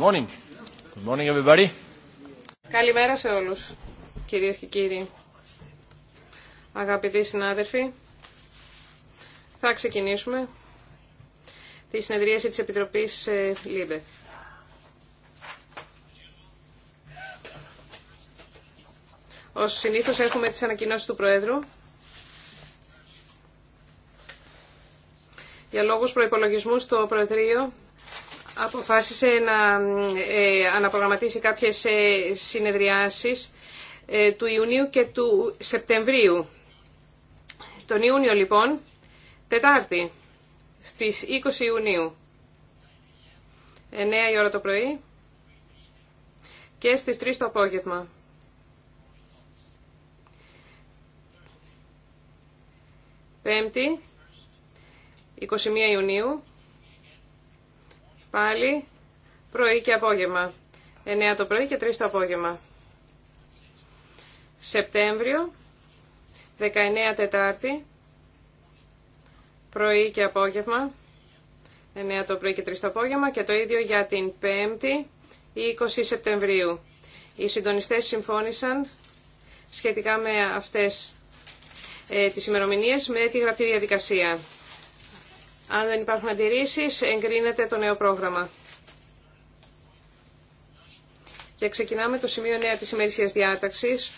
morning. Good morning everybody. Καλημέρα σε όλους, κυρίες και κύριοι. Αγαπητοί συνάδελφοι, θα ξεκινήσουμε τη συνεδρίαση της Επιτροπής ε, ΛΥΜΠΕ. Ως συνήθως έχουμε τις ανακοινώσεις του Προέδρου. Για λόγους προϋπολογισμού στο Προεδρείο αποφάσισε να ε, αναπρογραμματίσει κάποιες ε, συνεδριάσεις ε, του Ιουνίου και του Σεπτεμβρίου. Τον Ιούνιο λοιπόν, Τετάρτη, στις 20 Ιουνίου, 9 η ώρα το πρωί και στις 3 το απόγευμα. Πέμπτη, 21 Ιουνίου, Πάλι πρωί και απόγευμα. 9 το πρωί και 3 το απόγευμα. Σεπτέμβριο, 19 Τετάρτη, πρωί και απόγευμα. 9 το πρωί και 3 το απόγευμα και το ίδιο για την 5η, 20 Σεπτεμβρίου. Οι συντονιστές συμφώνησαν σχετικά με αυτές ε, τις ημερομηνίες με τη γραπτή διαδικασία. Αν δεν υπάρχουν αντιρρήσει, εγκρίνεται το νέο πρόγραμμα. Και ξεκινάμε το σημείο νέα της ημερησίας διάταξης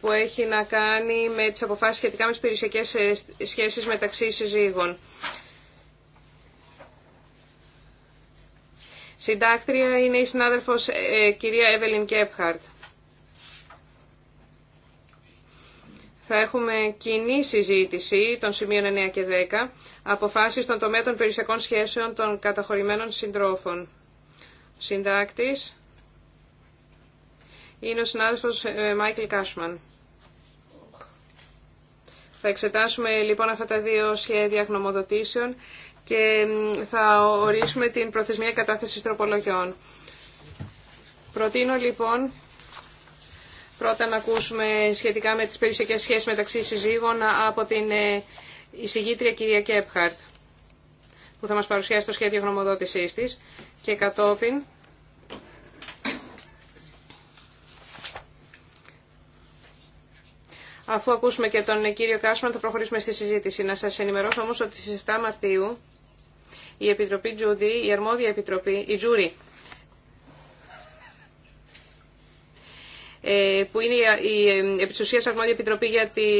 που έχει να κάνει με τις αποφάσεις σχετικά με τις περιουσιακές ε, σχέσεις μεταξύ συζύγων. Συντάκτρια είναι η συνάδελφος ε, ε, κυρία Εύελιν Κέπχαρτ. θα έχουμε κοινή συζήτηση των σημείων 9 και 10, αποφάσεις των τομέα των περιουσιακών σχέσεων των καταχωρημένων συντρόφων. Συντάκτης είναι ο συνάδελφος ε, Μάικλ Κάσμαν. Θα εξετάσουμε λοιπόν αυτά τα δύο σχέδια γνωμοδοτήσεων και θα ορίσουμε την προθεσμία κατάθεση τροπολογιών. Προτείνω λοιπόν Πρώτα να ακούσουμε σχετικά με τις περιουσιακές σχέσεις μεταξύ συζύγων από την ε, εισηγήτρια κυρία Κέπχαρτ που θα μας παρουσιάσει το σχέδιο γνωμοδότησής της και κατόπιν Αφού ακούσουμε και τον κύριο Κάσμαν θα προχωρήσουμε στη συζήτηση. Να σας ενημερώσω όμως ότι στις 7 Μαρτίου η Επιτροπή Τζούντι, η αρμόδια Επιτροπή, η Τζούρι, Ε, που είναι η ε, Επισουσία Αρμόδια Επιτροπή για τι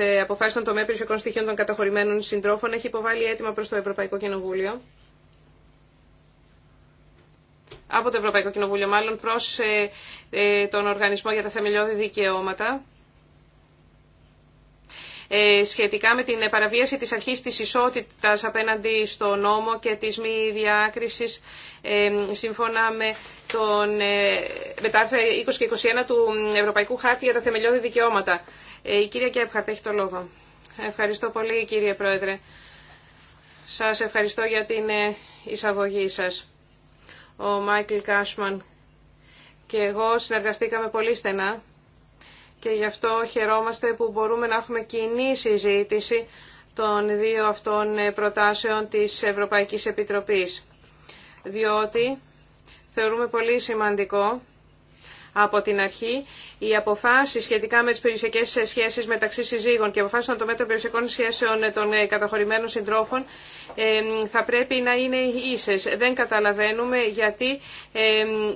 ε, αποφάσει των τομέα περιουσιακών στοιχείων των καταχωρημένων συντρόφων, έχει υποβάλει αίτημα προ το Ευρωπαϊκό Κοινοβούλιο. Από το Ευρωπαϊκό Κοινοβούλιο, μάλλον προ τον Οργανισμό για τα Θεμελιώδη Δικαιώματα ε, σχετικά με την παραβίαση της αρχής της ισότητας απέναντι στο νόμο και της μη διάκρισης ε, σύμφωνα με, τον, ε, με τα άρθρα 20 και 21 του Ευρωπαϊκού Χάρτη για τα θεμελιώδη δικαιώματα. Η κυρία Κέπχαρτ έχει το λόγο. Ευχαριστώ πολύ κύριε Πρόεδρε. Σας ευχαριστώ για την εισαγωγή σας. Ο Μάικλ Κάσμαν και εγώ συνεργαστήκαμε πολύ στενά και γι' αυτό χαιρόμαστε που μπορούμε να έχουμε κοινή συζήτηση των δύο αυτών ε, προτάσεων της Ευρωπαϊκής Επιτροπής. Διότι θεωρούμε πολύ σημαντικό από την αρχή. Οι αποφάσει σχετικά με τι περιουσιακέ σχέσει μεταξύ συζύγων και αποφάσει των τομέα των περιουσιακών σχέσεων ε, των ε, καταχωρημένων συντρόφων ε, θα πρέπει να είναι ίσε. Δεν καταλαβαίνουμε γιατί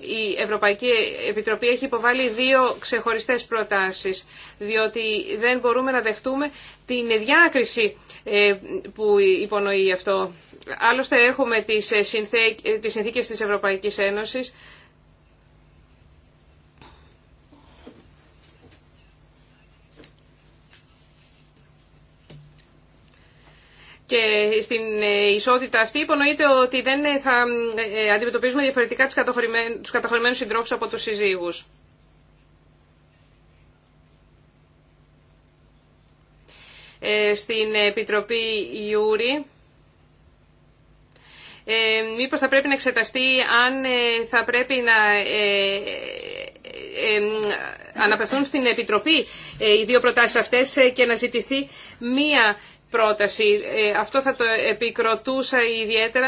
η Ευρωπαϊκή Επιτροπή έχει υποβάλει δύο ξεχωριστέ προτάσει. Διότι δεν μπορούμε να δεχτούμε την διάκριση που υπονοεί αυτό. Άλλωστε έχουμε τις συνθήκες της Ευρωπαϊκής Ένωσης Και στην ε, ισότητα αυτή υπονοείται ότι δεν ε, θα ε, αντιμετωπίζουμε διαφορετικά τους καταχωρημένους συντρόφους από τους συζύγους. Στην Επιτροπή Ιούρη μήπως θα πρέπει να εξεταστεί αν θα πρέπει να αναπευθούν στην Επιτροπή οι δύο προτάσεις αυτές και να ζητηθεί μία πρόταση. Ε, αυτό θα το επικροτούσα ιδιαίτερα,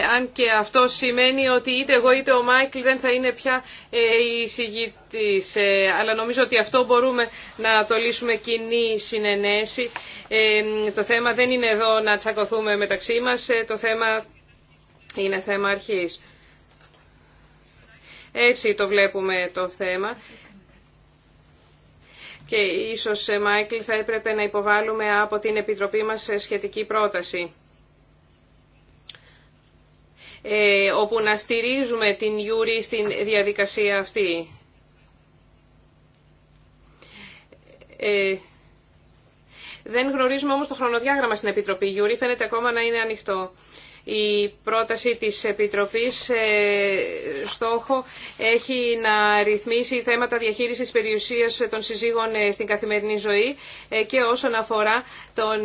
ε, αν και αυτό σημαίνει ότι είτε εγώ είτε ο Μάικλ δεν θα είναι πια ε, η συγγητής. Αλλά νομίζω ότι αυτό μπορούμε να το λύσουμε κοινή συνενέση. Το θέμα δεν είναι εδώ να τσακωθούμε μεταξύ μας, το θέμα είναι θέμα αρχής. Έτσι το βλέπουμε το θέμα και ίσως, ε, Μάικλ, θα έπρεπε να υποβάλουμε από την Επιτροπή μας ε, σχετική πρόταση ε, όπου να στηρίζουμε την Γιούρη στην διαδικασία αυτή. Ε, δεν γνωρίζουμε όμως το χρονοδιάγραμμα στην Επιτροπή Γιούρη, φαίνεται ακόμα να είναι ανοιχτό. Η πρόταση της Επιτροπής ε, στόχο έχει να ρυθμίσει θέματα διαχείρισης περιουσίας των συζύγων ε, στην καθημερινή ζωή ε, και όσον αφορά τον,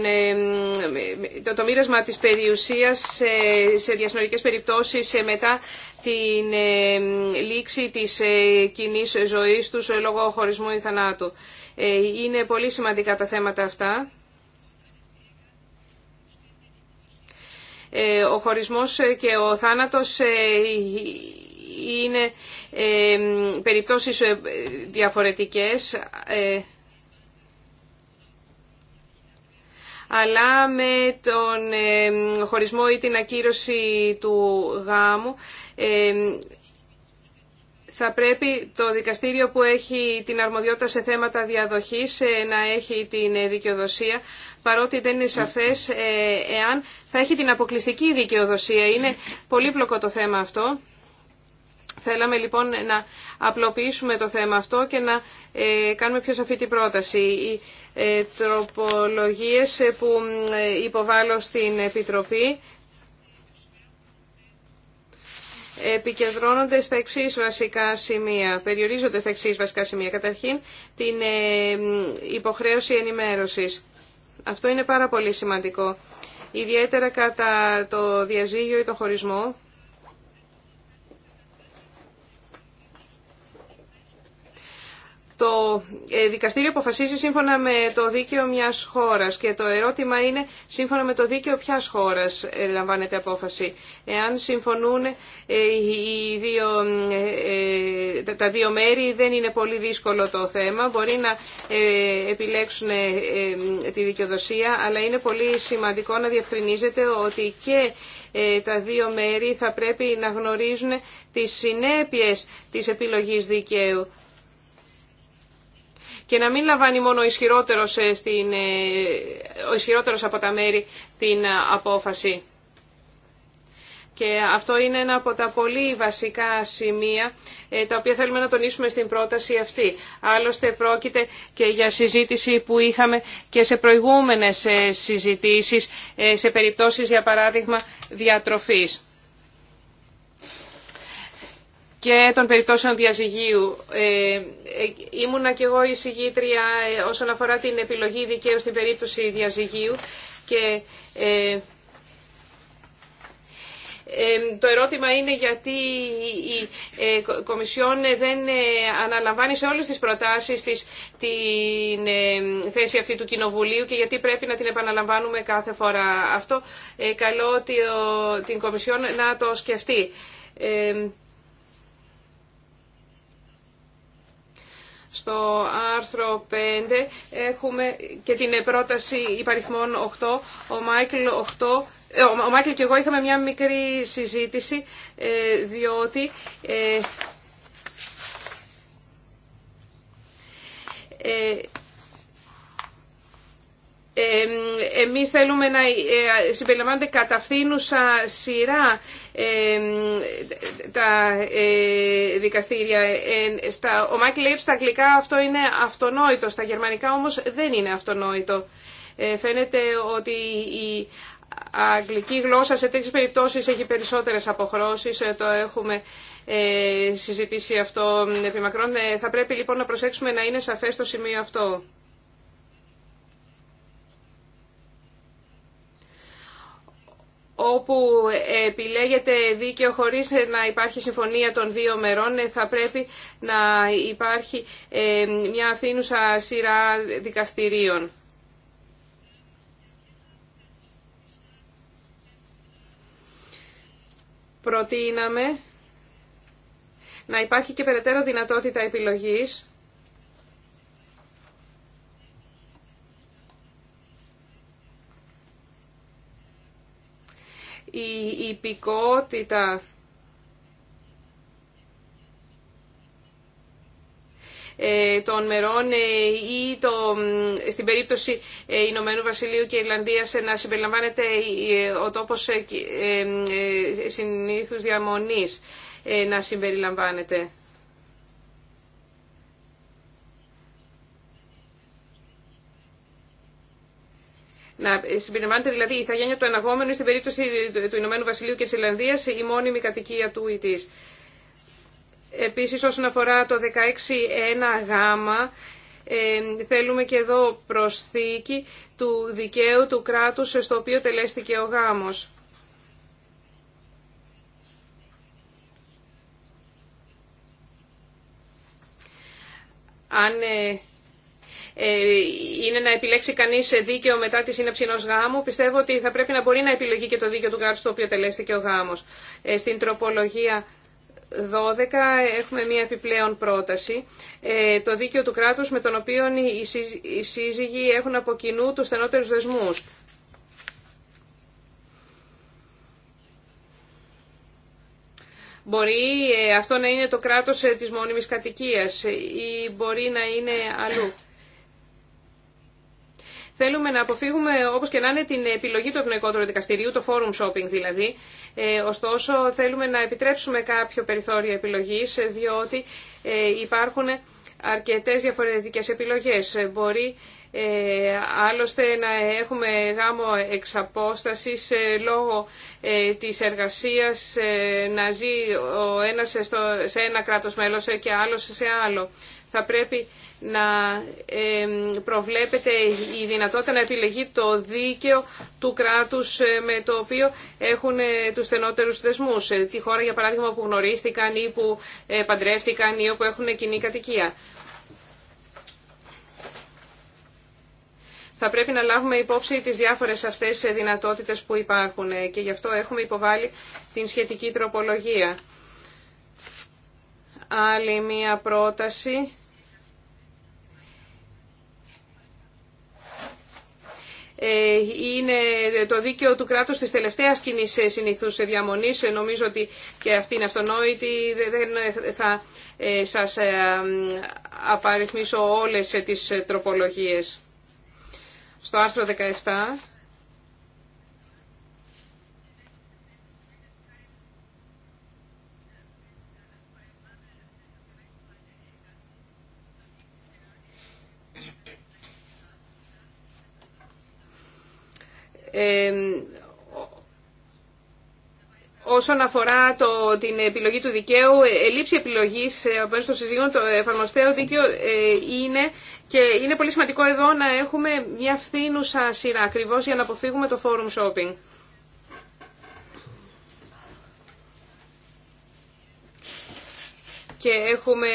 το, το μοίρασμα της περιουσίας σε, σε περιπτώσεις μετά την λήξη της κοινής ζωής τους λόγω χωρισμού ή θανάτου. Είναι πολύ σημαντικά τα θέματα αυτά Ε, ο χωρισμός ε, και ο θάνατος ε, είναι περιπτώσεις διαφορετικές αλλά με τον χωρισμό ή την ακύρωση του γάμου θα πρέπει το δικαστήριο που έχει την αρμοδιότητα σε θέματα διαδοχής ε, να έχει την ε, δικαιοδοσία, παρότι δεν είναι σαφές ε, εάν θα έχει την αποκλειστική δικαιοδοσία. Είναι πολύπλοκο το θέμα αυτό. Θέλαμε λοιπόν να απλοποιήσουμε το θέμα αυτό και να κάνουμε πιο σαφή την πρόταση. Οι τροπολογίες που υποβάλλω στην Επιτροπή επικεντρώνονται στα εξή βασικά σημεία, περιορίζονται στα εξή βασικά σημεία. Καταρχήν, την ε, υποχρέωση ενημέρωσης. Αυτό είναι πάρα πολύ σημαντικό. Ιδιαίτερα κατά το διαζύγιο ή το χωρισμό, το ε, δικαστήριο αποφασίζει σύμφωνα με το δίκαιο μιας χώρας και το ερώτημα είναι σύμφωνα με το δίκαιο ποιας χώρας ε, λαμβάνεται απόφαση. Εάν συμφωνούν ε, οι δύο, τα δύο μέρη δεν είναι πολύ δύσκολο το θέμα. Μπορεί να επιλέξουν τη δικαιοδοσία αλλά είναι πολύ σημαντικό να διευκρινίζεται ότι και τα δύο μέρη θα πρέπει να γνωρίζουν τις συνέπειες της επιλογής δικαίου και να μην λαμβάνει μόνο ο ισχυρότερος, ε, ε, από τα μέρη την ε, απόφαση. Και αυτό είναι ένα από τα πολύ βασικά σημεία τα οποία θέλουμε να τονίσουμε στην πρόταση αυτή. Άλλωστε πρόκειται και για συζήτηση που είχαμε και σε προηγούμενες συζητήσεις, σε περιπτώσεις για παράδειγμα διατροφής και των περιπτώσεων διαζυγίου. Ε, ε ήμουνα και εγώ εισηγήτρια ε, όσον αφορά την επιλογή δικαίου στην περίπτωση διαζυγίου και ε, το ερώτημα είναι γιατί η ε, Κομισιόν δεν αναλαμβάνει σε όλες τις προτάσεις της την θέση αυτή του Κοινοβουλίου και γιατί πρέπει να την επαναλαμβάνουμε κάθε φορά. Αυτό καλό ότι ο, την Κομισιόν να το σκεφτεί. Στο άρθρο 5 έχουμε και την πρόταση υπαριθμών 8. Ο Μάικλ 8 ε, ο Μάικλ και εγώ είχαμε μια μικρή συζήτηση, ε, διότι ε, εμείς θέλουμε να ε, συμπεριλαμβάνονται κατά φθήνουσα σειρά τα ε, δικαστήρια. στα, ο λέει στα αγγλικά αυτό είναι αυτονόητο, στα γερμανικά όμως δεν είναι αυτονόητο. Ε, φαίνεται ότι η αγγλική γλώσσα σε τέτοιες περιπτώσεις έχει περισσότερες αποχρώσεις, το έχουμε συζητήσει αυτό επί μακρόν. θα πρέπει λοιπόν να προσέξουμε να είναι σαφές το σημείο αυτό. όπου επιλέγεται δίκαιο χωρίς να υπάρχει συμφωνία των δύο μερών ε, θα πρέπει να υπάρχει ε, μια αυθύνουσα σειρά δικαστηρίων. Προτείναμε να υπάρχει και περαιτέρω δυνατότητα επιλογής η υπηκότητα ε, των μερών ε, ή το, στην περίπτωση ε, Ηνωμένου Βασιλείου και Ιρλανδίας να συμπεριλαμβάνεται ο τόπος συνήθους διαμονής να συμπεριλαμβάνεται. Να συμπεριλαμβάνεται δηλαδή η ηθαγένεια του αναγόμενου στην περίπτωση του Ηνωμένου Βασιλείου και τη Ιλλανδία, η μόνιμη κατοικία του ή τη. Επίσης όσον αφορά το 16.1 γάμα, ε, θέλουμε και εδώ προσθήκη του δικαίου του κράτους στο οποίο τελέστηκε ο γάμος. Αν ε, ε, είναι να επιλέξει κανείς δίκαιο μετά τη σύναψη ενός γάμου. Πιστεύω ότι θα πρέπει να μπορεί να επιλογεί και το δίκαιο του κράτους το οποίο τελέστηκε ο γάμος. Ε, στην τροπολογία 12 έχουμε μία επιπλέον πρόταση. Ε, το δίκαιο του κράτους με τον οποίο οι σύζυγοι έχουν από κοινού τους στενότερους δεσμούς. Μπορεί αυτό να είναι το κράτος της μόνιμης κατοικίας ή μπορεί να είναι αλλού. Θέλουμε να αποφύγουμε όπως και να είναι την επιλογή του ευνοϊκότερου δικαστηρίου, το forum shopping δηλαδή. Ε, ωστόσο θέλουμε να επιτρέψουμε κάποιο περιθώριο επιλογής διότι ε, υπάρχουν αρκετές διαφορετικές επιλογές. Μπορεί ε, άλλωστε να έχουμε γάμο εξ λόγω της εργασίας να ζει ο ένας σε ένα κράτος μέλος και άλλος σε άλλο θα πρέπει να προβλέπεται η δυνατότητα να επιλεγεί το δίκαιο του κράτους ε, με το οποίο έχουν ε, τους στενότερους δεσμούς. Ε, τη χώρα, για παράδειγμα, που γνωρίστηκαν ή που παντρεύτηκαν ή όπου έχουν κοινή κατοικία. Θα πρέπει να λάβουμε υπόψη τις διάφορες αυτές δυνατότητες που υπάρχουν και γι' αυτό έχουμε υποβάλει την σχετική τροπολογία. Άλλη μία πρόταση Ε, είναι το δίκαιο του κράτους της τελευταίας κοινής συνήθους διαμονής. Ε, νομίζω ότι και αυτή είναι αυτονόητη. Δεν ε, θα σας απαριθμίσω όλες τις τροπολογίες. Στο άρθρο 17 Όσον αφορά το, την επιλογή του δικαίου, ε, ελήψη επιλογής από ε, των συζύγων, το εφαρμοστέο δίκαιο ε, είναι και είναι πολύ σημαντικό εδώ να έχουμε μια φθήνουσα σειρά ακριβώ για να αποφύγουμε το forum shopping. Και έχουμε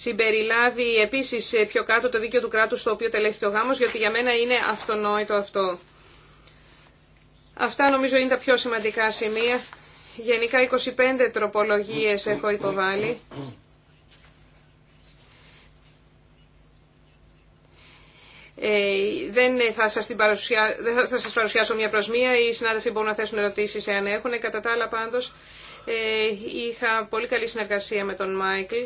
συμπεριλάβει επίσης ε, πιο κάτω το δίκαιο του κράτους στο οποίο τελέστηκε ο γάμος, γιατί για μένα είναι αυτονόητο αυτό. Αυτά νομίζω είναι τα πιο σημαντικά σημεία. Γενικά 25 τροπολογίες έχω υποβάλει. Ε, δεν, θα σας την παρουσιά, θα σας παρουσιάσω μία προσμία. μία. Οι συνάδελφοι μπορούν να θέσουν ερωτήσεις εάν έχουν. Κατά τα άλλα πάντως ε, είχα πολύ καλή συνεργασία με τον Μάικλ.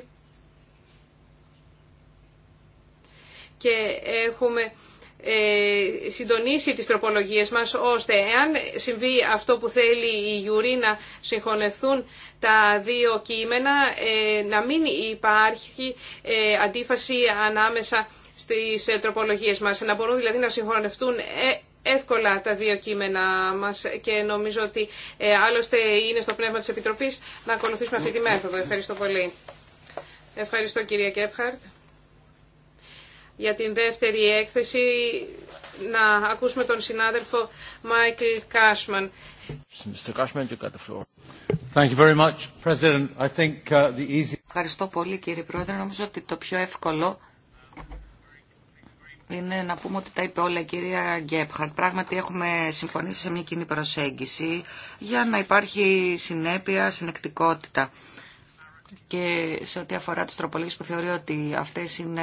και έχουμε ε, συντονίσει τις τροπολογίες μας ώστε εάν συμβεί αυτό που θέλει η Γιουρή να συγχωνευτούν τα δύο κείμενα ε, να μην υπάρχει ε, αντίφαση ανάμεσα στις τροπολογίες μας να μπορούν δηλαδή να συγχωνευτούν εύκολα τα δύο κείμενα μας και νομίζω ότι άλλωστε είναι στο πνεύμα της Επιτροπής να ακολουθήσουμε αυτή τη μέθοδο. Ευχαριστώ πολύ. Ευχαριστώ κυρία Κέπχαρτ για την δεύτερη έκθεση να ακούσουμε τον συνάδελφο Μάικλ Κάσμαν. Ευχαριστώ πολύ κύριε Πρόεδρε. Νομίζω ότι το πιο εύκολο είναι να πούμε ότι τα είπε όλα η κυρία Γκέπχαρτ. Πράγματι έχουμε συμφωνήσει σε μια κοινή προσέγγιση για να υπάρχει συνέπεια, συνεκτικότητα και σε ό,τι αφορά τις τροπολογίες που θεωρεί ότι αυτές είναι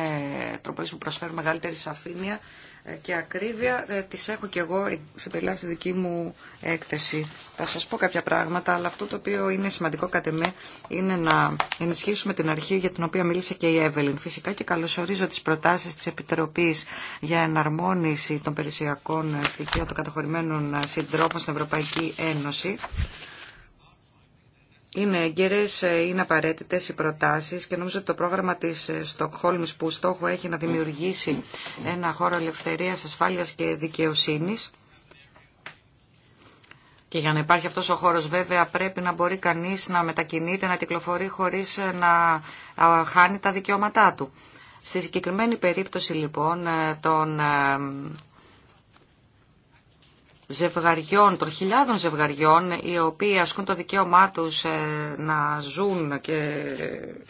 τροπολογίες που προσφέρουν μεγαλύτερη σαφήνεια ε, και ακρίβεια, ε, τις έχω και εγώ συμπεριλάβει στη δική μου έκθεση. Θα σας πω κάποια πράγματα, αλλά αυτό το οποίο είναι σημαντικό κατ' εμέ είναι να ενισχύσουμε την αρχή για την οποία μίλησε και η Εύελιν. Φυσικά και καλωσορίζω τις προτάσεις της Επιτροπής για εναρμόνιση των περιουσιακών στοιχείων των καταχωρημένων συντρόπων στην Ευρωπαϊκή Ένωση είναι έγκαιρες, ε, είναι απαραίτητες οι προτάσεις και νομίζω ότι το πρόγραμμα της ε, Στοκχόλμης που στόχο έχει να δημιουργήσει ένα χώρο ελευθερίας, ασφάλειας και δικαιοσύνης και για να υπάρχει αυτός ο χώρος βέβαια πρέπει να μπορεί κανείς να μετακινείται, να κυκλοφορεί χωρίς ε, να χάνει τα δικαιώματά του. Στη συγκεκριμένη περίπτωση λοιπόν των ζευγαριών, των χιλιάδων ζευγαριών οι οποίοι ασκούν το δικαίωμά τους ε, να ζουν και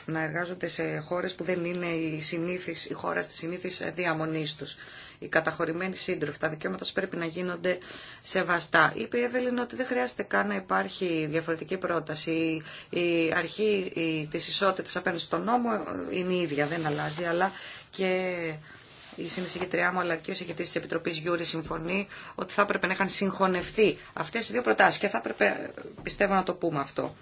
να εργάζονται σε χώρες που δεν είναι η, συνήθις, η χώρα στη συνήθις ε, διαμονής τους. Οι καταχωρημένοι σύντροφοι, τα δικαιώματα τους πρέπει να γίνονται σεβαστά. Είπε η Εύελιν ότι δεν χρειάζεται καν να υπάρχει διαφορετική πρόταση. Η αρχή της ισότητας απέναντι στον νόμο ε, είναι η ίδια, δεν αλλάζει, αλλά και η συνεισηγητριά μου αλλά και ο συγκεκριτή τη Επιτροπή Γιούρη συμφωνεί ότι θα έπρεπε να είχαν συγχωνευτεί αυτέ οι δύο προτάσει και θα έπρεπε πιστεύω να το πούμε αυτό.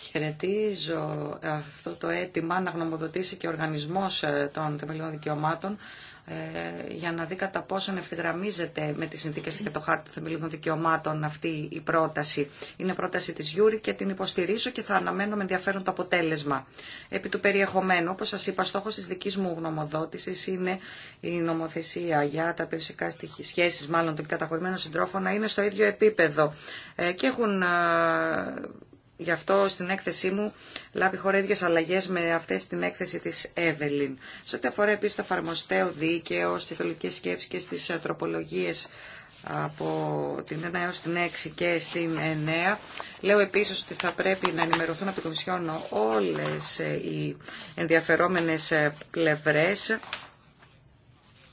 Χαιρετίζω ε, αυτό το αίτημα να γνωμοδοτήσει και ο Οργανισμό ε, των Θεμελιών Δικαιωμάτων ε, για να δει κατά πόσον ευθυγραμμίζεται με τις συνθήκες και το χάρτη των θεμελιωδών δικαιωμάτων αυτή η πρόταση. Είναι πρόταση της Γιούρη και την υποστηρίζω και θα αναμένω με ενδιαφέρον το αποτέλεσμα. Επί του περιεχομένου, όπως σας είπα, στόχος της δικής μου γνωμοδότησης είναι η νομοθεσία για τα περιουσικά στοιχεία, σχέσεις μάλλον των καταχωρημένων συντρόφων να είναι στο ίδιο επίπεδο ε, και έχουν ε, Γι' αυτό στην έκθεσή μου λάβει χώρα ίδιε αλλαγέ με αυτέ στην έκθεση τη Εύελιν. Σε ό,τι αφορά επίση το εφαρμοστέο δίκαιο, στι θεολογικέ σκέψει και στι ε, τροπολογίε από την 1 έως την 6 και στην 9. Λέω επίσης ότι θα πρέπει να ενημερωθούν από την Κομισιόν όλες ε, οι ενδιαφερόμενες ε, πλευρές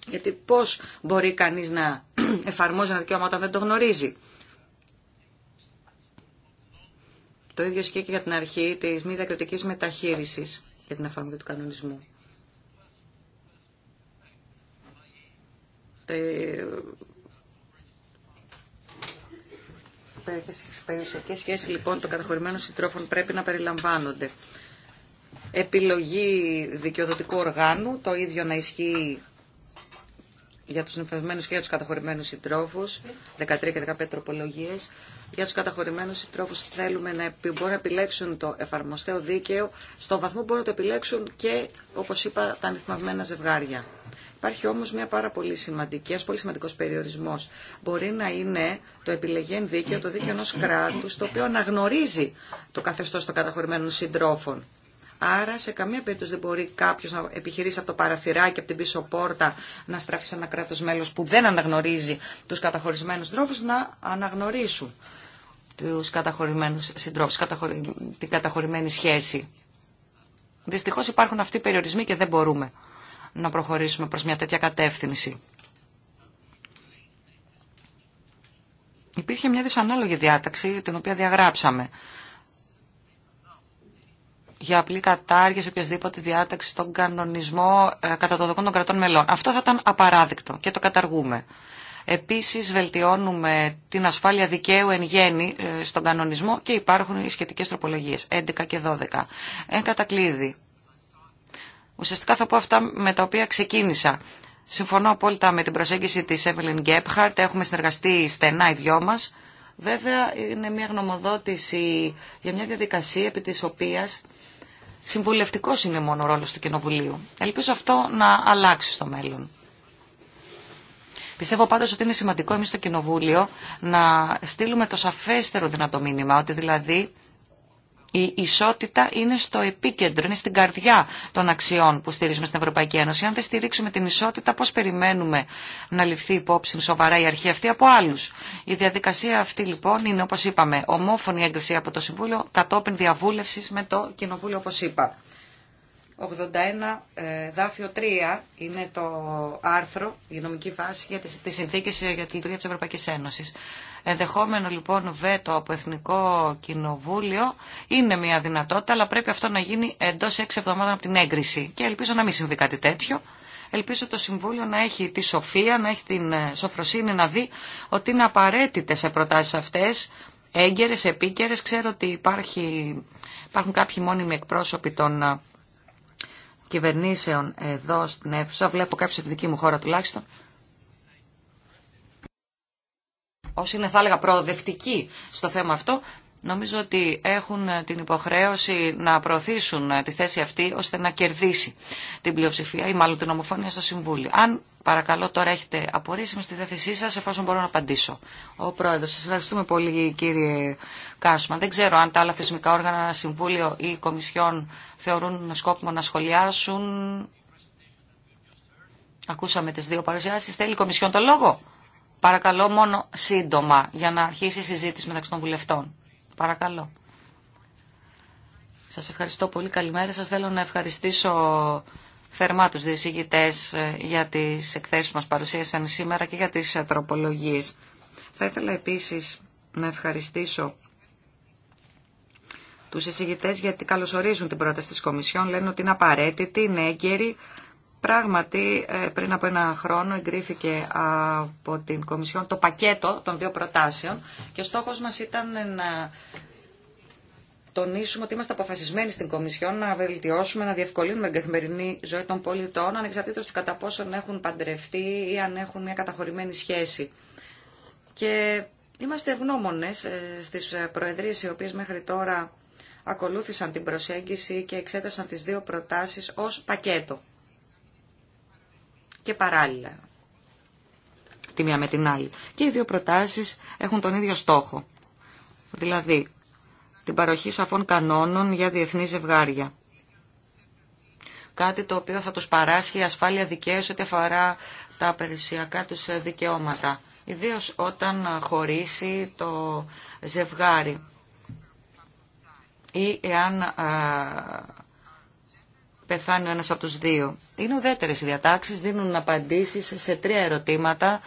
γιατί πώς μπορεί κανείς να εφαρμόζει ένα δικαίωμα όταν δεν το γνωρίζει. Το ίδιο ισχύει και για την αρχή τη μη διακριτική μεταχείρισης για την εφαρμογή του κανονισμού. Ε, περιουσιακέ σχέσει λοιπόν των καταχωρημένων συντρόφων πρέπει να περιλαμβάνονται. Επιλογή δικαιοδοτικού οργάνου, το ίδιο να ισχύει για τους νυφευμένους και για τους καταχωρημένους συντρόφους, 13 και 15 τροπολογίες. Για τους καταχωρημένους συντρόφους θέλουμε να μπορούν να επιλέξουν το εφαρμοστέο δίκαιο, στον βαθμό που μπορούν να το επιλέξουν και, όπως είπα, τα νυφευμένα ζευγάρια. Υπάρχει όμως μια πάρα πολύ σημαντική, ένας πολύ σημαντικός περιορισμός. Μπορεί να είναι το επιλεγέν δίκαιο, το δίκαιο ενός κράτους, το οποίο αναγνωρίζει το καθεστώς των καταχωρημένων συντρόφων. Άρα σε καμία περίπτωση δεν μπορεί κάποιο να επιχειρήσει από το παραθυράκι, από την πίσω πόρτα, να στραφεί σε ένα κράτο μέλο που δεν αναγνωρίζει του καταχωρισμένου τρόφου να αναγνωρίσουν τους καταχωρημένους συντρόφους, την καταχωρημένη σχέση. Δυστυχώς υπάρχουν αυτοί οι περιορισμοί και δεν μπορούμε να προχωρήσουμε προς μια τέτοια κατεύθυνση. Υπήρχε μια δυσανάλογη διάταξη την οποία διαγράψαμε για απλή κατάργηση οποιασδήποτε διάταξη στον κανονισμό ε, κατά το δοκόν των κρατών μελών. Αυτό θα ήταν απαράδεικτο και το καταργούμε. Επίσης βελτιώνουμε την ασφάλεια δικαίου εν γέννη ε, στον κανονισμό και υπάρχουν οι σχετικές τροπολογίες 11 και 12. Εν κατακλείδη. Ουσιαστικά θα πω αυτά με τα οποία ξεκίνησα. Συμφωνώ απόλυτα με την προσέγγιση της Evelyn Gebhardt. Έχουμε συνεργαστεί στενά οι δυο μας. Βέβαια είναι μια γνωμοδότηση για μια διαδικασία επί της οποίας Συμβουλευτικό είναι μόνο ο ρόλος του Κοινοβουλίου. Ελπίζω αυτό να αλλάξει στο μέλλον. Πιστεύω πάντως ότι είναι σημαντικό εμεί στο Κοινοβούλιο να στείλουμε το σαφέστερο δυνατό μήνυμα, ότι δηλαδή η ισότητα είναι στο επίκεντρο, είναι στην καρδιά των αξιών που στηρίζουμε στην Ευρωπαϊκή Ένωση. Αν δεν στηρίξουμε την ισότητα, πώς περιμένουμε να ληφθεί υπόψη σοβαρά η αρχή αυτή από άλλους. Η διαδικασία αυτή λοιπόν είναι, όπως είπαμε, ομόφωνη έγκριση από το Συμβούλιο κατόπιν διαβούλευσης με το Κοινοβούλιο, όπως είπα. 81 ε, δάφιο 3 είναι το άρθρο, η νομική βάση για τη συνθήκη για τη λειτουργία της Ευρωπαϊκής Ένωσης. Ενδεχόμενο λοιπόν βέτο από Εθνικό Κοινοβούλιο είναι μια δυνατότητα, αλλά πρέπει αυτό να γίνει εντός έξι εβδομάδων από την έγκριση. Και ελπίζω να μην συμβεί κάτι τέτοιο. Ελπίζω το Συμβούλιο να έχει τη σοφία, να έχει την ε, σοφροσύνη να δει ότι είναι απαραίτητε σε προτάσεις αυτές, έγκαιρες, επίκαιρε. Ξέρω ότι υπάρχει, υπάρχουν κάποιοι μόνιμοι εκπρόσωποι των ε, κυβερνήσεων εδώ στην αίθουσα, βλέπω κάποιους από δική μου χώρα τουλάχιστον, όσοι είναι θα έλεγα προοδευτικοί στο θέμα αυτό, νομίζω ότι έχουν ε, την υποχρέωση να προωθήσουν ε, τη θέση αυτή ώστε να κερδίσει την πλειοψηφία ή μάλλον την ομοφωνία στο Συμβούλιο. Αν παρακαλώ τώρα έχετε απορρίσει με στη διάθεσή σας εφόσον μπορώ να απαντήσω. Ο Πρόεδρος, σας ευχαριστούμε πολύ κύριε Κάσμα. Δεν ξέρω αν τα άλλα θεσμικά όργανα, Συμβούλιο ή Κομισιόν θεωρούν σκόπιμο να σχολιάσουν. Ακούσαμε τις δύο παρουσιάσεις. Θέλει η Κομισιόν το λόγο. Παρακαλώ μόνο σύντομα για να αρχίσει η συζήτηση μεταξύ των βουλευτών. Παρακαλώ. Σας ευχαριστώ πολύ. Καλημέρα. Σας θέλω να ευχαριστήσω θερμά τους διεισηγητές ε, για τις εκθέσεις που μας παρουσίασαν σήμερα και για τις ε, τροπολογίες. Θα ήθελα επίσης να ευχαριστήσω τους εισηγητές γιατί καλωσορίζουν την πρόταση της Κομισιόν, λένε ότι είναι απαραίτητη, είναι έγκαιρη, Πράγματι, ε, πριν από ένα χρόνο εγκρίθηκε από την Κομισιόν το πακέτο των δύο προτάσεων και ο στόχος μας ήταν να τονίσουμε ότι είμαστε αποφασισμένοι στην Κομισιόν να βελτιώσουμε, να διευκολύνουμε την καθημερινή ζωή των πολιτών, ανεξαρτήτως του κατά πόσον έχουν παντρευτεί ή αν έχουν μια καταχωρημένη σχέση. Και είμαστε ευγνώμονες ε, στις προεδρίες οι οποίες μέχρι τώρα ακολούθησαν την προσέγγιση και εξέτασαν τις δύο προτάσεις ως πακέτο και παράλληλα τη μία με την άλλη. Και οι δύο προτάσεις έχουν τον ίδιο στόχο. Δηλαδή, την παροχή σαφών κανόνων για διεθνή ζευγάρια. Κάτι το οποίο θα τους παράσχει ασφάλεια δικαίωση ό,τι αφορά τα περιουσιακά τους δικαιώματα. Ιδίως όταν χωρίσει το ζευγάρι ή εάν πεθάνει ο ένας από τους δύο. Είναι ουδέτερες οι διατάξεις, δίνουν απαντήσεις σε τρία ερωτήματα.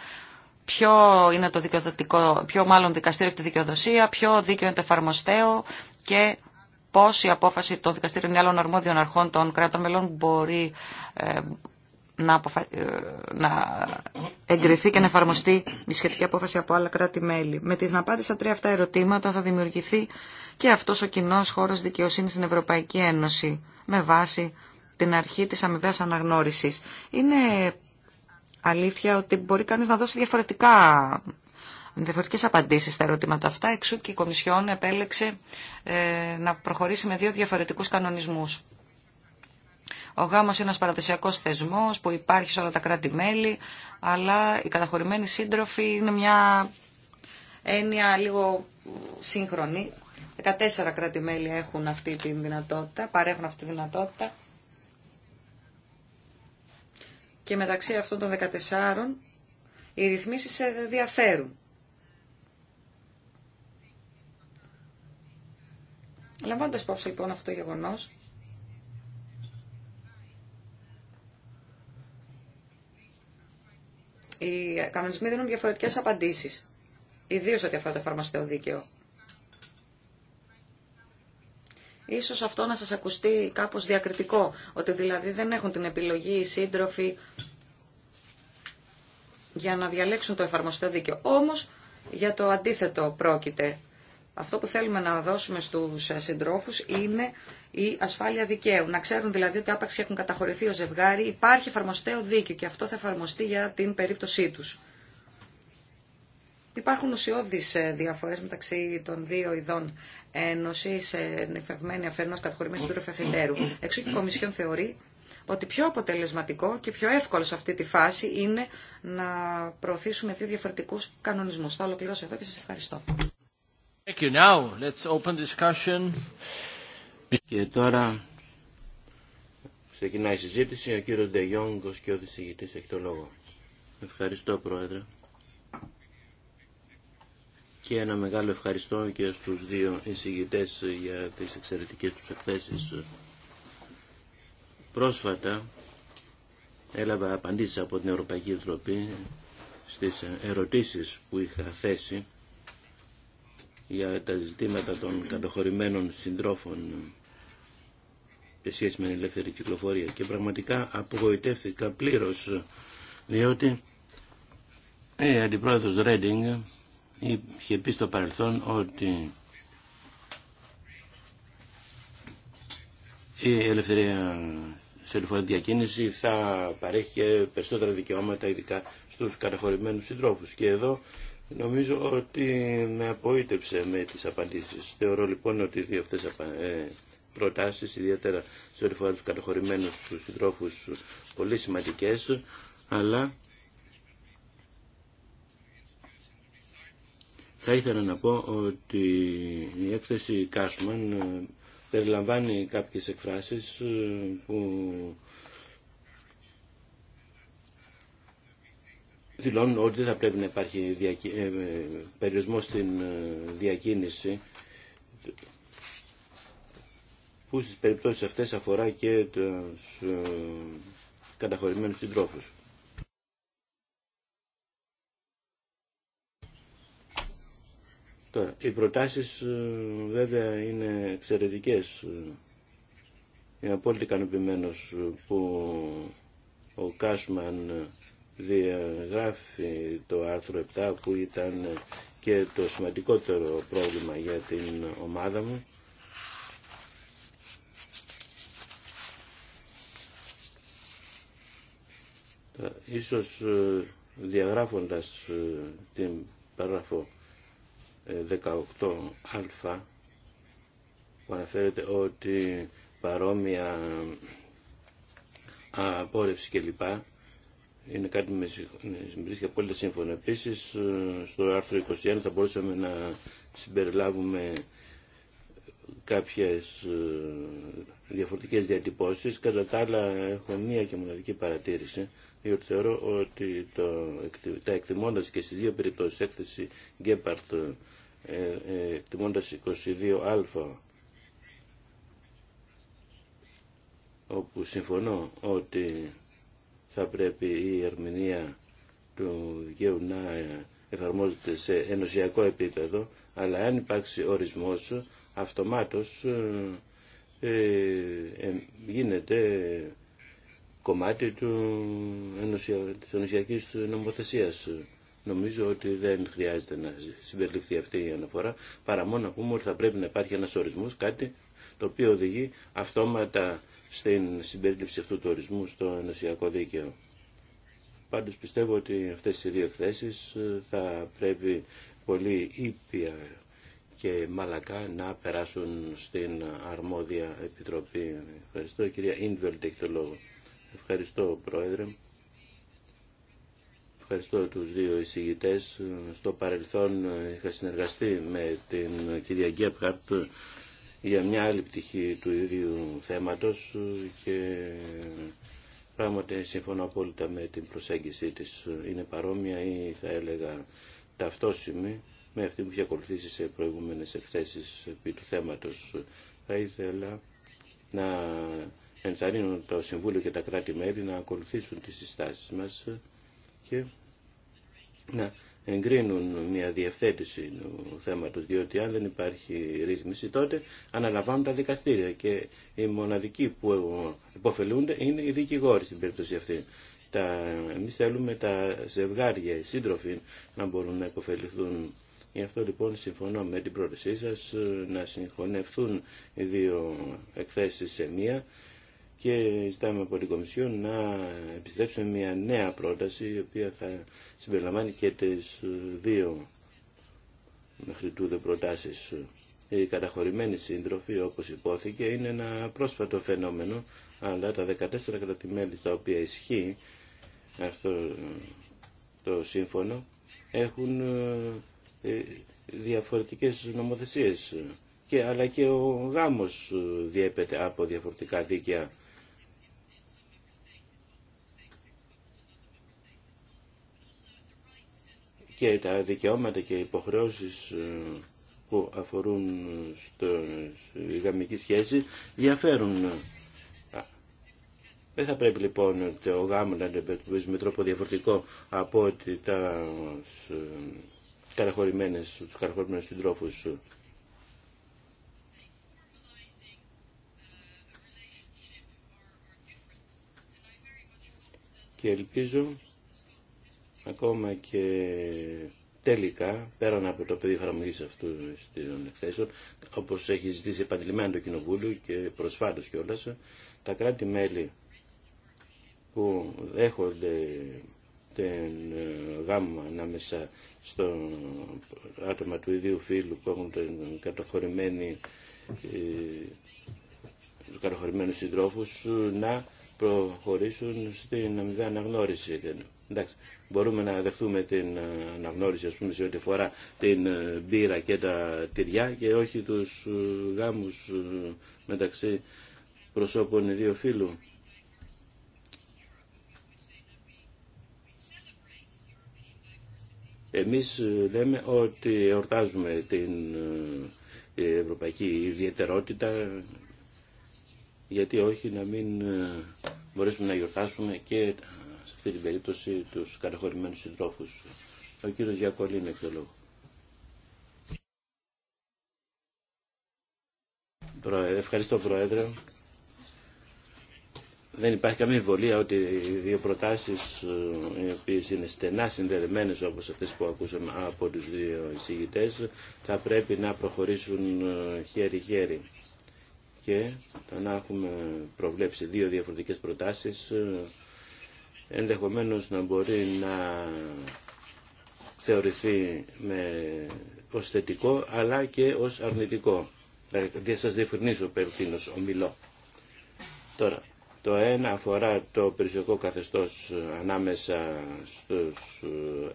Ποιο είναι το δικαιοδοτικό, ποιο μάλλον δικαστήριο και τη δικαιοδοσία, ποιο δίκαιο είναι το εφαρμοστέο και πώς η απόφαση των δικαστήριων ή άλλων αρμόδιων αρχών των κράτων μελών μπορεί ε, να, αποφα... Ε, να εγκριθεί και να εφαρμοστεί η σχετική απόφαση από άλλα κράτη-μέλη. Με τις να στα τρία αυτά ερωτήματα θα δημιουργηθεί και αυτός ο κοινό χώρος δικαιοσύνης στην Ευρωπαϊκή Ένωση με βάση την αρχή της αμοιβαίας αναγνώρισης. Είναι αλήθεια ότι μπορεί κανείς να δώσει διαφορετικά διαφορετικές απαντήσεις στα ερωτήματα αυτά, εξού και η Κομισιόν επέλεξε ε, να προχωρήσει με δύο διαφορετικούς κανονισμούς. Ο γάμος είναι ένας παραδοσιακός θεσμός που υπάρχει σε όλα τα κράτη-μέλη, αλλά οι καταχωρημένοι σύντροφοι είναι μια έννοια λίγο σύγχρονη. 14 κράτη-μέλη έχουν αυτή τη δυνατότητα, παρέχουν αυτή τη δυνατότητα και μεταξύ αυτών των 14 οι ρυθμίσεις διαφέρουν. Λαμβάνοντα υπόψη λοιπόν αυτό το γεγονό, οι κανονισμοί δίνουν διαφορετικέ απαντήσει, ιδίω ό,τι αφορά το εφαρμοστέο δίκαιο. Ίσως αυτό να σας ακουστεί κάπως διακριτικό, ότι δηλαδή δεν έχουν την επιλογή οι σύντροφοι για να διαλέξουν το εφαρμοστό δίκαιο. Όμως για το αντίθετο πρόκειται. Αυτό που θέλουμε να δώσουμε στους συντρόφους είναι η ασφάλεια δικαίου. Να ξέρουν δηλαδή ότι άπαξ έχουν καταχωρηθεί ο ζευγάρι, υπάρχει εφαρμοστέο δίκαιο και αυτό θα εφαρμοστεί για την περίπτωσή τους. Υπάρχουν ουσιώδεις ε, διαφορές μεταξύ των δύο ειδών ένωσης, ε, νεφευμένη αφενός κατηγορημένης του Ρεφεφιντέρου. Εξού και η Κομισιόν θεωρεί ότι πιο αποτελεσματικό και πιο εύκολο σε αυτή τη φάση είναι να προωθήσουμε δύο διαφορετικούς κανονισμούς. Θα ολοκληρώσω εδώ και σας ευχαριστώ. Thank you. Now, let's open discussion. Και τώρα ξεκινάει η συζήτηση. Ο κύριος Ντεγιόγκος και ο δισηγητής έχει το λόγο. Ευχαριστώ, Πρόεδρε και ένα μεγάλο ευχαριστώ και στους δύο εισηγητές για τις εξαιρετικές τους εκθέσεις. Πρόσφατα έλαβα απαντήσεις από την Ευρωπαϊκή Ευρωπή στις ερωτήσεις που είχα θέσει για τα ζητήματα των κατοχωρημένων συντρόφων σε σχέση με την ελεύθερη κυκλοφορία και πραγματικά απογοητεύτηκα πλήρως διότι ε, Αντιπρόεδρος Ρέντινγκ είχε πει στο παρελθόν ότι η ελευθερία σε ελευθερία διακίνηση θα παρέχει περισσότερα δικαιώματα ειδικά στους καταχωρημένους συντρόφους και εδώ νομίζω ότι με απογοήτευσε με τις απαντήσεις. Θεωρώ λοιπόν ότι οι δύο αυτές ε, προτάσεις ιδιαίτερα σε ό,τι φορά τους καταχωρημένους συντρόφους πολύ σημαντικές αλλά Θα ήθελα να πω ότι η έκθεση Κάσμαν ε, περιλαμβάνει κάποιες εκφράσεις ε, που δηλώνουν ότι δεν θα πρέπει να υπάρχει ε, περιορισμό στην διακίνηση που στις περιπτώσεις αυτές αφορά και τους καταχωρημένους συντρόφους. Τώρα, οι προτάσεις ε, βέβαια είναι εξαιρετικές. Είμαι απόλυτα ικανοποιημένο που ο Κάσμαν διαγράφει το άρθρο 7 που ήταν και το σημαντικότερο πρόβλημα για την ομάδα μου. Ίσως ε, διαγράφοντας ε, την παράγραφο 18α που αναφέρεται ότι παρόμοια απόρρευση κλπ. Είναι κάτι που με βρίσκει απόλυτα σύμφωνο. Επίση, στο άρθρο 21 θα μπορούσαμε να συμπεριλάβουμε κάποιες ε, διαφορετικές διατυπώσεις. Κατά τα άλλα έχω μία και μοναδική παρατήρηση, διότι θεωρώ ότι το, τα εκτιμώντας και στις δύο περιπτώσεις έκθεση Γκέπαρτ, ε, ε, εκτιμώντας 22α, όπου συμφωνώ ότι θα πρέπει η ερμηνεία του δικαίου να εφαρμόζεται σε ενωσιακό επίπεδο, αλλά αν υπάρξει ορισμός, αυτομάτως ε, ε, ε, γίνεται κομμάτι του της ενωσιακής νομοθεσίας. Νομίζω ότι δεν χρειάζεται να συμπεριληφθεί αυτή η αναφορά, παρά μόνο να πούμε ότι θα πρέπει να υπάρχει ένας ορισμός, κάτι το οποίο οδηγεί αυτόματα στην συμπερίληψη αυτού του ορισμού στο ενωσιακό δίκαιο. Πάντως πιστεύω ότι αυτές οι δύο εκθέσεις ε, θα πρέπει πολύ ήπια και Μαλακά να περάσουν στην αρμόδια επιτροπή. Ευχαριστώ. κυρία Ίνβελτ έχει το λόγο. Ευχαριστώ, Πρόεδρε. Ευχαριστώ τους δύο εισηγητές. Στο παρελθόν είχα συνεργαστεί με την κυρία Γκέπχαρτ για μια άλλη πτυχή του ίδιου θέματος και πράγματι συμφωνώ απόλυτα με την προσέγγιση της. Είναι παρόμοια ή θα έλεγα ταυτόσιμη με αυτή που είχε ακολουθήσει σε προηγούμενες εκθέσεις επί του θέματος. Θα ήθελα να ενθαρρύνω το Συμβούλιο και τα κράτη-μέλη να ακολουθήσουν τις συστάσεις μας και να εγκρίνουν μια διευθέτηση του θέματος, διότι αν δεν υπάρχει ρύθμιση τότε αναλαμβάνουν τα δικαστήρια και οι μοναδικοί που υποφελούνται είναι οι δικηγόροι στην περίπτωση αυτή. Τα, θέλουμε τα ζευγάρια, οι σύντροφοι να μπορούν να υποφεληθούν Γι' αυτό λοιπόν συμφωνώ με την πρότασή σας ε, να συγχωνευτούν οι δύο εκθέσεις σε μία και ζητάμε από την Κομισιόν να επιστρέψουμε μια νέα πρόταση η οποία θα συμπεριλαμβάνει και τις ε, δύο μέχρι τούδε προτάσεις. Η καταχωρημένη σύντροφοι όπως υπόθηκε είναι ένα πρόσφατο φαινόμενο αλλά τα 14 κρατημέλη τα οποία ισχύει αυτό το σύμφωνο έχουν ε, ε, διαφορετικές νομοθεσίες και, αλλά και ο γάμος ε, διέπεται από διαφορετικά δίκαια. Και τα δικαιώματα και υποχρεώσεις ε, που αφορούν στη γαμική σχέση διαφέρουν. Δεν θα πρέπει λοιπόν ο γάμο να αντιμετωπίζει με τρόπο διαφορετικό από ότι τα καταχωρημένες, τους καταχωρημένους συντρόφους. Και ελπίζω ακόμα και τελικά, πέραν από το πεδίο χαραμογής αυτού των εκθέσεων, όπως έχει ζητήσει επανειλημμένα το Κοινοβούλιο και προσφάτως κιόλας, τα κράτη-μέλη που δέχονται την ε, γάμμα ανάμεσα στο άτομα του ιδίου φίλου που έχουν τον καταχωρημένη ε, καταχωρημένου συντρόφους ε, να προχωρήσουν στην αμοιβή αναγνώριση. Εντάξει, μπορούμε να δεχτούμε την αναγνώριση ας πούμε, σε ό,τι φορά την μπύρα και τα τυριά και όχι τους γάμους μεταξύ προσώπων ιδίου φίλου. Εμείς ε, λέμε ότι εορτάζουμε την ε, ευρωπαϊκή ιδιαιτερότητα γιατί όχι να μην ε, μπορέσουμε να γιορτάσουμε και σε αυτή την περίπτωση τους καταχωρημένους συντρόφους. Ο κύριος Γιακολίνο έχει το λόγο. Ευχαριστώ Πρόεδρε δεν υπάρχει καμία εμβολία ότι οι δύο προτάσεις ε, οι οποίε είναι στενά συνδεδεμένες όπως αυτές που ακούσαμε από τους δύο εισηγητέ, θα πρέπει να προχωρήσουν ε, χέρι-χέρι και θα να έχουμε προβλέψει δύο διαφορετικές προτάσεις ε, ενδεχομένως να μπορεί να θεωρηθεί με, ως θετικό αλλά και ως αρνητικό. Δηλαδή, σας διευκρινίζω περί ομιλώ. Τώρα, το ένα αφορά το περιουσιακό καθεστώς ανάμεσα στους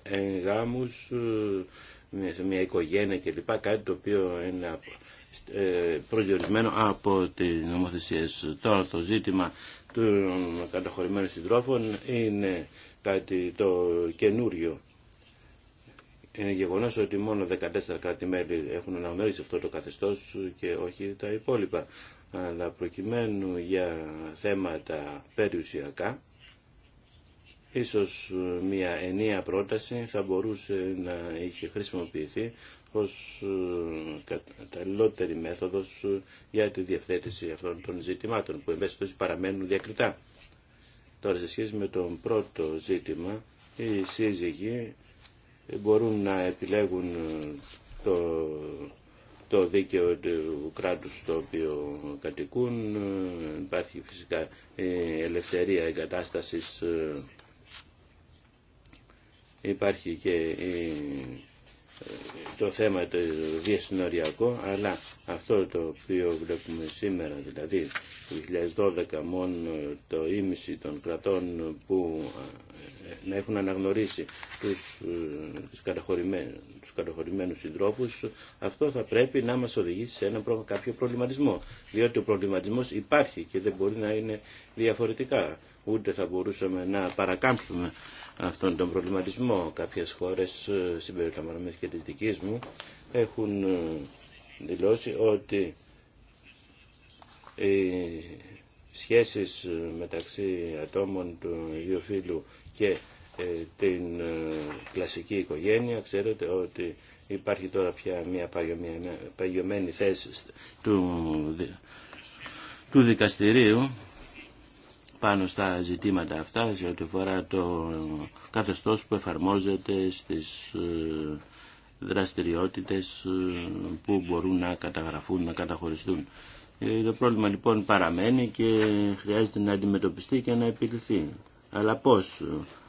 ε, εγγάμους, σε μια οικογένεια κλπ. Κάτι το οποίο είναι ε, προσδιορισμένο από τις νομοθεσίες. Τώρα το ζήτημα των καταχωρημένων συντρόφων είναι κάτι το καινούριο. Είναι γεγονός ότι μόνο 14 κράτη-μέλη έχουν αναγνωρίσει αυτό το καθεστώς και όχι τα υπόλοιπα αλλά προκειμένου για θέματα περιουσιακά ίσως μια ενιαία πρόταση θα μπορούσε να είχε χρησιμοποιηθεί ως ε, καταλληλότερη μέθοδος για τη διευθέτηση αυτών των ζητημάτων που εμπέσχετος παραμένουν διακριτά. Τώρα σε σχέση με τον πρώτο ζήτημα οι σύζυγοι μπορούν να επιλέγουν ε, το το δίκαιο του κράτους στο οποίο κατοικούν. Υπάρχει φυσικά ε, ελευθερία εγκατάστασης. Υπάρχει και ε, το θέμα το διασυνοριακό, αλλά αυτό το οποίο βλέπουμε σήμερα, δηλαδή το 2012 μόνο το ίμιση των κρατών που να έχουν αναγνωρίσει τους, ε, τους, καταχωρημένους, τους καταχωρημένους συντρόφους, αυτό θα πρέπει να μας οδηγήσει σε ένα, κάποιο προβληματισμό. Διότι ο προβληματισμός υπάρχει και δεν μπορεί να είναι διαφορετικά. Ούτε θα μπορούσαμε να παρακάμψουμε αυτόν τον προβληματισμό. Κάποιες χώρες, ε, συμπεριλαμβανομένες και της δικής μου, έχουν ε, δηλώσει ότι οι σχέσεις μεταξύ ατόμων του ίδιου και ε, την ε, κλασική οικογένεια. Ξέρετε ότι υπάρχει τώρα πια μια παγιωμένη θέση του, του δικαστηρίου πάνω στα ζητήματα αυτά σε ό,τι αφορά το καθεστώς που εφαρμόζεται στις ε, δραστηριότητες που μπορούν να καταγραφούν, να καταχωριστούν. Το πρόβλημα λοιπόν παραμένει και χρειάζεται να αντιμετωπιστεί και να επιληθεί αλλά πώς ε,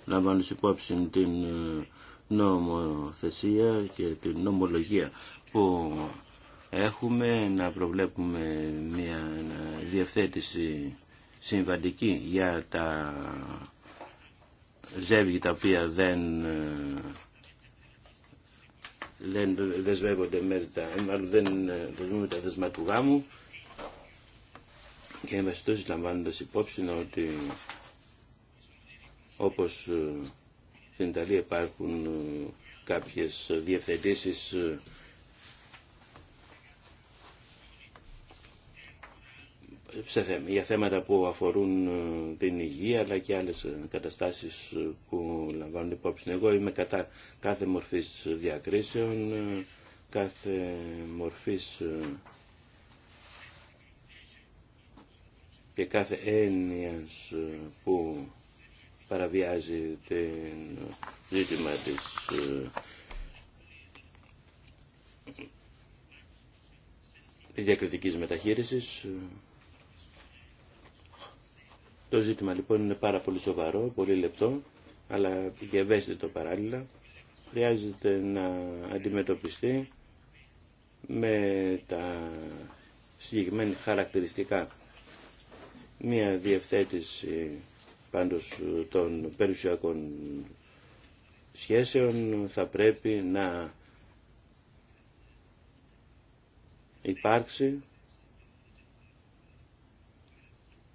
λαμβάνεις υπόψη την ε, νομοθεσία και την νομολογία που έχουμε να προβλέπουμε μια διευθέτηση συμβατική για τα ζεύγη τα οποία δεν ε, δεσμεύονται με τα, μάλλον δεν δεσμεύονται τα δεσμά του γάμου και εμβασιτώσεις λαμβάνοντας υπόψη ότι όπως ε, στην Ιταλία υπάρχουν ε, κάποιες διευθετήσεις ε, για θέματα που αφορούν την υγεία αλλά και άλλες καταστάσεις που λαμβάνουν υπόψη. Εγώ είμαι κατά κάθε μορφής διακρίσεων, κάθε μορφής και κάθε έννοιας που παραβιάζει το ζήτημα της ε, της διακριτικής μεταχείρισης. Το ζήτημα λοιπόν είναι πάρα πολύ σοβαρό, πολύ λεπτό, αλλά και ευαίσθητο παράλληλα. Χρειάζεται να αντιμετωπιστεί με τα συγκεκριμένα χαρακτηριστικά. Μία διευθέτηση πάντως ε, των περιουσιακών σχέσεων θα πρέπει να υπάρξει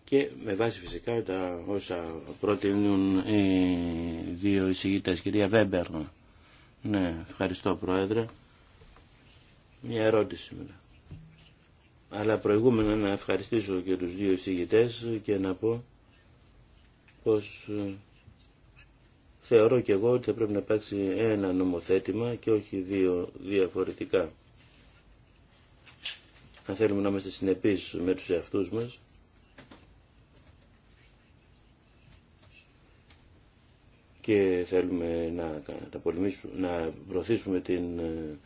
και με βάση φυσικά τα όσα προτείνουν οι δύο εισηγητές, κυρία Βέμπερ. Ναι, ευχαριστώ Πρόεδρε. Μια ερώτηση σήμερα. Αλλά προηγούμενα να ευχαριστήσω και τους δύο εισηγητές και να πω πως ε, θεωρώ και εγώ ότι θα πρέπει να υπάρξει ένα νομοθέτημα και όχι δύο διαφορετικά. Αν θέλουμε να είμαστε συνεπείς με τους εαυτούς μας, και θέλουμε να, να προωθήσουμε την ε,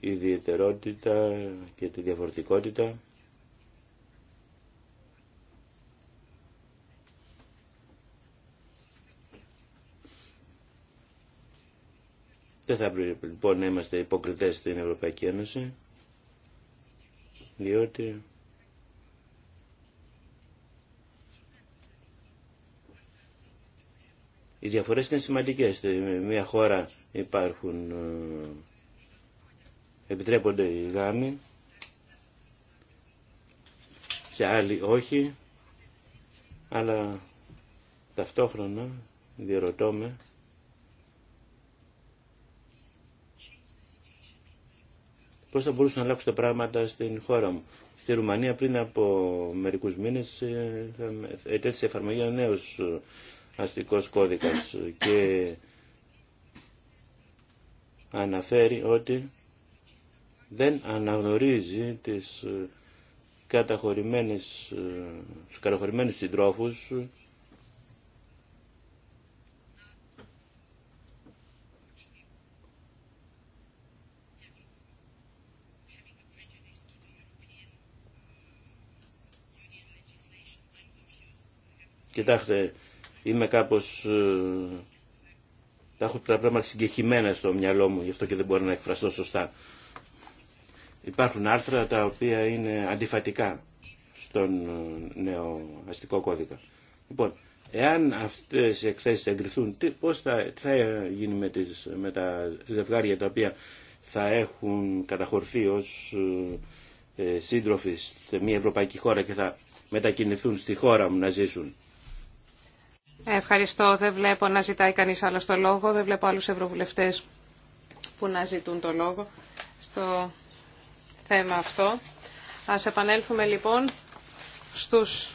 ιδιαιτερότητα και τη διαφορετικότητα Δεν θα πρέπει λοιπόν να είμαστε υποκριτές στην Ευρωπαϊκή Ένωση, διότι οι διαφορές είναι σημαντικές. Σε μια χώρα υπάρχουν, ε, επιτρέπονται οι γάμοι, σε άλλη όχι, αλλά ταυτόχρονα διερωτώ πώς θα μπορούσαν να αλλάξουν τα πράγματα στην χώρα μου. Στη Ρουμανία πριν από μερικούς μήνες ε, ετέθησε εφαρμογή ο νέος ε, αστικός κώδικας και αναφέρει ότι δεν αναγνωρίζει τις ε, καταχωρημένες, τους καταχωρημένους συντρόφους Κοιτάξτε, είμαι κάπως... Ε, τα έχω τα πράγματα συγκεχημένα στο μυαλό μου, γι' αυτό και δεν μπορώ να εκφραστώ σωστά. Υπάρχουν άρθρα τα οποία είναι αντιφατικά στον ε, νέο αστικό κώδικα. Λοιπόν, εάν αυτές οι εκθέσεις εγκριθούν, τι, πώς θα, γίνει με, τις, με τα ζευγάρια τα οποία θα έχουν καταχωρηθεί ως ε, σύντροφοι σε μια ευρωπαϊκή χώρα και θα μετακινηθούν στη χώρα μου να ζήσουν. Ευχαριστώ. Δεν βλέπω να ζητάει κανείς άλλο το λόγο. Δεν βλέπω άλλους ευρωβουλευτές που να ζητούν το λόγο στο θέμα αυτό. Ας επανέλθουμε λοιπόν στους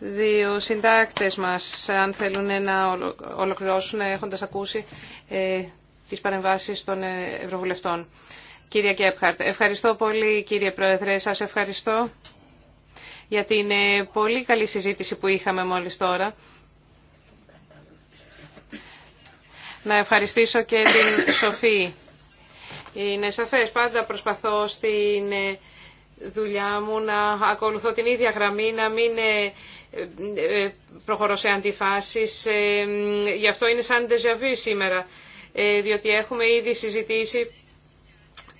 δύο συντάκτες μας, αν θέλουν να ολοκληρώσουν έχοντας ακούσει ε, τις παρεμβάσεις των ε, ευρωβουλευτών. Κύριε Κέπχαρτ, ευχαριστώ πολύ κύριε Πρόεδρε, σας ευχαριστώ για την ε, πολύ καλή συζήτηση που είχαμε μόλις τώρα. να ευχαριστήσω και την Σοφή. Είναι σαφές, πάντα προσπαθώ στην ε, δουλειά μου να ακολουθώ την ίδια γραμμή, να μην ε, ε, προχωρώ σε αντιφάσεις. Γι' αυτό είναι σαν ντεζαβί σήμερα, διότι έχουμε ήδη συζητήσει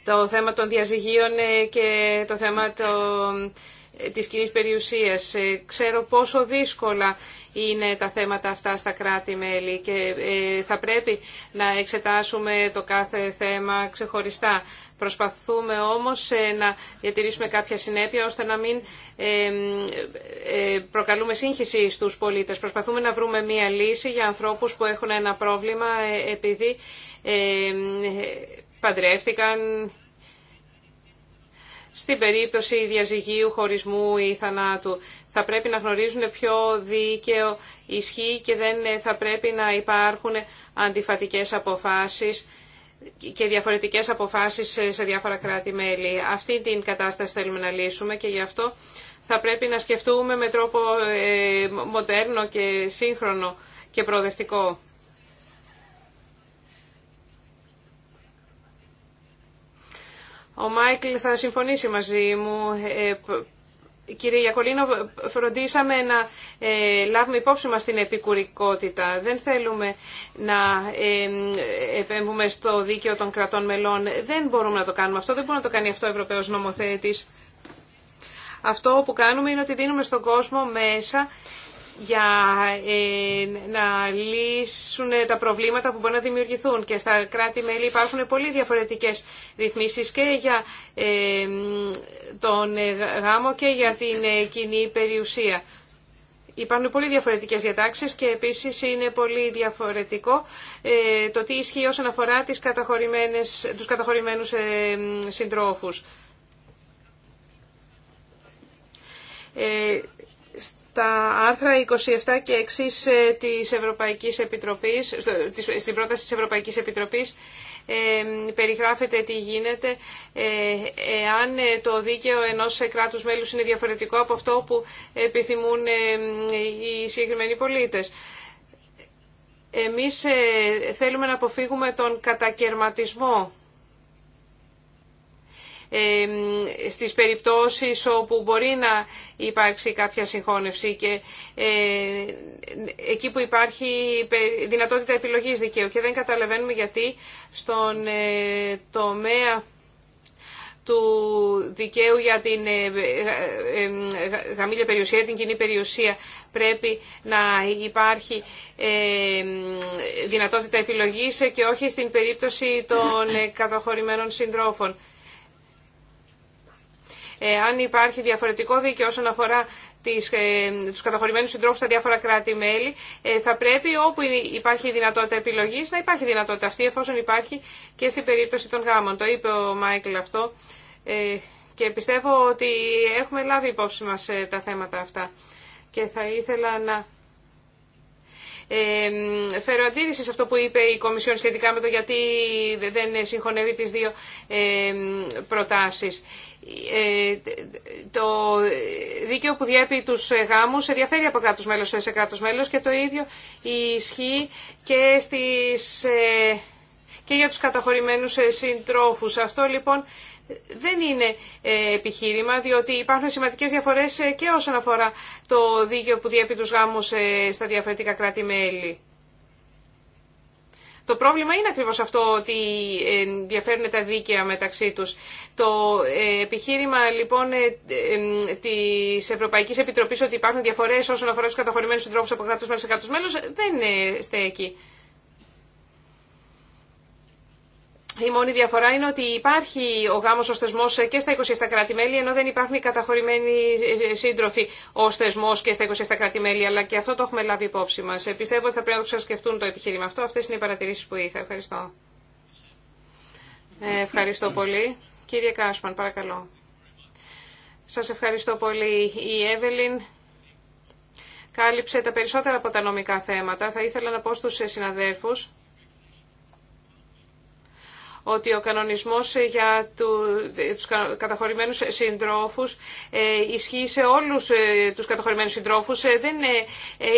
το θέμα των διαζυγίων και το θέμα των της κοινή περιουσίας. Ε, ξέρω πόσο δύσκολα είναι τα θέματα αυτά στα κράτη-μέλη και ε, θα πρέπει να εξετάσουμε το κάθε θέμα ξεχωριστά. Προσπαθούμε όμως ε, να διατηρήσουμε κάποια συνέπεια ώστε να μην προκαλούμε σύγχυση στους πολίτες. Προσπαθούμε να βρούμε μία λύση για ανθρώπους που έχουν ένα πρόβλημα επειδή παντρεύτηκαν στην περίπτωση διαζυγίου, χωρισμού ή θανάτου. Θα πρέπει να γνωρίζουν ποιο δίκαιο ισχύει και δεν ε, θα πρέπει να υπάρχουν αντιφατικές αποφάσεις και διαφορετικές αποφάσεις ε, σε διάφορα κράτη-μέλη. Αυτή την κατάσταση θέλουμε να λύσουμε και γι' αυτό θα πρέπει να σκεφτούμε με τρόπο ε, μοντέρνο και σύγχρονο και προοδευτικό. Ο Μάικλ θα συμφωνήσει μαζί μου. Ε, κύριε Γιακολίνο, φροντίσαμε να ε, λάβουμε υπόψη μας την επικουρικότητα. Δεν θέλουμε να ε, επέμβουμε στο δίκαιο των κρατών μελών. Δεν μπορούμε να το κάνουμε αυτό. Δεν μπορεί να το κάνει αυτό ο Ευρωπαίος νομοθέτης. Αυτό που κάνουμε είναι ότι δίνουμε στον κόσμο μέσα για ε, να λύσουν τα προβλήματα που μπορεί να δημιουργηθούν. Και στα κράτη-μέλη υπάρχουν πολύ διαφορετικές ρυθμίσεις και για ε, τον γάμο και για την ε, κοινή περιουσία. Υπάρχουν πολύ διαφορετικές διατάξεις και επίσης είναι πολύ διαφορετικό το τι ισχύει όσον αφορά τις καταχωρημένες, τους καταχωρημένους συντρόφους στα άρθρα 27 και 6 ε, της Ευρωπαϊκής Επιτροπής, στην πρόταση της Ευρωπαϊκής Επιτροπής ε, περιγράφεται τι γίνεται ε, εάν ε, το δίκαιο ενός ε, κράτους μέλους είναι διαφορετικό από αυτό που επιθυμούν οι συγκεκριμένοι πολίτες. Εμείς θέλουμε να αποφύγουμε τον κατακερματισμό στις περιπτώσεις όπου μπορεί να υπάρξει κάποια συγχώνευση και ε, εκεί που υπάρχει δυνατότητα επιλογής δικαίου. Και δεν καταλαβαίνουμε γιατί στον ε, τομέα του δικαίου για την ε, γαμήλια περιουσία, την κοινή περιουσία. Πρέπει να υπάρχει δυνατότητα επιλογής και όχι στην περίπτωση των καταχωρημένων συντρόφων. Ε, αν υπάρχει διαφορετικό δίκαιο όσον αφορά ε, τους καταχωρημένους συντρόφους στα διάφορα κράτη-μέλη, ε, θα πρέπει όπου υπάρχει δυνατότητα επιλογής να υπάρχει δυνατότητα αυτή, εφόσον υπάρχει και στην περίπτωση των γάμων. Το είπε ο Μάικλ αυτό ε, και πιστεύω ότι έχουμε λάβει υπόψη μας τα θέματα αυτά. Και θα ήθελα να φέρω αντίρρηση σε αυτό που είπε η Κομισιόν σχετικά με το γιατί δεν συγχωνεύει τις δύο προτάσεις. Ε, το δίκαιο που διέπει τους γάμους ενδιαφέρει από κράτος μέλος σε κράτος μέλος και το ίδιο ισχύει και, στις, ε, και για τους καταχωρημένους ε, συντρόφους. Αυτό λοιπόν δεν είναι ε, επιχείρημα, διότι υπάρχουν σημαντικές διαφορές ε, και όσον αφορά το δίκαιο που διέπει γάμου γάμους ε, στα διαφορετικά κράτη-μέλη. Το πρόβλημα είναι ακριβώς αυτό ότι διαφέρουν τα δίκαια μεταξύ τους. Το επιχείρημα λοιπόν της Ευρωπαϊκής Επιτροπής ότι υπάρχουν διαφορές όσον αφορά τους καταχωρημένους συντρόφους από κράτο μέλους σε κράτους μέλο δεν στέκει. Η μόνη διαφορά είναι ότι υπάρχει ο γάμος ως θεσμός και στα 27 κράτη-μέλη, ενώ δεν υπάρχουν οι καταχωρημένοι σύντροφοι ως θεσμός και στα 27 κράτη-μέλη, αλλά και αυτό το έχουμε λάβει υπόψη μας. Ε, πιστεύω ότι θα πρέπει να το ξασκεφτούν το επιχείρημα αυτό. Αυτές είναι οι παρατηρήσεις που είχα. Ευχαριστώ. Ε, ευχαριστώ πολύ. Κύριε Κάσμαν, παρακαλώ. Σας ευχαριστώ πολύ. Η Εύελιν κάλυψε τα περισσότερα από τα νομικά θέματα. Θα ήθελα να πω στους συναδέρφους ότι ο κανονισμός για ε, ε, τους καταχωρημένους συντρόφους ισχύει σε όλους τους καταχωρημένους συντρόφους. Δεν ε,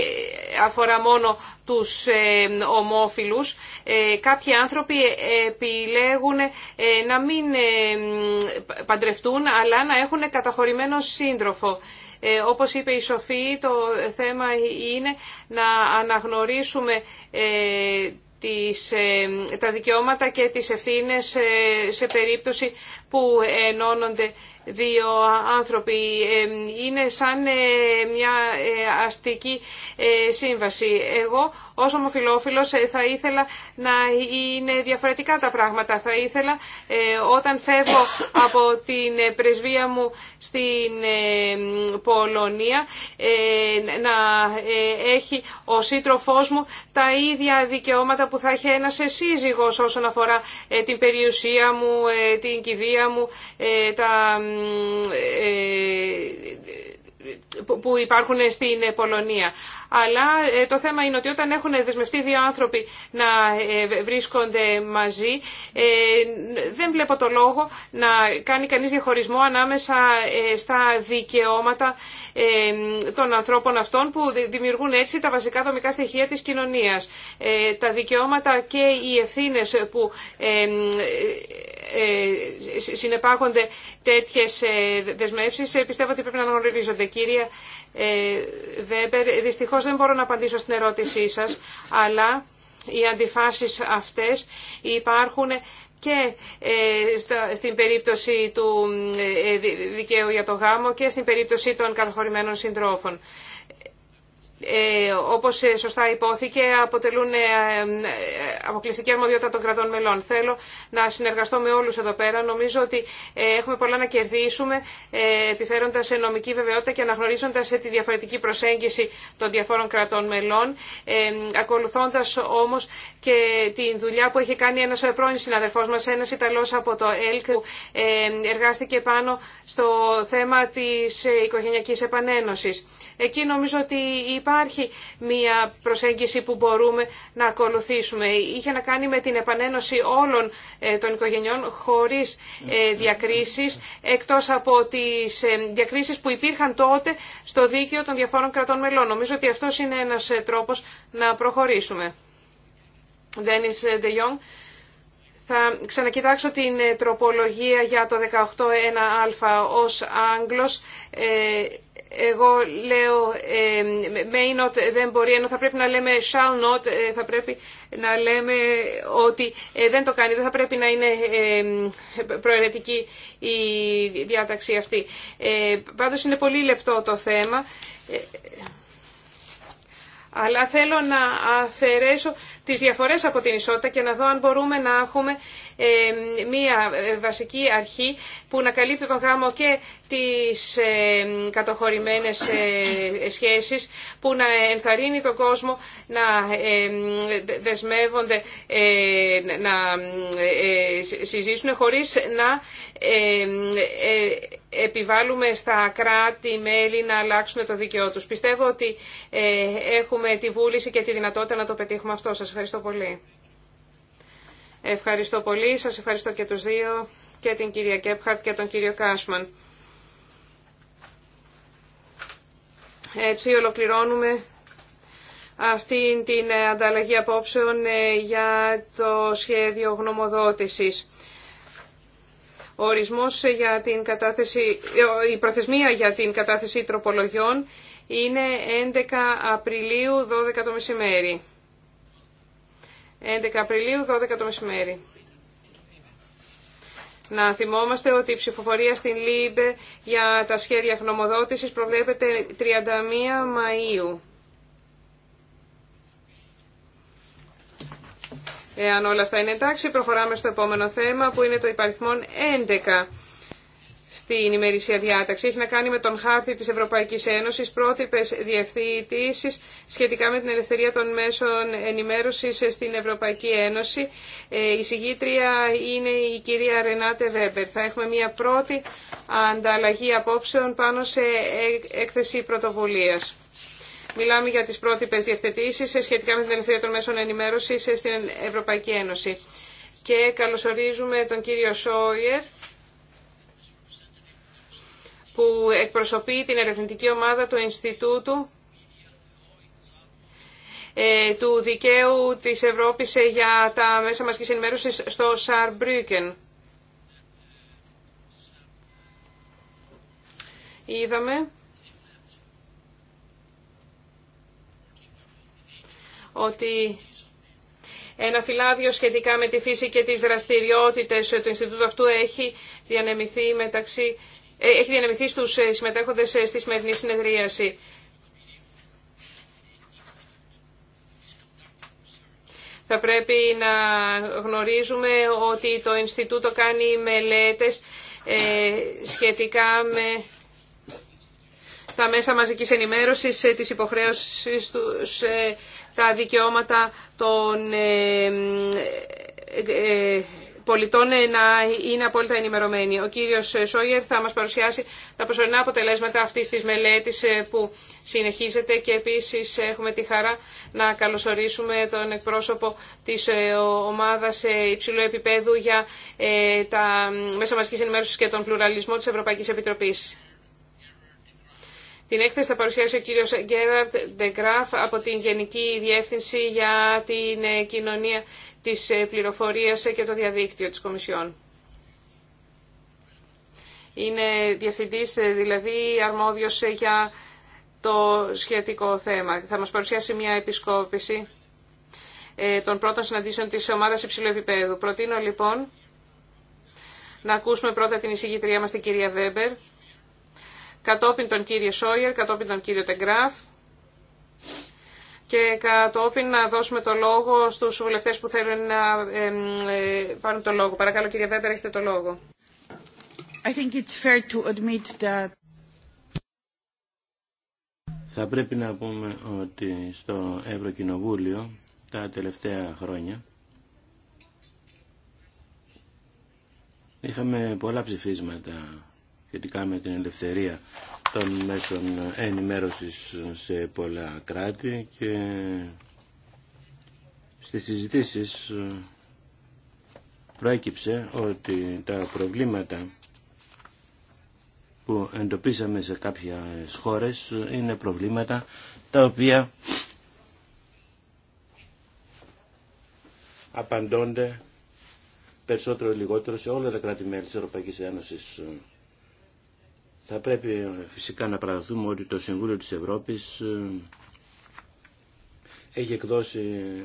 αφορά μόνο τους ομόφυλους. Κάποιοι άνθρωποι επιλέγουν να μην παντρευτούν αλλά να έχουν καταχωρημένο σύντροφο. όπως είπε η Σοφή, το θέμα είναι να αναγνωρίσουμε ε, τα δικαιώματα και τις ευθύνες ε, σε περίπτωση που ενώνονται δύο άνθρωποι. Είναι σαν ε, μια ε, αστική ε, σύμβαση. Εγώ ως ομοφιλόφιλος θα ήθελα να είναι διαφορετικά τα πράγματα. Θα ήθελα όταν φεύγω από την πρεσβεία μου στην Πολωνία να έχει ο σύντροφός μου τα ίδια δικαιώματα που θα έχει ένας σύζυγος όσον αφορά την περιουσία μου, την κηδεία μου, τα ε, ε, που υπάρχουν στην Πολωνία αλλά ε, το θέμα είναι ότι όταν έχουν δεσμευτεί δύο άνθρωποι να ε, βρίσκονται μαζί, ε, δεν βλέπω το λόγο να κάνει κανείς διαχωρισμό ανάμεσα στα δικαιώματα των ανθρώπων αυτών που δημιουργούν έτσι τα βασικά δομικά στοιχεία της κοινωνίας. Τα δικαιώματα και οι ευθύνες που συνεπάγονται τέτοιες δεσμεύσεις πιστεύω ότι πρέπει να αναγνωρίζονται. Κύριε ε, Βέμπερ, δυστυχώς δεν μπορώ να απαντήσω στην ερώτησή σας, αλλά οι αντιφάσεις αυτές υπάρχουν και ε, στην περίπτωση του ε, δικαίου για το γάμο και στην περίπτωση των καταχωρημένων συντρόφων. Ε, όπως ε, σωστά υπόθηκε, αποτελούν ε, αποκλειστική αρμοδιότητα των κρατών μελών. Θέλω να συνεργαστώ με όλους εδώ πέρα. Νομίζω ότι έχουμε πολλά να κερδίσουμε, επιφέροντας νομική βεβαιότητα και αναγνωρίζοντας τη διαφορετική προσέγγιση των διαφόρων κρατών μελών, ακολουθώντας όμως και τη δουλειά που έχει κάνει ένας πρώην συναδελφός μας, ένας Ιταλός από το ΕΛΚ, που εργάστηκε πάνω στο θέμα της οικογενειακής επανένωσης. Εκεί νομίζω ότι υπάρχει μια προσέγγιση που μπορούμε να ακολουθήσουμε. Είχε να κάνει με την επανένωση όλων ε, των οικογενειών χωρίς ε, διακρίσεις, εκτός από τις ε, διακρίσεις που υπήρχαν τότε στο δίκαιο των διαφόρων κρατών μελών. Νομίζω ότι αυτός είναι ένας τρόπος να προχωρήσουμε. Dennis De Θα ξανακοιτάξω την τροπολογία για το 18.1α ως Άγγλος. Εγώ λέω ε, may not ε, δεν μπορεί, ενώ θα πρέπει να λέμε shall not, ε, θα πρέπει να λέμε ότι δεν το κάνει, δεν θα πρέπει να είναι προαιρετική η διάταξη αυτή. Πάντως είναι πολύ λεπτό το θέμα αλλά θέλω να αφαιρέσω τις διαφορές από την ισότητα και να δω αν μπορούμε να έχουμε μία ε, βασική αρχή που να καλύπτει τον γάμο και τις κατοχωρημένες ε, σχέσεις, που να ενθαρρύνει τον κόσμο να δεσμεύονται, ε, να συζήσουν χωρίς να επιβάλλουμε στα κράτη-μέλη να αλλάξουν το δικαιό τους. Πιστεύω ότι έχουμε τη βούληση και τη δυνατότητα να το πετύχουμε αυτό. Σας ευχαριστώ πολύ. Ευχαριστώ πολύ. Σας ευχαριστώ και τους δύο, και την κυρία Κέπχαρτ και τον κύριο Κάσμαν. Έτσι ολοκληρώνουμε αυτή την ανταλλαγή απόψεων ε, για το σχέδιο γνωμοδότησης. ορισμός για την κατάθεση, ε, η προθεσμία για την κατάθεση τροπολογιών είναι 11 Απριλίου 12 το μεσημέρι. 11 Απριλίου, 12 το μεσημέρι. Να θυμόμαστε ότι η ψηφοφορία στην ΛΥΜΠΕ για τα σχέδια γνωμοδότησης προβλέπεται 31 Μαΐου. Εάν όλα αυτά είναι εντάξει, προχωράμε στο επόμενο θέμα που είναι το υπαριθμόν 11 στην ημερήσια διάταξη. Έχει να κάνει με τον χάρτη της Ευρωπαϊκής Ένωσης, πρότυπες διευθύνσεις σχετικά με την ελευθερία των μέσων ενημέρωσης στην Ευρωπαϊκή Ένωση. Ε, η συγγήτρια είναι η κυρία Ρενάτε Βέμπερ. Θα έχουμε μια πρώτη ανταλλαγή απόψεων πάνω σε έκθεση πρωτοβουλίας. Μιλάμε για τις πρότυπες διευθετήσεις σχετικά με την ελευθερία των μέσων ενημέρωσης στην Ευρωπαϊκή Ένωση. Και καλωσορίζουμε τον κύριο Σόιερ που εκπροσωπεί την ερευνητική ομάδα του Ινστιτούτου ε, του Δικαίου της Ευρώπης ε, για τα μέσα μας και στο Σαρμπρούκεν. Είδαμε ότι ένα φυλάδιο σχετικά με τη φύση και τις δραστηριότητες του Ινστιτούτου αυτού έχει διανεμηθεί μεταξύ ε, έχει διανεμηθεί στους ε, συμμετέχοντες ε, στη σημερινή συνεδρίαση. Θα πρέπει να γνωρίζουμε ότι το Ινστιτούτο κάνει μελέτες σχετικά με τα μέσα μαζικής ενημέρωσης, τις υποχρέωσεις, τους, τα δικαιώματα των πολιτών ε, να είναι απόλυτα ενημερωμένοι. Ο κύριος ε, Σόγερ θα μας παρουσιάσει τα προσωρινά αποτελέσματα αυτής της μελέτης ε, που συνεχίζεται και επίσης έχουμε τη χαρά να καλωσορίσουμε τον εκπρόσωπο της ομάδας υψηλού επίπεδου για τα μέσα μαζικής ενημέρωσης και τον πλουραλισμό της Ευρωπαϊκής Επιτροπής. Την έκθεση θα παρουσιάσει ο κύριος Γκέραρτ Ντεγκράφ από την Γενική Διεύθυνση για την Κοινωνία της ε, πληροφορίας ε, και το διαδίκτυο της Κομισιόν. Είναι διευθυντής, ε, δηλαδή αρμόδιος για το σχετικό θέμα. Θα μας παρουσιάσει μια επισκόπηση των πρώτων συναντήσεων της ομάδας υψηλού επίπεδου. Προτείνω λοιπόν να ακούσουμε πρώτα την εισηγήτριά μας την κυρία Βέμπερ, κατόπιν τον κύριο Σόιερ, κατόπιν τον κύριο Τεγκράφ, και κατόπιν να δώσουμε το λόγο στους βουλευτές που θέλουν να ε, πάρουν το λόγο. Παρακαλώ κυρία Βέμπερ, έχετε το λόγο. think it's fair to admit that... Θα πρέπει να πούμε ότι στο Ευρωκοινοβούλιο τα τελευταία χρόνια είχαμε πολλά ψηφίσματα σχετικά με την ελευθερία των μέσων ενημέρωσης σε πολλά κράτη και στις συζητήσεις προέκυψε ότι τα προβλήματα που εντοπίσαμε σε κάποιες χώρες είναι προβλήματα τα οποία απαντώνται περισσότερο ή λιγότερο σε όλα τα κράτη-μέλη της θα πρέπει ε, φυσικά να παραδοθούμε ότι το Συμβούλιο της Ευρώπης ε, έχει εκδώσει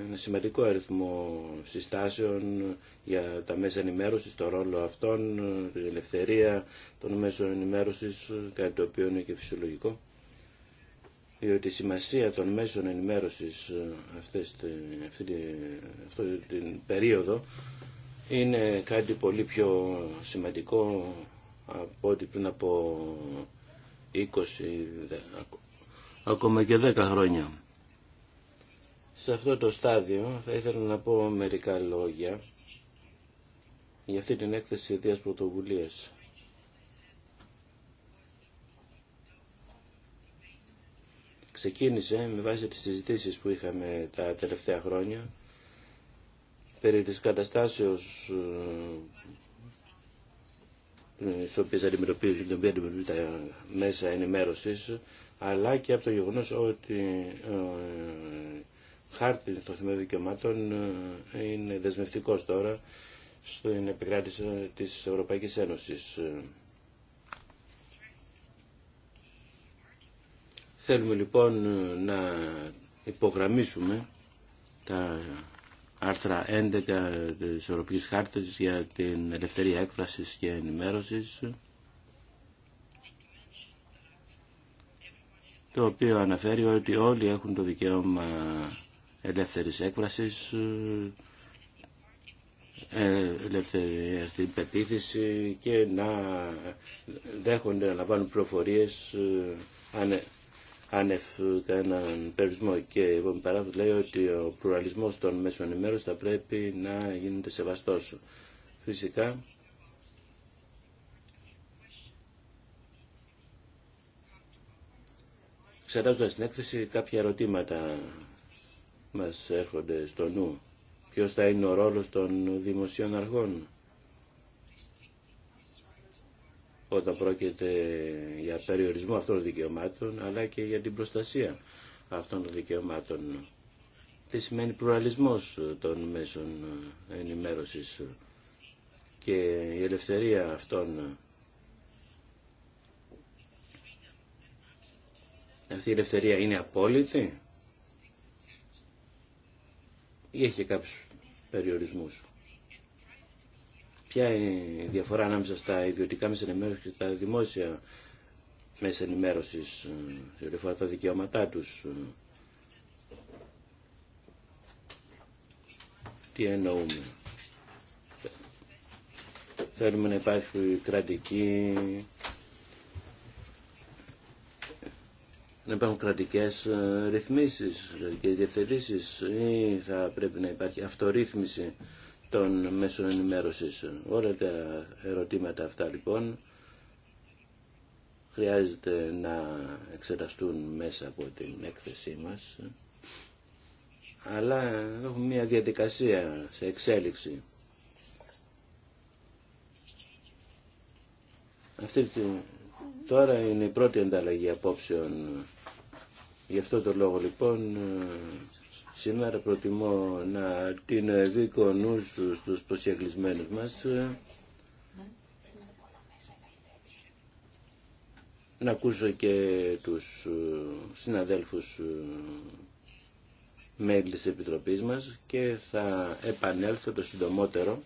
ένα σημαντικό αριθμό συστάσεων για τα μέσα ενημέρωσης, το ρόλο αυτών, ε, την ελευθερία των μέσων ενημέρωσης, κάτι το οποίο είναι και φυσιολογικό, διότι η σημασία των μέσων ενημέρωσης αυτές, αυτή την περίοδο είναι κάτι πολύ πιο σημαντικό από ό,τι πριν από 20, ακόμα και 10 χρόνια. Σε αυτό το στάδιο θα ήθελα να πω μερικά λόγια για αυτή την έκθεση ιδίας πρωτοβουλίας. Ξεκίνησε με βάση τις συζητήσεις που είχαμε τα τελευταία χρόνια περί της καταστάσεως ε, ε, τις οποίες αντιμετωπίζουν τα μέσα ενημέρωσης, αλλά και από το γεγονός ότι ο ε, χάρτη των θεμελιωδικαιωμάτων δικαιωμάτων ε, είναι δεσμευτικός τώρα στην επικράτηση της Ευρωπαϊκής Ένωσης. Θέλουμε λοιπόν να υπογραμμίσουμε τα άρθρα 11 της Ευρωπαϊκής Χάρτης για την ελευθερία έκφρασης και ενημέρωσης το οποίο αναφέρει ότι όλοι έχουν το δικαίωμα ελεύθερης έκφρασης ε, ελεύθερη στην πεποίθηση και να δέχονται να λαμβάνουν πληροφορίες ε, άνευ κανέναν περιορισμό και εγώ με παράδειγμα λέει ότι ο πλουραλισμός των μέσων ενημέρωση θα πρέπει να γίνεται σεβαστός. Φυσικά ξετάζοντας την έκθεση κάποια ερωτήματα μας έρχονται στο νου. Ποιος θα είναι ο ρόλος των δημοσίων αργών όταν πρόκειται για περιορισμό αυτών των δικαιωμάτων αλλά και για την προστασία αυτών των δικαιωμάτων. Τι σημαίνει πλουραλισμός των μέσων ενημέρωσης και η ελευθερία αυτών Αυτή η ελευθερία είναι απόλυτη ή έχει κάποιους περιορισμούς ποια είναι η διαφορά ανάμεσα στα ιδιωτικά μέσα ενημέρωση και τα δημόσια μέσα ενημέρωση ε, σε ό,τι αφορά τα δικαιώματά του. Ε, τι εννοούμε. Θέλουμε να υπάρχει κρατική να υπάρχουν κρατικές ε, ρυθμίσεις, δηλαδή και διευθετήσεις ή θα πρέπει να υπάρχει αυτορύθμιση των μέσων ενημέρωσης. Όλα τα ερωτήματα αυτά λοιπόν χρειάζεται να εξεταστούν μέσα από την έκθεσή μας αλλά έχουμε μια διαδικασία σε εξέλιξη. Αυτή τη... Τώρα είναι η πρώτη ανταλλαγή απόψεων. Γι' αυτό το λόγο λοιπόν Σήμερα προτιμώ να την δίκο νους στους προσεγκλισμένους μας να ακούσω και τους ε, συναδέλφους ε, μέλη της Επιτροπής μας και θα επανέλθω το συντομότερο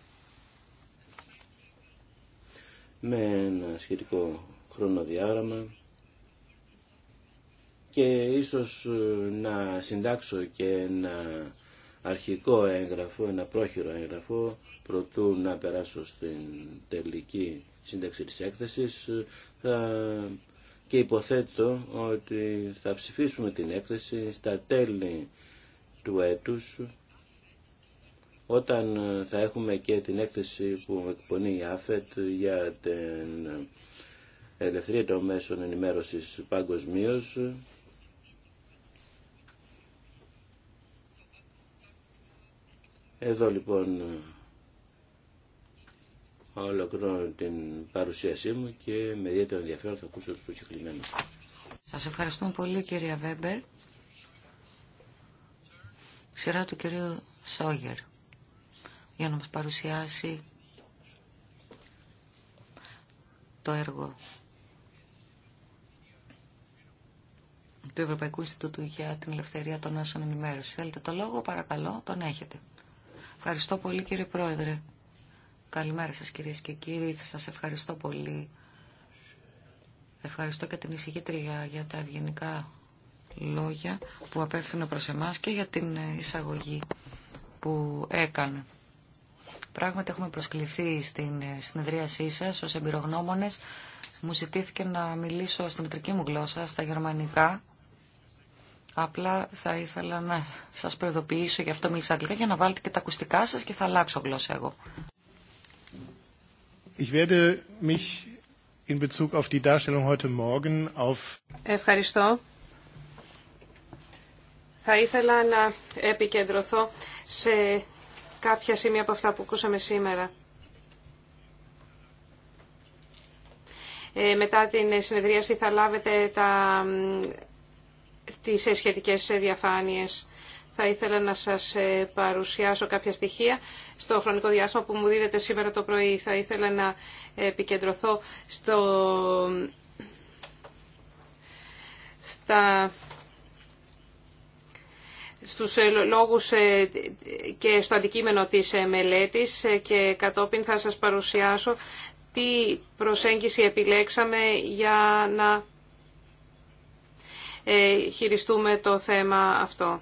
με ένα σχετικό χρονοδιάγραμμα και ίσως ε, να συντάξω και ένα αρχικό έγγραφο, ένα πρόχειρο έγγραφο, προτού να περάσω στην τελική σύνταξη της έκθεσης ε, θα... και υποθέτω ότι θα ψηφίσουμε την έκθεση στα τέλη του έτους όταν ε, θα έχουμε και την έκθεση που εκπονεί η ΑΦΕΤ για την ελευθερία των μέσων ενημέρωσης Παγκοσμίως Εδώ λοιπόν ολοκληρώνω την παρουσίασή μου και με ιδιαίτερο ενδιαφέρον θα ακούσω τους προσκεκλημένους. Σας ευχαριστούμε πολύ κυρία Βέμπερ. Σειρά του κυρίου Σόγερ για να μας παρουσιάσει το έργο του Ευρωπαϊκού Ινστιτούτου για την Ελευθερία των Άσων Ενημέρωση. Θέλετε το λόγο, παρακαλώ, τον έχετε. Ευχαριστώ πολύ κύριε Πρόεδρε. Καλημέρα σας κυρίες και κύριοι. Σας ευχαριστώ πολύ. Ευχαριστώ και την εισηγήτρια για τα ευγενικά λόγια που απέφθηνε προς εμάς και για την εισαγωγή που έκανε. Πράγματι έχουμε προσκληθεί στην συνεδρίασή σας ως εμπειρογνώμονες. Μου ζητήθηκε να μιλήσω στην μητρική μου γλώσσα, στα γερμανικά, Απλά θα ήθελα να σας προειδοποιήσω, γι' αυτό μίλησα αγγλικά, για να βάλετε και τα ακουστικά σας και θα αλλάξω γλώσσα εγώ. Ευχαριστώ. Θα ήθελα να επικεντρωθώ σε κάποια σημεία από αυτά που ακούσαμε σήμερα. Ε, μετά την συνεδρίαση θα λάβετε τα τις ε, σχετικές ε, διαφάνειες. Θα ήθελα να σας ε, παρουσιάσω κάποια στοιχεία στο χρονικό διάστημα που μου δίνετε σήμερα το πρωί. Θα ήθελα να επικεντρωθώ στο... στα στους λόγους και στο αντικείμενο της μελέτης και κατόπιν θα σας παρουσιάσω τι προσέγγιση επιλέξαμε για να ε, χειριστούμε το θέμα αυτό.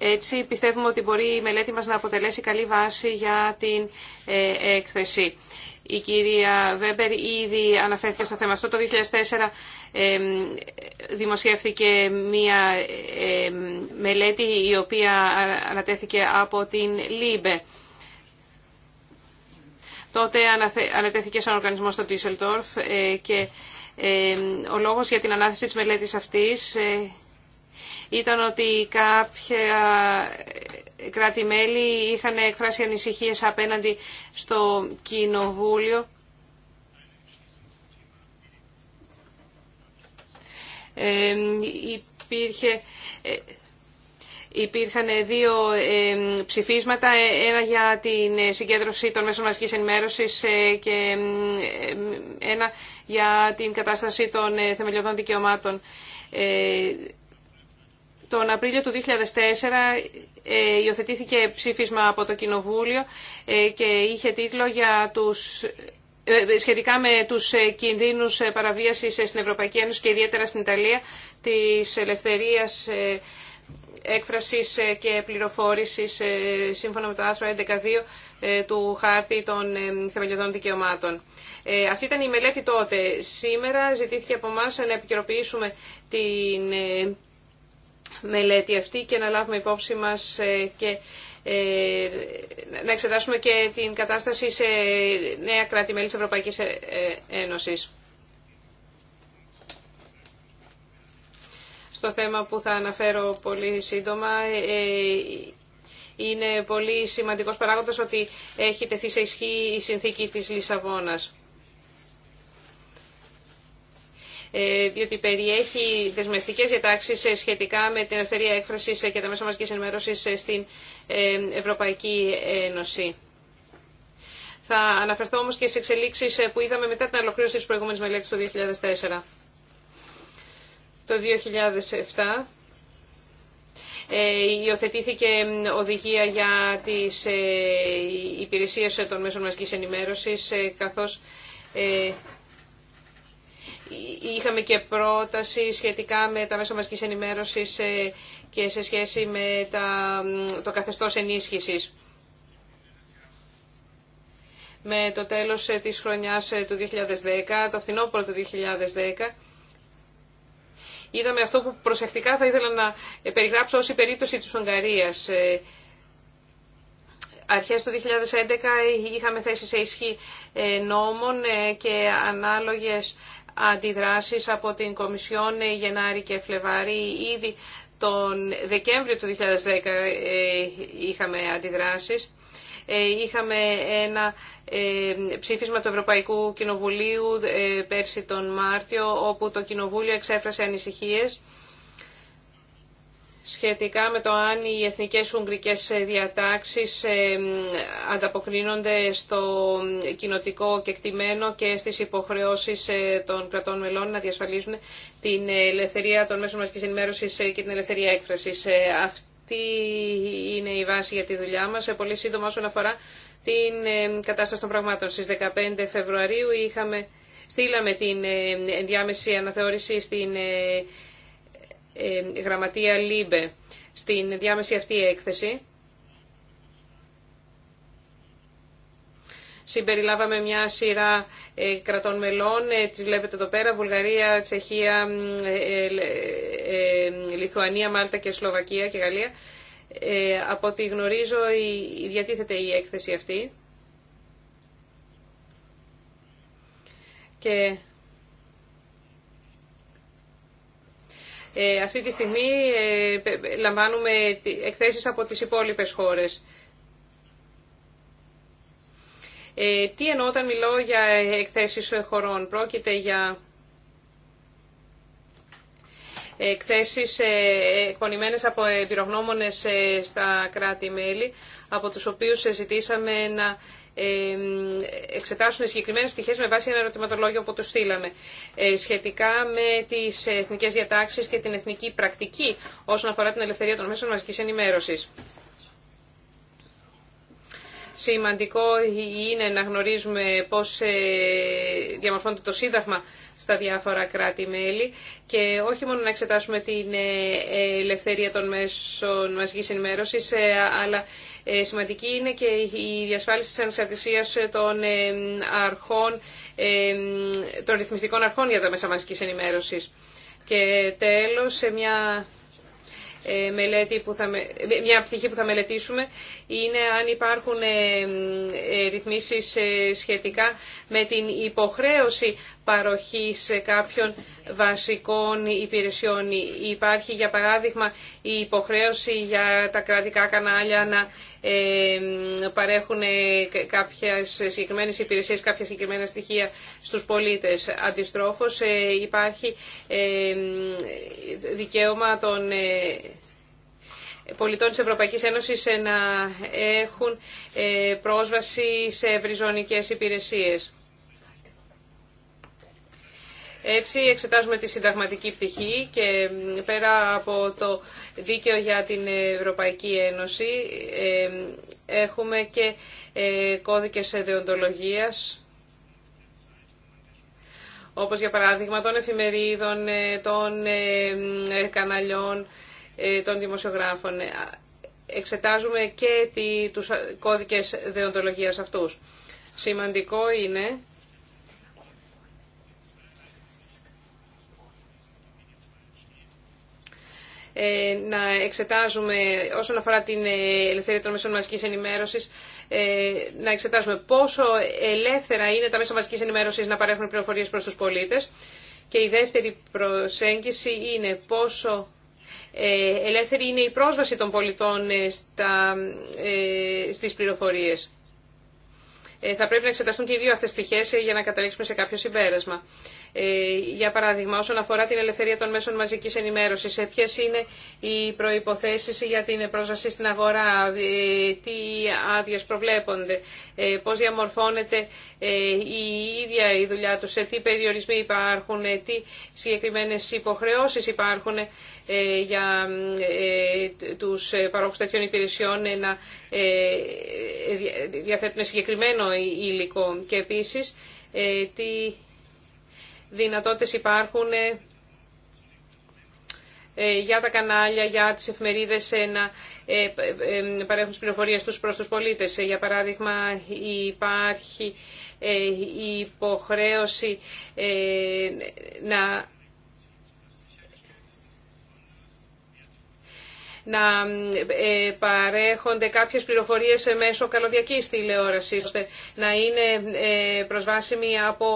Έτσι πιστεύουμε ότι μπορεί η μελέτη μας να αποτελέσει καλή βάση για την ε, έκθεση. Η κυρία Βέμπερ ήδη αναφέρθηκε στο θέμα αυτό. Το 2004 ε, δημοσιεύθηκε μία μελέτη η οποία ανατέθηκε από την ΛΥΜΠΕ τότε ανατέθηκε σαν οργανισμό στο Düsseldorf ε, και ε, ο λόγος για την ανάθεση της μελέτης αυτής ε, ήταν ότι κάποια κράτη-μέλη είχαν εκφράσει ανησυχίες απέναντι στο Κοινοβούλιο υπήρχε Υπήρχαν δύο ψηφίσματα, ένα για την ε, συγκέντρωση των μέσων μαζικής ενημέρωσης ε, και ένα για την κατάσταση των ε, θεμελιωδών δικαιωμάτων. Τον Απρίλιο του 2004 υιοθετήθηκε ψήφισμα από το Κοινοβούλιο και είχε τίτλο για τους σχετικά με τους κινδύνους παραβίασης στην Ευρωπαϊκή Ένωση και ιδιαίτερα στην Ιταλία της ελευθερίας Έκφραση ε, και πληροφόρηση ε, σύμφωνα με το άρθρο 11.2 ε, του χάρτη των θεμελιωδών δικαιωμάτων. Αυτή ήταν η μελέτη τότε. Σήμερα ζητήθηκε από εμά να επικαιροποιήσουμε την μελέτη αυτή και να λάβουμε υπόψη μας και να εξετάσουμε και την κατάσταση σε νέα κράτη-μέλη της Ευρωπαϊκής Ένωσης. Το θέμα που θα αναφέρω πολύ σύντομα. Ε, ε, είναι πολύ σημαντικός παράγοντας ότι έχει τεθεί σε ισχύ η συνθήκη της Λισαβόνας. Ε, διότι περιέχει δεσμευτικές διατάξεις σχετικά με την ελευθερία έκφρασης και τα μέσα μαζικής ενημέρωσης στην Ευρωπαϊκή Ένωση. Θα αναφερθώ όμως και στις εξελίξεις που είδαμε μετά την ολοκλήρωση της προηγούμενης μελέτης του 2004. Το 2007 ε, υιοθετήθηκε οδηγία για τις ε, υπηρεσίες των μέσων μαζικής ενημέρωσης ε, καθώς είχαμε και πρόταση σχετικά με τα μέσα μαζικής ενημέρωσης και σε σχέση με τα, το καθεστώς ενίσχυσης. Με το τέλος της χρονιάς του 2010, το φθινόπωρο του 2010, Είδαμε αυτό που προσεκτικά θα ήθελα να ε, περιγράψω ως η περίπτωση της Ουγγαρίας. Ε, αρχές του 2011 είχαμε θέσει σε ισχύ ε, νόμων και ανάλογες αντιδράσεις από την Κομισιόν Γενάρη και Φλεβάρη. Ήδη τον Δεκέμβριο του 2010 είχαμε αντιδράσεις ε, είχαμε ένα ε, ψήφισμα του Ευρωπαϊκού Κοινοβουλίου ε, πέρσι τον Μάρτιο, όπου το Κοινοβούλιο εξέφρασε ανησυχίες σχετικά με το αν οι εθνικές ουγγρικές διατάξεις ανταποκρίνονται στο κοινοτικό κεκτημένο και στις υποχρεώσεις των κρατών μελών να διασφαλίζουν την ελευθερία των μέσων μαζικής ενημέρωσης και την ελευθερία έκφρασης. Τι είναι η βάση για τη δουλειά μας. Ε, πολύ σύντομα όσον αφορά την ε, κατάσταση των πραγμάτων. Στις 15 Φεβρουαρίου είχαμε, στείλαμε την ε, ενδιάμεση αναθεώρηση στην γραμματεία ΛΥΜΠΕ. Στην διάμεση αυτή έκθεση συμπεριλάβαμε μια σειρά ε, κρατών μελών, ε, τις βλέπετε εδώ πέρα, Βουλγαρία, Τσεχία, ε, Λιθουανία, Μάλτα και Σλοβακία και Γαλλία. Από ό,τι γνωρίζω διατίθεται η έκθεση αυτή. Και αυτή τη στιγμή λαμβάνουμε εκθέσεις από τις υπόλοιπες χώρες. Ε, τι εννοώ όταν μιλώ για εκθέσεις χωρών. Πρόκειται για εκθέσεις ε, εκπονημένες από εμπειρογνώμονες ε, στα κράτη-μέλη, από τους οποίους ζητήσαμε να εξετάσουν συγκεκριμένε στοιχείες με βάση ένα ερωτηματολόγιο που τους στείλαμε σχετικά με τις εθνικές διατάξεις και την εθνική πρακτική όσον αφορά την ελευθερία των μέσων μαζικής ενημέρωση. Σημαντικό είναι να γνωρίζουμε πώς ε, διαμορφώνεται το Σύνταγμα στα διάφορα κράτη-μέλη και όχι μόνο να εξετάσουμε την ε, ελευθερία των μέσων μαζικής ενημέρωσης, ε, αλλά σημαντική είναι και η διασφάλιση της ανεξαρτησίας των, αρχών, των ρυθμιστικών αρχών για τα μέσα μαζικής ενημέρωσης. Και τέλος, σε μια ε, μελέτη που θα, μια πτυχή που θα μελετήσουμε είναι αν υπάρχουν ε, ε, ρυθμίσεις σχετικά με την υποχρέωση σε κάποιων βασικών υπηρεσιών. Υπάρχει, για παράδειγμα, η υποχρέωση για τα κρατικά κανάλια να παρέχουν ε, κάποιες συγκεκριμένες υπηρεσίες, κάποια συγκεκριμένα στοιχεία στους πολίτες. Αντιστρόφως, ε, υπάρχει δικαίωμα των ε, πολιτών της Ευρωπαϊκής Ένωσης να έχουν πρόσβαση σε ευρυζωνικές υπηρεσίες. Έτσι εξετάζουμε τη συνταγματική πτυχή και πέρα από το δίκαιο για την Ευρωπαϊκή Ένωση ε, έχουμε και ε, κώδικες δεοντολογίας όπως για παράδειγμα των εφημερίδων, ε, των καναλιών, των δημοσιογράφων. Εξετάζουμε και τους κώδικες δεοντολογίας αυτούς. Σημαντικό είναι Ε, να εξετάζουμε όσον αφορά την ε, ελευθερία των μέσων μαζικής ενημέρωσης, ε, να εξετάζουμε πόσο ελεύθερα είναι τα μέσα μαζικής ενημέρωσης να παρέχουν πληροφορίες προς τους πολίτες. Και η δεύτερη προσέγγιση είναι πόσο ελεύθερη είναι η πρόσβαση των πολιτών στα, στις πληροφορίες. Θα πρέπει να εξεταστούν και οι δύο αυτές ε, για να καταλήξουμε σε κάποιο συμπέρασμα. Ε, για παράδειγμα, όσον αφορά την ελευθερία των μέσων μαζικής ενημέρωσης, ε, ποιες είναι οι προϋποθέσεις για την πρόσβαση στην αγορά, ε, τι άδειε προβλέπονται, πώς διαμορφώνεται η ίδια η δουλειά τους, τι περιορισμοί υπάρχουν, τι συγκεκριμένες υποχρεώσεις υπάρχουν για τους παρόχους τέτοιων υπηρεσιών να διαθέτουν συγκεκριμένο υλικό και επίσης τι δυνατότητες υπάρχουν ε, ε, για τα κανάλια, για τις εφημερίδες ε, να παρέχουν τις πληροφορίες τους προς τους πολίτες. Για παράδειγμα υπάρχει η υποχρέωση να να ε, παρέχονται κάποιες πληροφορίες μέσω καλωδιακής τηλεόρασης, ώστε να είναι ε, προσβάσιμη από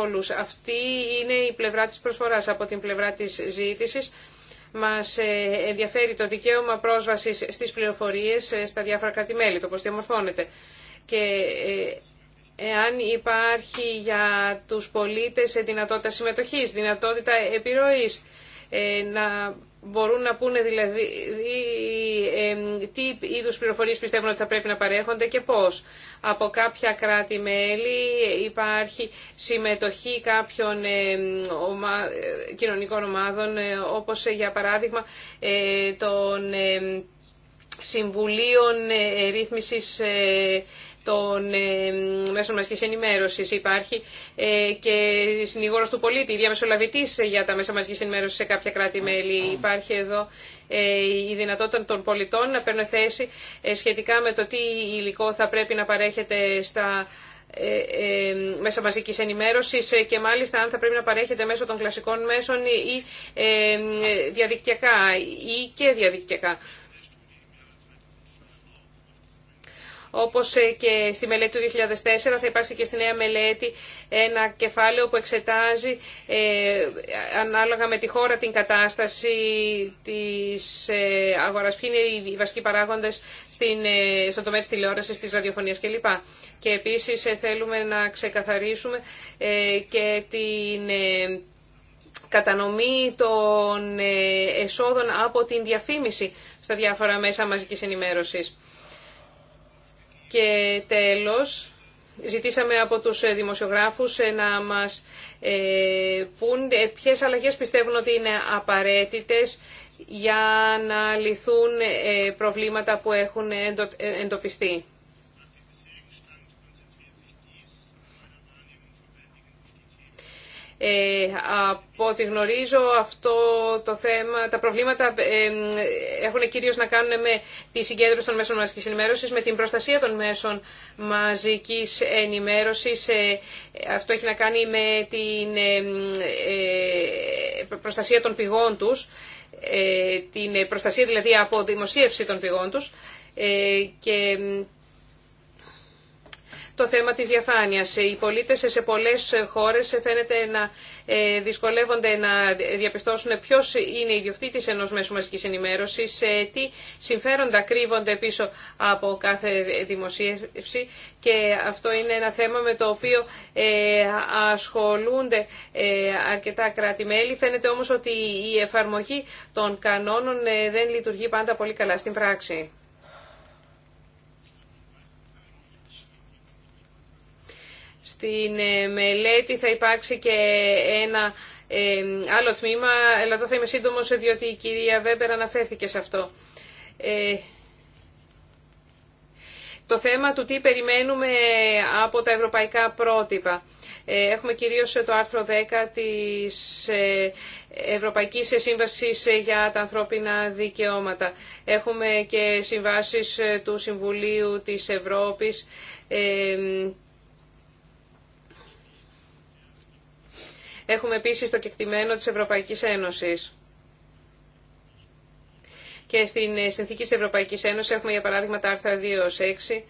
όλους. Αυτή είναι η πλευρά της προσφοράς από την πλευρά της ζήτησης. Μας ε, ενδιαφέρει το δικαίωμα πρόσβασης στις πληροφορίες στα διάφορα κράτη-μέλη, το πώς διαμορφώνεται. Και εάν υπάρχει για τους πολίτες δυνατότητα συμμετοχής, δυνατότητα επιρροής, να Μπορούν να πούνε δηλαδή τι είδου πληροφορίε, πιστεύουν ότι θα πρέπει να παρέχονται και πώ. απο Από κάποια κράτη-μέλη υπάρχει συμμετοχή κάποιων κοινωνικών ομάδων ε, όπως ε, για παράδειγμα ε, των Συμβουλίων Ρύθμισης των ε, μέσων μαζικής ενημέρωσης. Υπάρχει ε, και συνηγόρος του πολίτη, η διαμεσολαβητής για τα μέσα μαζικής ενημέρωσης σε κάποια κράτη-μέλη. Υπάρχει εδώ ε, η δυνατότητα των πολιτών να παίρνουν θέση σχετικά με το τι υλικό θα πρέπει να παρέχεται στα μέσα μαζικής ενημέρωσης και μάλιστα αν θα πρέπει να παρέχεται μέσω των κλασικών μέσων ή διαδικτυακά ή και διαδικτυακά. Όπως ε, και στη μελέτη του 2004 θα υπάρξει και στη νέα μελέτη ένα κεφάλαιο που εξετάζει ε, ανάλογα με τη χώρα την κατάσταση της ε, αγοράς. Ποιοι είναι οι βασικοί παράγοντες ε, στον τομέα της τηλεόρασης, της ραδιοφωνίας κλπ. Και επίσης ε, θέλουμε να ξεκαθαρίσουμε και την κατανομή των εσόδων από την διαφήμιση στα διάφορα μέσα μαζικής ενημέρωσης. Και τέλος, ζητήσαμε από τους ε, δημοσιογράφους ε, να μας ε, πούν ποιες αλλαγές πιστεύουν ότι είναι απαραίτητες για να λυθούν προβλήματα που έχουν εντοπιστεί. Ε, από ό,τι γνωρίζω αυτό το θέμα, τα προβλήματα ε, έχουν κυρίως να κάνουν με τη συγκέντρωση των μέσων μαζικής ενημέρωσης, με την προστασία των μέσων μαζικής ενημέρωσης. Ε, αυτό έχει να κάνει με την προστασία των πηγών τους, την προστασία δηλαδή από δημοσίευση των πηγών τους και το θέμα της διαφάνειας. Οι πολίτες σε πολλές χώρες φαίνεται να ε, δυσκολεύονται να διαπιστώσουν ποιος είναι ιδιοκτήτης ενός μέσου μαζικής ενημέρωσης, τι συμφέροντα κρύβονται πίσω από κάθε δημοσίευση και αυτό είναι ένα θέμα με το οποίο ε, ασχολούνται ε, αρκετά κράτη-μέλη. Φαίνεται όμως ότι η εφαρμογή των κανόνων δεν λειτουργεί πάντα πολύ καλά στην πράξη. Στην ε, μελέτη θα υπάρξει και ένα ε, άλλο τμήμα, αλλά εδώ θα είμαι σύντομος διότι η κυρία Βέμπερ αναφέρθηκε σε αυτό. Ε, το θέμα του τι περιμένουμε από τα ευρωπαϊκά πρότυπα. Έχουμε κυρίως το άρθρο 10 της Ευρωπαϊκής Σύμβασης για τα ανθρώπινα δικαιώματα. Έχουμε και συμβάσεις του Συμβουλίου της Ευρώπης Έχουμε επίσης το κεκτημένο της Ευρωπαϊκής Ένωσης. Και στην ε, συνθήκη της Ευρωπαϊκής Ένωσης έχουμε για παράδειγμα τα άρθρα 2 6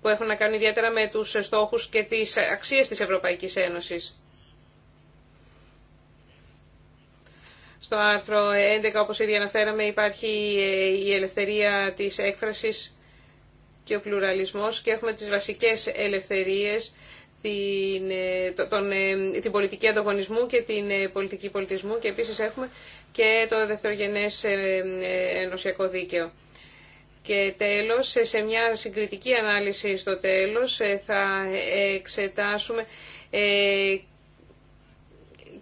που έχουν να κάνουν ιδιαίτερα με τους στόχους και τις αξίες της Ευρωπαϊκής Ένωσης. Στο άρθρο 11, όπως ήδη αναφέραμε, υπάρχει ε, η ελευθερία της έκφρασης και ο πλουραλισμός και έχουμε τις βασικές ελευθερίες την, ε, τον, ε, την πολιτική ανταγωνισμού και την ε, πολιτική πολιτισμού και επίσης έχουμε και το δευτερογενές ενωσιακό δίκαιο. Και τέλος, σε μια συγκριτική ανάλυση στο τέλος θα εξετάσουμε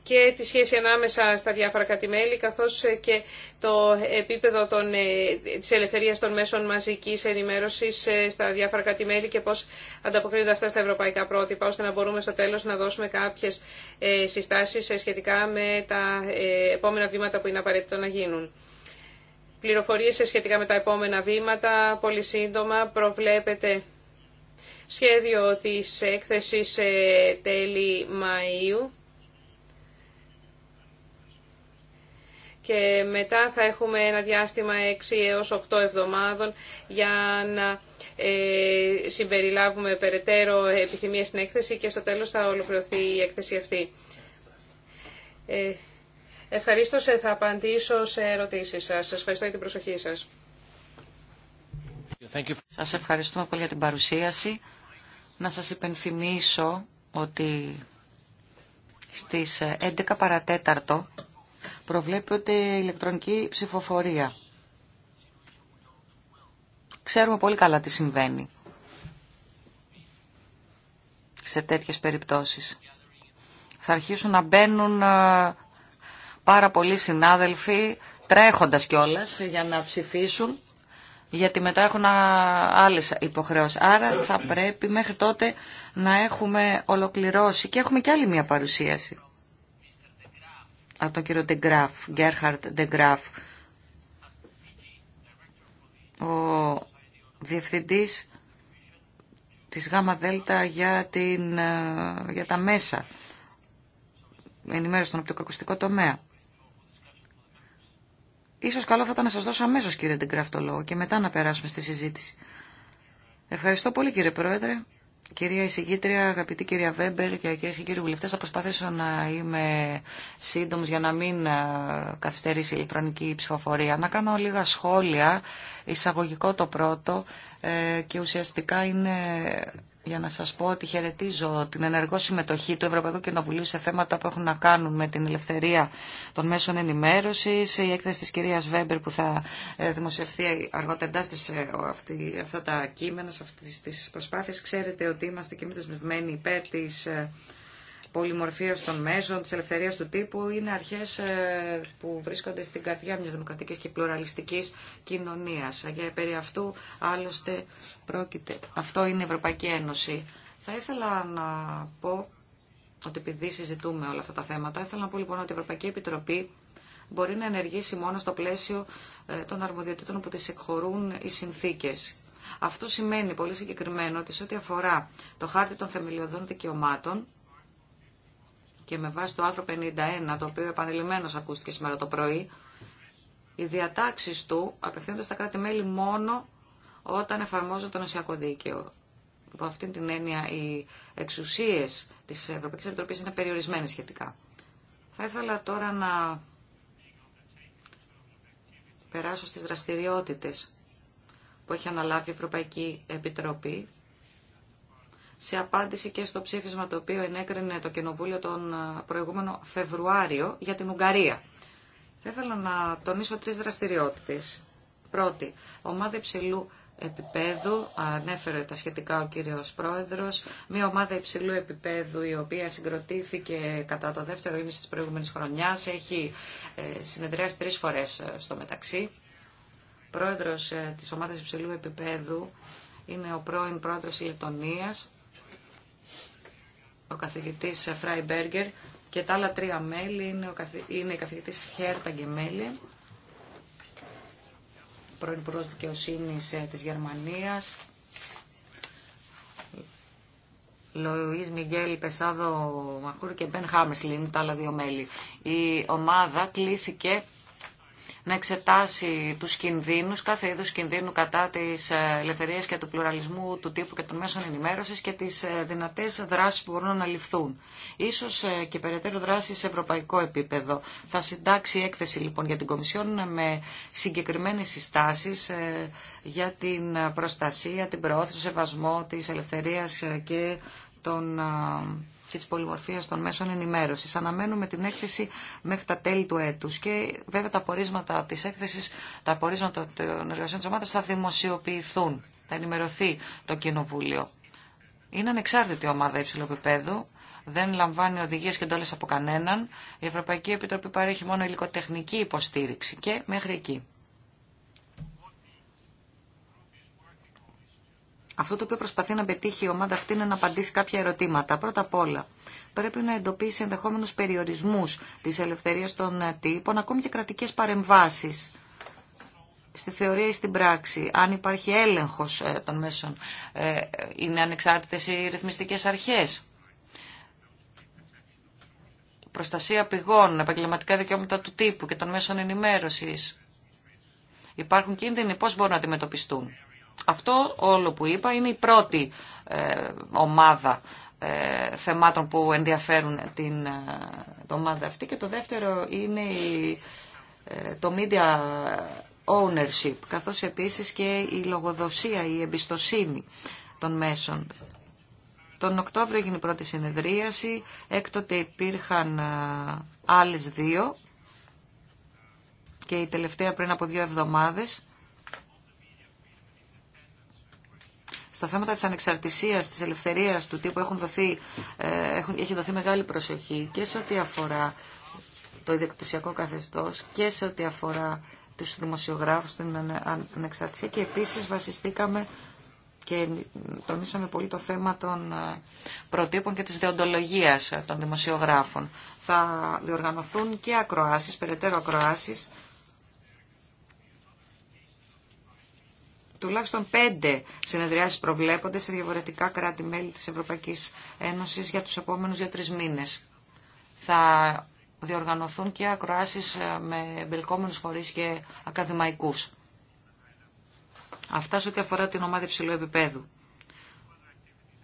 και τη σχέση ανάμεσα στα διάφορα κατημέλη καθώς ε, και το επίπεδο των, ε, της ελευθερίας των μέσων μαζικής ενημέρωσης ε, στα διάφορα κατημέλη και πώς ανταποκρίνονται αυτά στα ευρωπαϊκά πρότυπα ώστε να μπορούμε στο τέλος να δώσουμε κάποιες συστάσεις σχετικά με τα επόμενα βήματα που είναι απαραίτητο να γίνουν. Πληροφορίες σχετικά με τα επόμενα βήματα, πολύ σύντομα προβλέπεται σχέδιο της έκθεσης τέλη Μαΐου και μετά θα έχουμε ένα διάστημα 6 έως 8 εβδομάδων για να ε, συμπεριλάβουμε περαιτέρω επιθυμίες στην έκθεση και στο τέλος θα ολοκληρωθεί η έκθεση αυτή. Ε, ευχαριστώ, θα απαντήσω σε ερωτήσεις σας. Σας ευχαριστώ για την προσοχή σας. Σας ευχαριστούμε πολύ για την παρουσίαση. Να σας υπενθυμίσω ότι στις 11 ε, παρατέταρτο προβλέπεται ηλεκτρονική ψηφοφορία. Ξέρουμε πολύ καλά τι συμβαίνει σε τέτοιες περιπτώσεις. Θα αρχίσουν να μπαίνουν ε, πάρα πολλοί συνάδελφοι, τρέχοντας κιόλας, για να ψηφίσουν, γιατί μετά έχουν άλλες υποχρεώσεις. Άρα θα πρέπει μέχρι τότε να έχουμε ολοκληρώσει και έχουμε κι άλλη μια παρουσίαση από τον κύριο Ντεγκράφ, Γκέρχαρτ Ντεγκράφ, ο διευθυντής της ΓΑΜΑ ΔΕΛΤΑ για, την, ε, για τα μέσα ενημέρωση στον οπτικοακουστικό τομέα. Ίσως καλό θα ήταν να σας δώσω αμέσω κύριε Ντεγκράφ το λόγο και μετά να περάσουμε στη συζήτηση. Ευχαριστώ πολύ κύριε Πρόεδρε. Κυρία Εισηγήτρια, αγαπητή κυρία Βέμπερ και κυρίε και κύριοι βουλευτέ, θα προσπαθήσω να είμαι σύντομο για να μην καθυστερήσει η ηλεκτρονική ψηφοφορία. Να κάνω λίγα σχόλια, εισαγωγικό το πρώτο ε, και ουσιαστικά είναι για να σας πω ότι χαιρετίζω την ενεργό συμμετοχή του Ευρωπαϊκού Κοινοβουλίου σε θέματα που έχουν να κάνουν με την ελευθερία των μέσων ενημέρωσης, η έκθεση της κυρίας Βέμπερ που θα ε, δημοσιευθεί αργότερα σε αυτά τα κείμενα, σε αυτές τις προσπάθειες. Ξέρετε ότι είμαστε και εμείς δεσμευμένοι υπέρ της ε, πολυμορφίας των μέσων, της ελευθερίας του τύπου, είναι αρχές ε, που βρίσκονται στην καρδιά μιας δημοκρατικής και πλουραλιστικής κοινωνίας. Για περί αυτού, άλλωστε, πρόκειται. Αυτό είναι η Ευρωπαϊκή Ένωση. Θα ήθελα να πω ότι επειδή συζητούμε όλα αυτά τα θέματα, ήθελα να πω λοιπόν ότι η Ευρωπαϊκή Επιτροπή μπορεί να ενεργήσει μόνο στο πλαίσιο ε, των αρμοδιοτήτων που τις εκχωρούν οι συνθήκες. Αυτό σημαίνει πολύ συγκεκριμένο ότι σε ό,τι αφορά το χάρτη των θεμελιωδών δικαιωμάτων, και με βάση το άρθρο 51, το οποίο επανειλημμένω ακούστηκε σήμερα το πρωί, οι διατάξει του απευθύνονται στα κράτη-μέλη μόνο όταν εφαρμόζεται το νοσιακό δίκαιο. Υπό αυτήν την έννοια οι εξουσίες τη Ευρωπαϊκής Επιτροπής είναι περιορισμένες σχετικά. Θα ήθελα τώρα να περάσω στι δραστηριότητες που έχει αναλάβει η Ευρωπαϊκή Επιτροπή σε απάντηση και στο ψήφισμα το οποίο ενέκρινε το Κοινοβούλιο τον ε, προηγούμενο Φεβρουάριο για την Ουγγαρία. Θα ήθελα να τονίσω τρεις δραστηριότητες. Πρώτη, ομάδα υψηλού επίπεδου, ανέφερε τα σχετικά ο κύριος Πρόεδρος, μια ομάδα υψηλού επίπεδου η οποία συγκροτήθηκε κατά το δεύτερο ήμιση της προηγούμενης χρονιάς, έχει ε, συνεδριάσει τρεις φορές ε, στο μεταξύ. Πρόεδρος της ομάδας υψηλού επίπεδου είναι ο πρώην πρόεδρος της Λετωνίας, ο καθηγητής Φράιμπεργκερ και τα άλλα τρία μέλη είναι, ο καθη... η καθηγητής Χέρτα Γκεμέλη, πρώην Υπουργός δικαιοσύνη ε, της Γερμανίας, Λοϊς Μιγγέλ Πεσάδο Μαχούρ και Μπεν Χάμεσλιν, τα άλλα δύο μέλη. Η ομάδα κλείθηκε να εξετάσει τους κινδύνους, κάθε είδους κινδύνου κατά της ε, ελευθερίας και του πλουραλισμού του τύπου και των μέσων ενημέρωσης και τις ε, δυνατές δράσεις που μπορούν να ληφθούν. Ίσως ε, και περαιτέρω δράσεις σε ευρωπαϊκό επίπεδο. Θα συντάξει έκθεση λοιπόν για την Κομισιόν με συγκεκριμένες συστάσεις για την προστασία, την προώθηση, σεβασμό της ελευθερίας και των και τη πολυμορφίας των μέσων ενημέρωση. Αναμένουμε την έκθεση μέχρι τα τέλη του έτου. και βέβαια τα πορίσματα τη έκθεση, τα πορίσματα των εργασιών τη ομάδα θα δημοσιοποιηθούν, θα ενημερωθεί το Κοινοβούλιο. Είναι ανεξάρτητη ομάδα υψηλού δεν λαμβάνει οδηγίες και εντόλε από κανέναν. Η Ευρωπαϊκή Επιτροπή παρέχει μόνο υλικοτεχνική υποστήριξη και μέχρι εκεί. Αυτό το οποίο προσπαθεί να πετύχει η ομάδα αυτή είναι να απαντήσει κάποια ερωτήματα. Πρώτα απ' όλα, πρέπει να εντοπίσει ενδεχόμενου περιορισμού τη ελευθερία των ε, τύπων, ακόμη και κρατικέ παρεμβάσει στη θεωρία ή στην πράξη, αν υπάρχει έλεγχος ε, των μέσων, ε, είναι ανεξάρτητες οι ρυθμιστικές αρχές. Προστασία πηγών, επαγγελματικά δικαιώματα του τύπου και των μέσων ενημέρωσης. Υπάρχουν κίνδυνοι, πώς μπορούν να αντιμετωπιστούν. Αυτό όλο που είπα είναι η πρώτη ε, ομάδα ε, θεμάτων που ενδιαφέρουν ε, την ομάδα αυτή και το δεύτερο είναι το media ownership καθώς επίσης και η λογοδοσία, η εμπιστοσύνη των μέσων. Τον Οκτώβριο έγινε η πρώτη συνεδρίαση, έκτοτε υπήρχαν άλλες δύο και η τελευταία πριν από δύο εβδομάδες Στα θέματα της ανεξαρτησίας, της ελευθερίας του τύπου ε, έχουν έχει δοθεί μεγάλη προσοχή και σε ό,τι αφορά το ιδιοκτησιακό καθεστώς και σε ό,τι αφορά τους δημοσιογράφους, την ανεξαρτησία και επίσης βασιστήκαμε και τονίσαμε πολύ το θέμα των ε, προτύπων και της δεοντολογίας των δημοσιογράφων. Θα διοργανωθούν και ακροάσεις, περαιτέρω ακροάσεις, Τουλάχιστον πέντε συνεδριάσεις προβλέπονται σε διαφορετικά κράτη-μέλη της Ευρωπαϊκής Ένωσης για τους επόμενους δύο-τρεις μήνες. Θα διοργανωθούν και ακροάσεις ε, με εμπελκόμενους φορείς και ακαδημαϊκούς. Αυτά σε ό,τι αφορά την ομάδα υψηλού επίπεδου.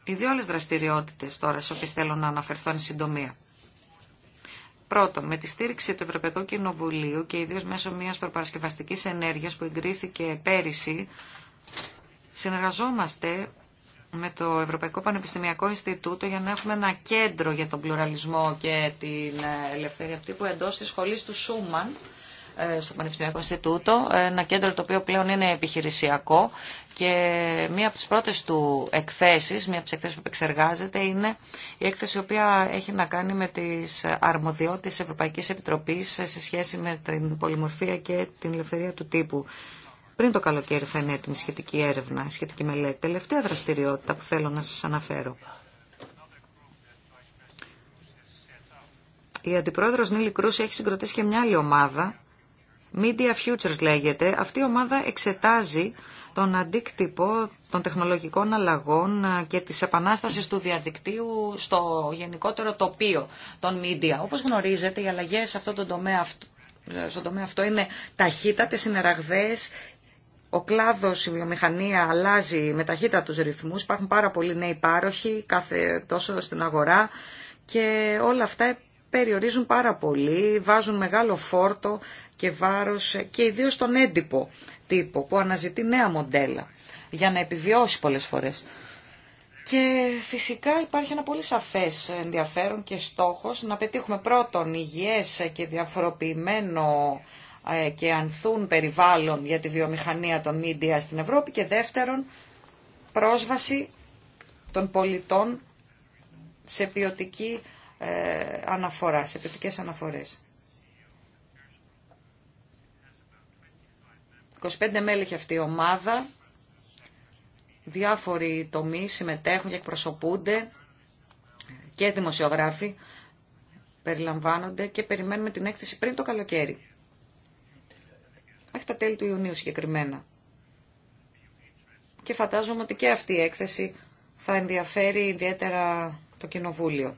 Οι δύο άλλες δραστηριότητες τώρα, σε οποίες θέλω να αναφερθώ είναι συντομία. Πρώτον, με τη στήριξη του Ευρωπαϊκού Κοινοβουλίου και ιδίω μέσω μια προπαρασκευαστική ενέργεια που εγκρίθηκε πέρυσι Συνεργαζόμαστε με το Ευρωπαϊκό Πανεπιστημιακό Ινστιτούτο για να έχουμε ένα κέντρο για τον πλουραλισμό και την ε, ελευθερία του τύπου εντός της σχολής του Σούμαν ε, στο Πανεπιστημιακό Ινστιτούτο, ένα κέντρο το οποίο πλέον είναι επιχειρησιακό και μία από τις πρώτες του εκθέσεις, μία από τι εκθέσει που επεξεργάζεται είναι η έκθεση η οποία έχει να κάνει με τις αρμοδιότητες της Ευρωπαϊκής Επιτροπής σε σχέση με την πολυμορφία και την ελευθερία του τύπου. Πριν το καλοκαίρι θα είναι έτοιμη σχετική έρευνα, σχετική μελέτη. Τελευταία δραστηριότητα που θέλω να σας αναφέρω. Η αντιπρόεδρος Νίλη Κρούση έχει συγκροτήσει και μια άλλη ομάδα, Media Futures λέγεται. Αυτή η ομάδα εξετάζει τον αντίκτυπο των τεχνολογικών αλλαγών ε, και της επανάστασης του διαδικτύου στο γενικότερο τοπίο των media. Όπως γνωρίζετε, οι αλλαγές σε αυτό το τομέα, ε, στον τομέα αυτό είναι ταχύτατες, είναι ραγδαίες, ο κλάδος, η βιομηχανία αλλάζει με ταχύτητα τους ρυθμούς, υπάρχουν πάρα πολλοί νέοι πάροχοι κάθε τόσο στην αγορά και όλα αυτά περιορίζουν πάρα πολύ, βάζουν μεγάλο φόρτο και βάρος και ιδίως τον έντυπο τύπο που αναζητεί νέα μοντέλα για να επιβιώσει πολλές φορές. Και φυσικά υπάρχει ένα πολύ σαφές ενδιαφέρον και στόχος να πετύχουμε πρώτον υγιές και διαφοροποιημένο ε, και ανθούν περιβάλλον για τη βιομηχανία των μίντια στην Ευρώπη και δεύτερον πρόσβαση των πολιτών σε ποιοτική ε, αναφορά, σε ποιοτικές αναφορές. 25 μέλη έχει αυτή η ομάδα. Διάφοροι τομείς συμμετέχουν και εκπροσωπούνται και δημοσιογράφοι περιλαμβάνονται και περιμένουμε την έκθεση πριν το καλοκαίρι μέχρι τα τέλη του Ιουνίου συγκεκριμένα. Και φαντάζομαι ότι και αυτή η έκθεση θα ενδιαφέρει ιδιαίτερα το Κοινοβούλιο.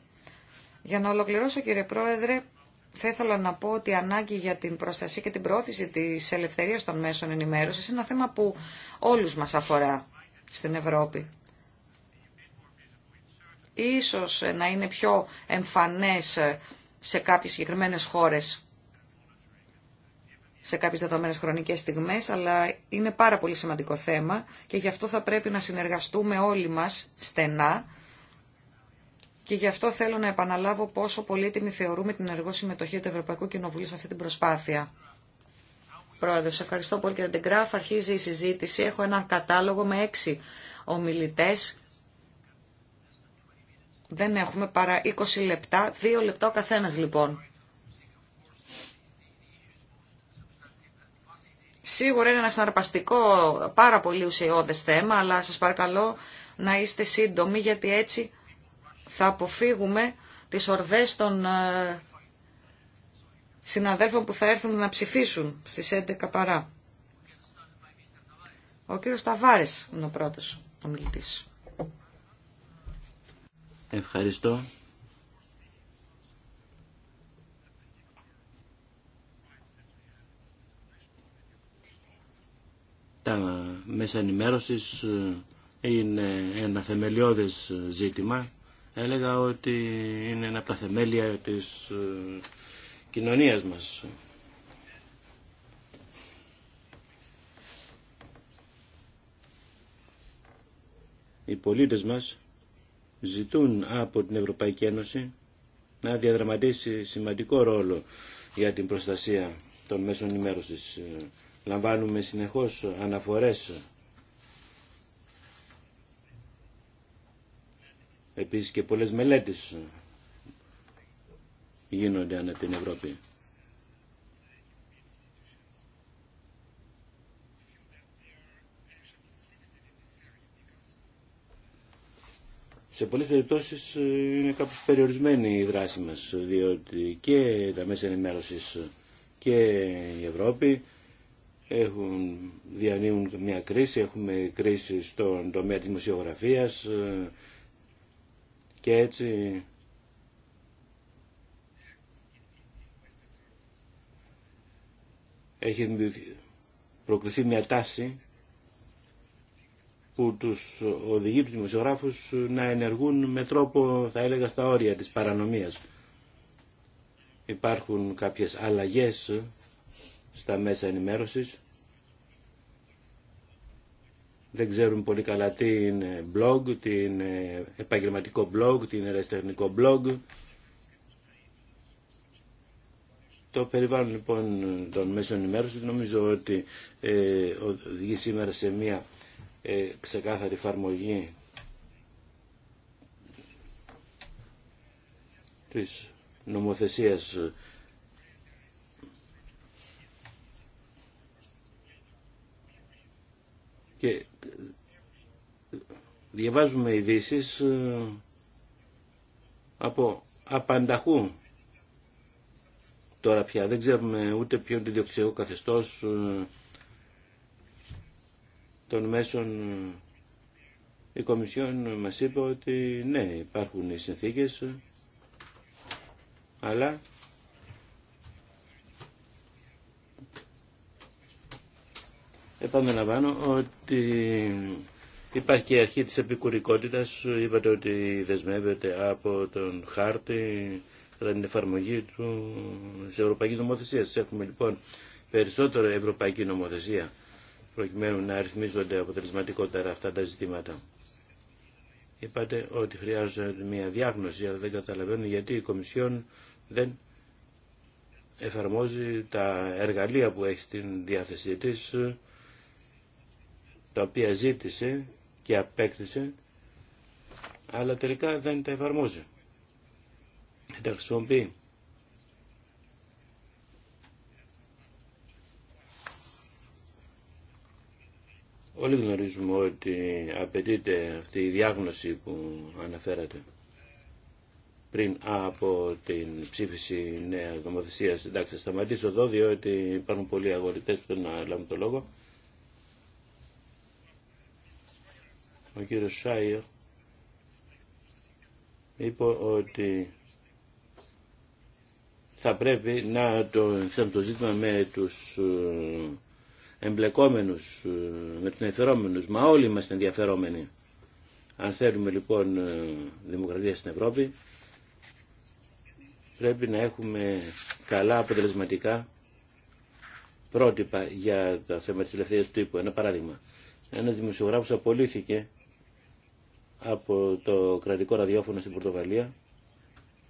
Για να ολοκληρώσω κύριε Πρόεδρε, θα ήθελα να πω ότι η ανάγκη για την προστασία και την πρόθεση της ελευθερίας των μέσων ενημέρωσης είναι ένα θέμα που όλους μας αφορά στην Ευρώπη. Ίσως να είναι πιο εμφανές σε κάποιες συγκεκριμένες χώρες σε κάποιες δεδομένες χρονικές στιγμές, αλλά είναι πάρα πολύ σημαντικό θέμα και γι' αυτό θα πρέπει να συνεργαστούμε όλοι μας στενά και γι' αυτό θέλω να επαναλάβω πόσο πολύτιμη θεωρούμε την ενεργό συμμετοχή του Ευρωπαϊκού Κοινοβουλίου σε αυτή την προσπάθεια. Πρόεδρος, ευχαριστώ πολύ κύριε Ντεγκράφ. Αρχίζει η συζήτηση. Έχω έναν κατάλογο με έξι ομιλητές. Δεν έχουμε παρά 20 λεπτά, δύο λεπτά ο καθένας λοιπόν. Σίγουρα είναι ένα συναρπαστικό, πάρα πολύ ουσιώδες θέμα, αλλά σας παρακαλώ να είστε σύντομοι, γιατί έτσι θα αποφύγουμε τις ορδές των ε, συναδέλφων που θα έρθουν να ψηφίσουν στι 11 παρά. Ο κύριος Ταβάρης είναι ο πρώτος ομιλητή. Ευχαριστώ. τα μέσα ενημέρωσης ε, είναι ένα θεμελιώδες ε, ζήτημα. Έλεγα ότι είναι ένα από τα θεμέλια της ε, κοινωνίας μας. Οι πολίτες μας ζητούν από την Ευρωπαϊκή Ένωση να διαδραματίσει σημαντικό ρόλο για την προστασία των μέσων ενημέρωσης. Να βάλουμε συνεχώς αναφορές. Επίσης και πολλές μελέτες γίνονται ανά την Ευρώπη. σε πολλές περιπτώσεις ε, είναι κάπως περιορισμένη η δράση μας, διότι και τα μέσα ενημέρωσης και η Ευρώπη έχουν, διανύουν μια κρίση, έχουμε κρίση στον τομέα της δημοσιογραφίας ε, και έτσι έχει προκριθεί μια τάση που τους οδηγεί τους δημοσιογράφους να ενεργούν με τρόπο, θα έλεγα, στα όρια της παρανομίας. Υπάρχουν κάποιες αλλαγές στα μέσα ενημέρωσης. Δεν ξέρουν πολύ καλά τι είναι blog, τι είναι επαγγελματικό blog, τι είναι ερασιτεχνικό blog. Το περιβάλλον λοιπόν των μέσων ενημέρωσης νομίζω ότι ε, οδηγεί σήμερα σε μια ε, ξεκάθαρη εφαρμογή της νομοθεσίας Και ε, διαβάζουμε ειδήσει ε, από απανταχού τώρα πια. Δεν ξέρουμε ούτε ποιον είναι το καθεστώς ε, των μέσων η Κομισιόν μας είπε ότι ναι υπάρχουν οι συνθήκες αλλά επαναλαμβάνω ότι υπάρχει και η αρχή της επικουρικότητας. Είπατε ότι δεσμεύεται από τον χάρτη κατά την εφαρμογή του, της Ευρωπαϊκής Νομοθεσίας. Έχουμε λοιπόν περισσότερο Ευρωπαϊκή Νομοθεσία προκειμένου να αριθμίζονται αποτελεσματικότερα αυτά τα ζητήματα. Είπατε ότι χρειάζεται μια διάγνωση, αλλά δεν καταλαβαίνω γιατί η Κομισιόν δεν εφαρμόζει τα εργαλεία που έχει στην διάθεσή της τα οποία ζήτησε και απέκτησε, αλλά τελικά δεν τα εφαρμόζει. Δεν τα χρησιμοποιεί. Όλοι γνωρίζουμε ότι απαιτείται αυτή η διάγνωση που αναφέρατε πριν από την ψήφιση νέα νομοθεσία. Εντάξει, θα σταματήσω εδώ διότι υπάρχουν πολλοί αγορητέ που θέλουν να λάβουν το λόγο. ο κύριος Σάιερ είπε ότι θα πρέπει να το, το ζήτημα με τους ε, εμπλεκόμενους, ε, με τους ενδιαφερόμενους, μα όλοι είμαστε ενδιαφερόμενοι. Αν θέλουμε λοιπόν ε, δημοκρατία στην Ευρώπη, πρέπει να έχουμε καλά αποτελεσματικά πρότυπα για τα θέματα της ελευθερίας του τύπου. Ένα παράδειγμα. Ένας δημοσιογράφος απολύθηκε από το κρατικό ραδιόφωνο στην Πορτογαλία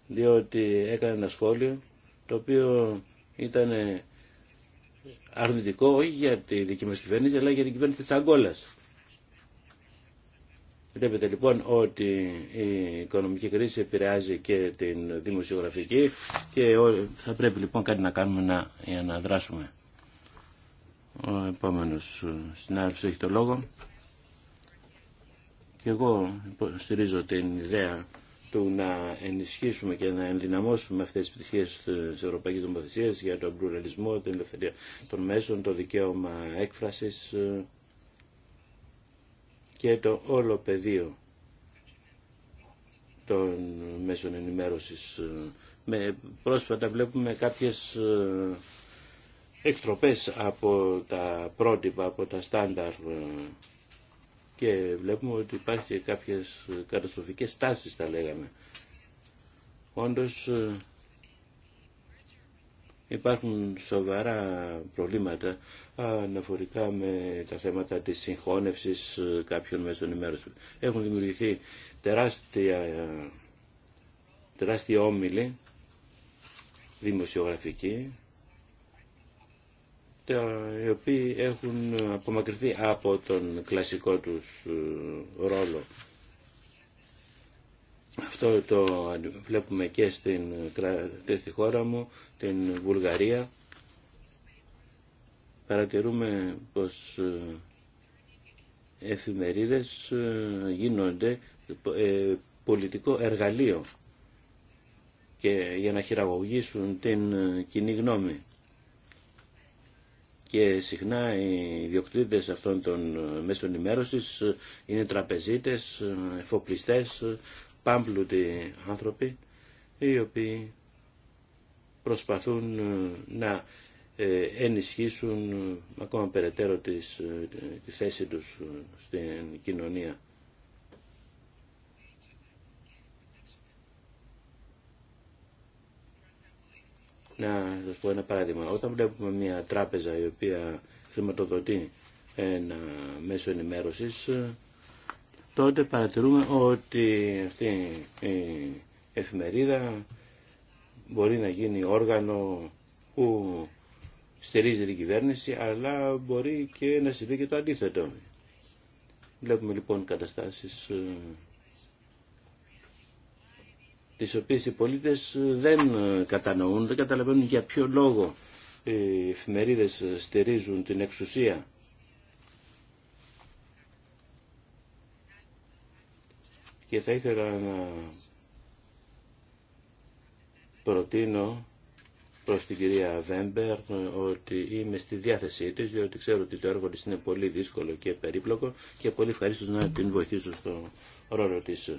διότι έκανε ένα σχόλιο το οποίο ήταν αρνητικό όχι για τη δική μας κυβέρνηση αλλά για την κυβέρνηση της Αγκόλας. Βλέπετε λοιπόν ότι η οικονομική κρίση επηρεάζει και την δημοσιογραφική και θα πρέπει λοιπόν κάτι να κάνουμε να, για να δράσουμε. Ο επόμενος ε, συνάδελφος έχει το λόγο. Και εγώ στηρίζω την ιδέα του να ενισχύσουμε και να ενδυναμώσουμε αυτές τις πτυχές της Ευρωπαϊκής Νομοθεσία για τον πλουραλισμό, την ελευθερία των μέσων, το δικαίωμα έκφρασης και το όλο πεδίο των μέσων ενημέρωσης. Με πρόσφατα βλέπουμε κάποιες ε, εκτροπές από τα πρότυπα, από τα στάνταρ ε, και βλέπουμε ότι υπάρχει κάποιες καταστροφικές τάσεις τα λέγαμε. Όντως ε, υπάρχουν σοβαρά προβλήματα αναφορικά με τα θέματα της συγχώνευσης ε, κάποιων μέσων ημέρων. Έχουν δημιουργηθεί τεράστια, ε, τεράστια όμιλη δημοσιογραφική οι οποίοι έχουν απομακρυνθεί από τον κλασικό τους ε, ρόλο. Αυτό το βλέπουμε και στην, στη χώρα μου, την Βουλγαρία. Παρατηρούμε πως ε, εφημερίδες ε, γίνονται πολιτικό εργαλείο και για να χειραγωγήσουν την κοινή γνώμη και συχνά οι διοκτήτες αυτών των μέσων ενημέρωσης είναι τραπεζίτες, εφοπλιστές, πάμπλουτοι άνθρωποι οι οποίοι προσπαθούν να ε, ενισχύσουν ακόμα περαιτέρω ε, τη θέση τους στην κοινωνία. Να σας πω ένα παράδειγμα. Όταν βλέπουμε μια τράπεζα η οποία χρηματοδοτεί ένα μέσο ενημέρωσης, τότε παρατηρούμε ότι αυτή η εφημερίδα μπορεί να γίνει όργανο που στηρίζει την κυβέρνηση, αλλά μπορεί και να συμβεί και το αντίθετο. Βλέπουμε λοιπόν καταστάσεις ε, τις οποίες οι πολίτες ε, δεν ε, κατανοούν, δεν καταλαβαίνουν για ποιο λόγο οι εφημερίδες ε, στηρίζουν την εξουσία. Και θα ήθελα να προτείνω προς την κυρία Βέμπερ ότι είμαι στη διάθεσή της διότι ξέρω ότι το έργο της είναι πολύ δύσκολο και περίπλοκο και πολύ ευχαρίστω να την βοηθήσω στο ρόλο της.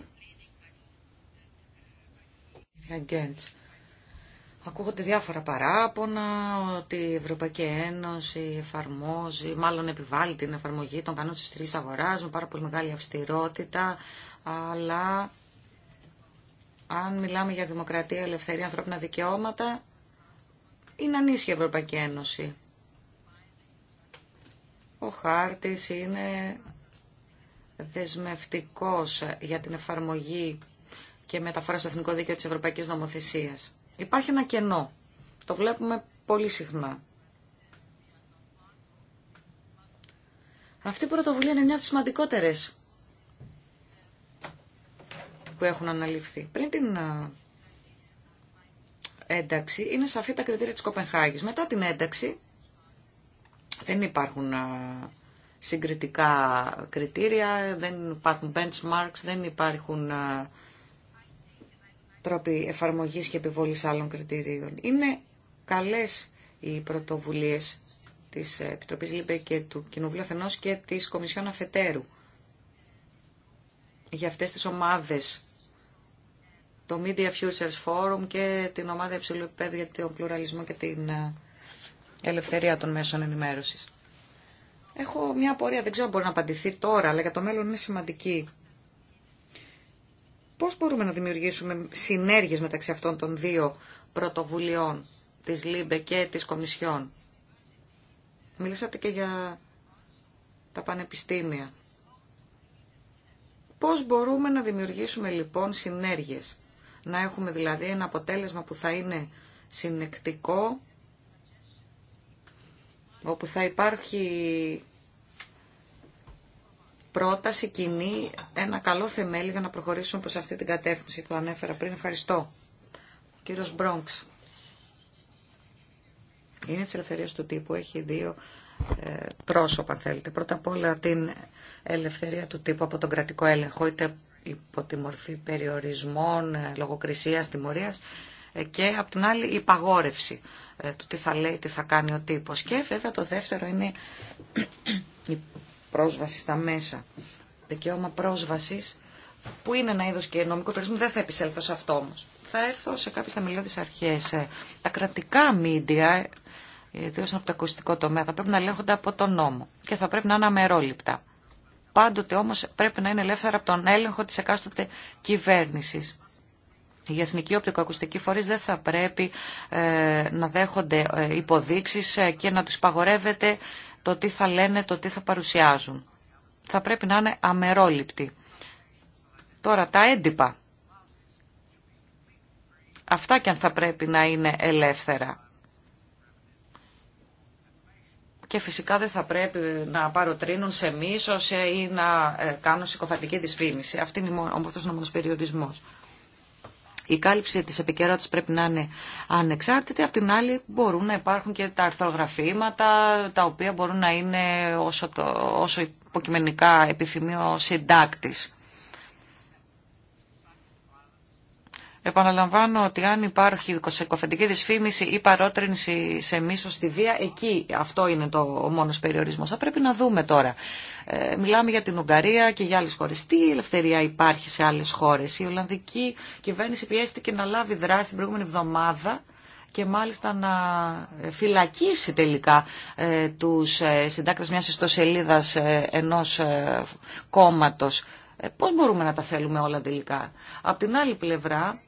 Ακούγονται διάφορα παράπονα ότι η Ευρωπαϊκή Ένωση εφαρμόζει, μάλλον επιβάλλει την εφαρμογή των κανόνων της Τρίτη αγοράς με πάρα πολύ μεγάλη αυστηρότητα, αλλά αν μιλάμε για δημοκρατία, ελευθερία, ανθρώπινα δικαιώματα, είναι ανίσχυη η Ευρωπαϊκή Ένωση. Ο χάρτης είναι δεσμευτικός για την εφαρμογή και μεταφορά στο Εθνικό Δίκαιο της Ευρωπαϊκής Νομοθεσία. Υπάρχει ένα κενό. Το βλέπουμε πολύ συχνά. Αυτή η πρωτοβουλία είναι μια από τι σημαντικότερε που έχουν αναλυφθεί. Πριν την ένταξη είναι σαφή τα κριτήρια της Κοπενχάγης. Μετά την ένταξη δεν υπάρχουν συγκριτικά κριτήρια, δεν υπάρχουν benchmarks, δεν υπάρχουν τρόποι εφαρμογής και επιβολής άλλων κριτηρίων. Είναι καλές οι πρωτοβουλίες της Επιτροπής ΛΥΠΕ και του Κοινοβουλίου Αφενός και της Κομισιόν Αφετέρου για αυτές τις ομάδες το Media Futures Forum και την ομάδα υψηλού επίπεδου για τον πλουραλισμό και την ε, ελευθερία των μέσων ενημέρωσης. Έχω μια απορία, δεν ξέρω αν μπορεί να απαντηθεί τώρα, αλλά για το μέλλον είναι σημαντική. Πώς μπορούμε να δημιουργήσουμε συνέργειες μεταξύ αυτών των δύο πρωτοβουλειών της ΛΥΜΠΕ και της Κομισιόν. Μιλήσατε και για τα πανεπιστήμια. Πώς μπορούμε να δημιουργήσουμε λοιπόν συνέργειες. Να έχουμε δηλαδή ένα αποτέλεσμα που θα είναι συνεκτικό, όπου θα υπάρχει πρόταση κοινή, ένα καλό θεμέλιο για να προχωρήσουμε προς αυτή την κατεύθυνση που ανέφερα πριν. Ευχαριστώ. Ο κύριος Μπρόγκς. Είναι της ελευθερίας του τύπου, έχει δύο ε, πρόσωπα, αν θέλετε. Πρώτα απ' όλα την ελευθερία του τύπου από τον κρατικό έλεγχο, είτε υπό τη μορφή περιορισμών, ε, λογοκρισίας, τιμωρίας, ε, και απ' την άλλη η παγόρευση ε, του τι θα λέει, τι θα κάνει ο τύπος. Και βέβαια το δεύτερο είναι η πρόσβαση στα μέσα. Δικαίωμα πρόσβαση που είναι ένα είδο και νομικό περιορισμό, δεν θα επισέλθω σε αυτό όμω. Θα έρθω σε κάποιε θεμελιώδει αρχέ. Ε, τα κρατικά μίντια, ιδίω από το ακουστικό τομέα, θα πρέπει να ελέγχονται από τον νόμο και θα πρέπει να είναι αμερόληπτα. Πάντοτε όμω πρέπει να είναι ελεύθερα από τον έλεγχο τη εκάστοτε κυβέρνηση. Οι εθνικοί οπτικοακουστικοί φορείς δεν θα πρέπει ε, να δέχονται ε, υποδείξεις και να τους παγορεύεται το τι θα λένε, το τι θα παρουσιάζουν. Θα πρέπει να είναι αμερόληπτοι. Τώρα τα έντυπα. Αυτά και αν θα πρέπει να είναι ελεύθερα. Και φυσικά δεν θα πρέπει να παροτρύνουν σε μίσος ή να ε, κάνουν συκοφαντική δυσφήμιση. Αυτή είναι ο μόνος περιορισμός η κάλυψη της επικαιρότητα πρέπει να είναι ανεξάρτητη, απ' την άλλη μπορούν να υπάρχουν και τα αρθρογραφήματα τα οποία μπορούν να είναι όσο, το, όσο υποκειμενικά επιθυμεί ο συντάκτης. Επαναλαμβάνω ότι αν υπάρχει δικοσυκοφεντική δυσφήμιση ή παρότρινση σε μίσο στη βία, εκεί αυτό είναι το, ο μόνος περιορισμός. Θα πρέπει να δούμε τώρα. Ε, μιλάμε για την Ουγγαρία και για άλλες χώρες. Τι ελευθερία υπάρχει σε άλλες χώρες. Η Ολλανδική κυβέρνηση πιέστηκε να λάβει δράση την προηγούμενη εβδομάδα και μάλιστα να φυλακίσει τελικά ε, τους ε, συντάκτες μιας ιστοσελίδας ε, ενός ε, κόμματος. Ε, πώς μπορούμε να τα θέλουμε όλα τελικά. Απ' την άλλη πλευρά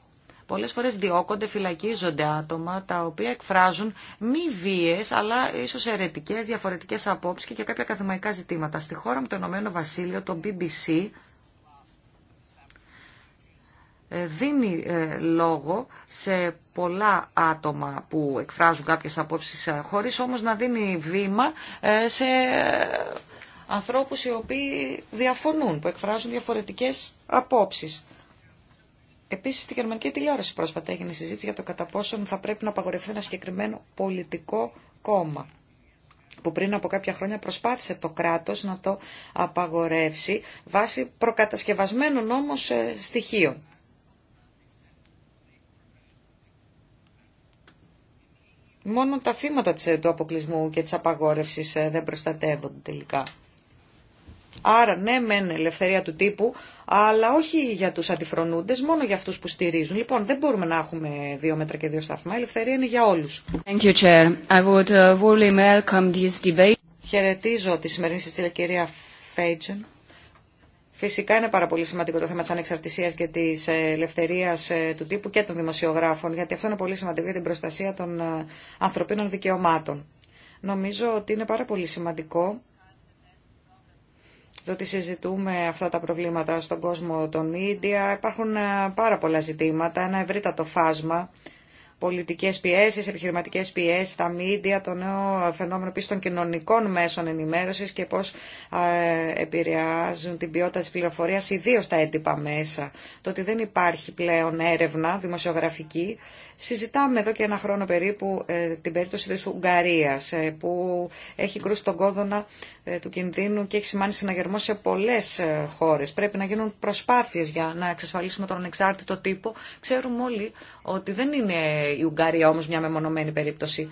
Πολλές φορές διώκονται, φυλακίζονται άτομα τα οποία εκφράζουν μη βίες αλλά ίσως αιρετικές, διαφορετικές απόψεις και για κάποια καθημαϊκά ζητήματα. Στη χώρα μου το Ηνωμένο Βασίλειο, το BBC, ε, δίνει ε, λόγο σε πολλά άτομα που εκφράζουν κάποιες απόψεις ε, χωρίς όμως να δίνει βήμα σε ανθρώπους οι οποίοι διαφωνούν, που εκφράζουν διαφορετικές απόψεις. Επίση, στη γερμανική τηλεόραση πρόσφατα έγινε συζήτηση για το κατά πόσον θα πρέπει να απαγορευτεί ένα συγκεκριμένο πολιτικό κόμμα που πριν από κάποια χρόνια προσπάθησε το κράτος να το απαγορεύσει βάσει προκατασκευασμένων όμως ε, στοιχείων. Μόνο τα θύματα ε, του αποκλεισμού και της απαγόρευσης ε, δεν προστατεύονται τελικά. Άρα ναι μεν ελευθερία του τύπου, αλλά όχι για τους αντιφρονούντες, μόνο για αυτούς που στηρίζουν. Λοιπόν, δεν μπορούμε να έχουμε δύο μέτρα και δύο σταθμά, η ελευθερία είναι για όλους. Χαιρετίζω τη σημερινή συστήλα κυρία Φέιτζεν. Φυσικά είναι πάρα πολύ σημαντικό το θέμα της ανεξαρτησίας και της ε, ελευθερίας ε, του τύπου και των δημοσιογράφων, γιατί αυτό είναι πολύ σημαντικό για την προστασία των ε, ανθρωπίνων δικαιωμάτων. Νομίζω ότι είναι πάρα πολύ σημαντικό το ότι συζητούμε αυτά τα προβλήματα στον κόσμο των media. Υπάρχουν ε, πάρα πολλά ζητήματα, ένα ευρύτατο φάσμα Πολιτικέ πιέσει, επιχειρηματικέ πιέσει, τα μίντια, το νέο φαινόμενο πίσω των κοινωνικών μέσων ενημέρωση και πώς επηρεάζουν την ποιότητα τη πληροφορία ιδίω τα έντυπα μέσα. Το ότι δεν υπάρχει πλέον έρευνα δημοσιογραφική. Συζητάμε εδώ και ένα χρόνο περίπου ε, την περίπτωση της Ουγγαρίας, ε, που έχει κρούσει τον κόδωνα ε, του κινδύνου και έχει σημάνει συναγερμό σε πολλές χώρε. Πρέπει να γίνουν προσπάθειες για να εξασφαλίσουμε τον ανεξάρτητο τύπο. Ξέρουμε όλοι ότι δεν είναι η Ουγγαρία όμως μια μεμονωμένη περίπτωση.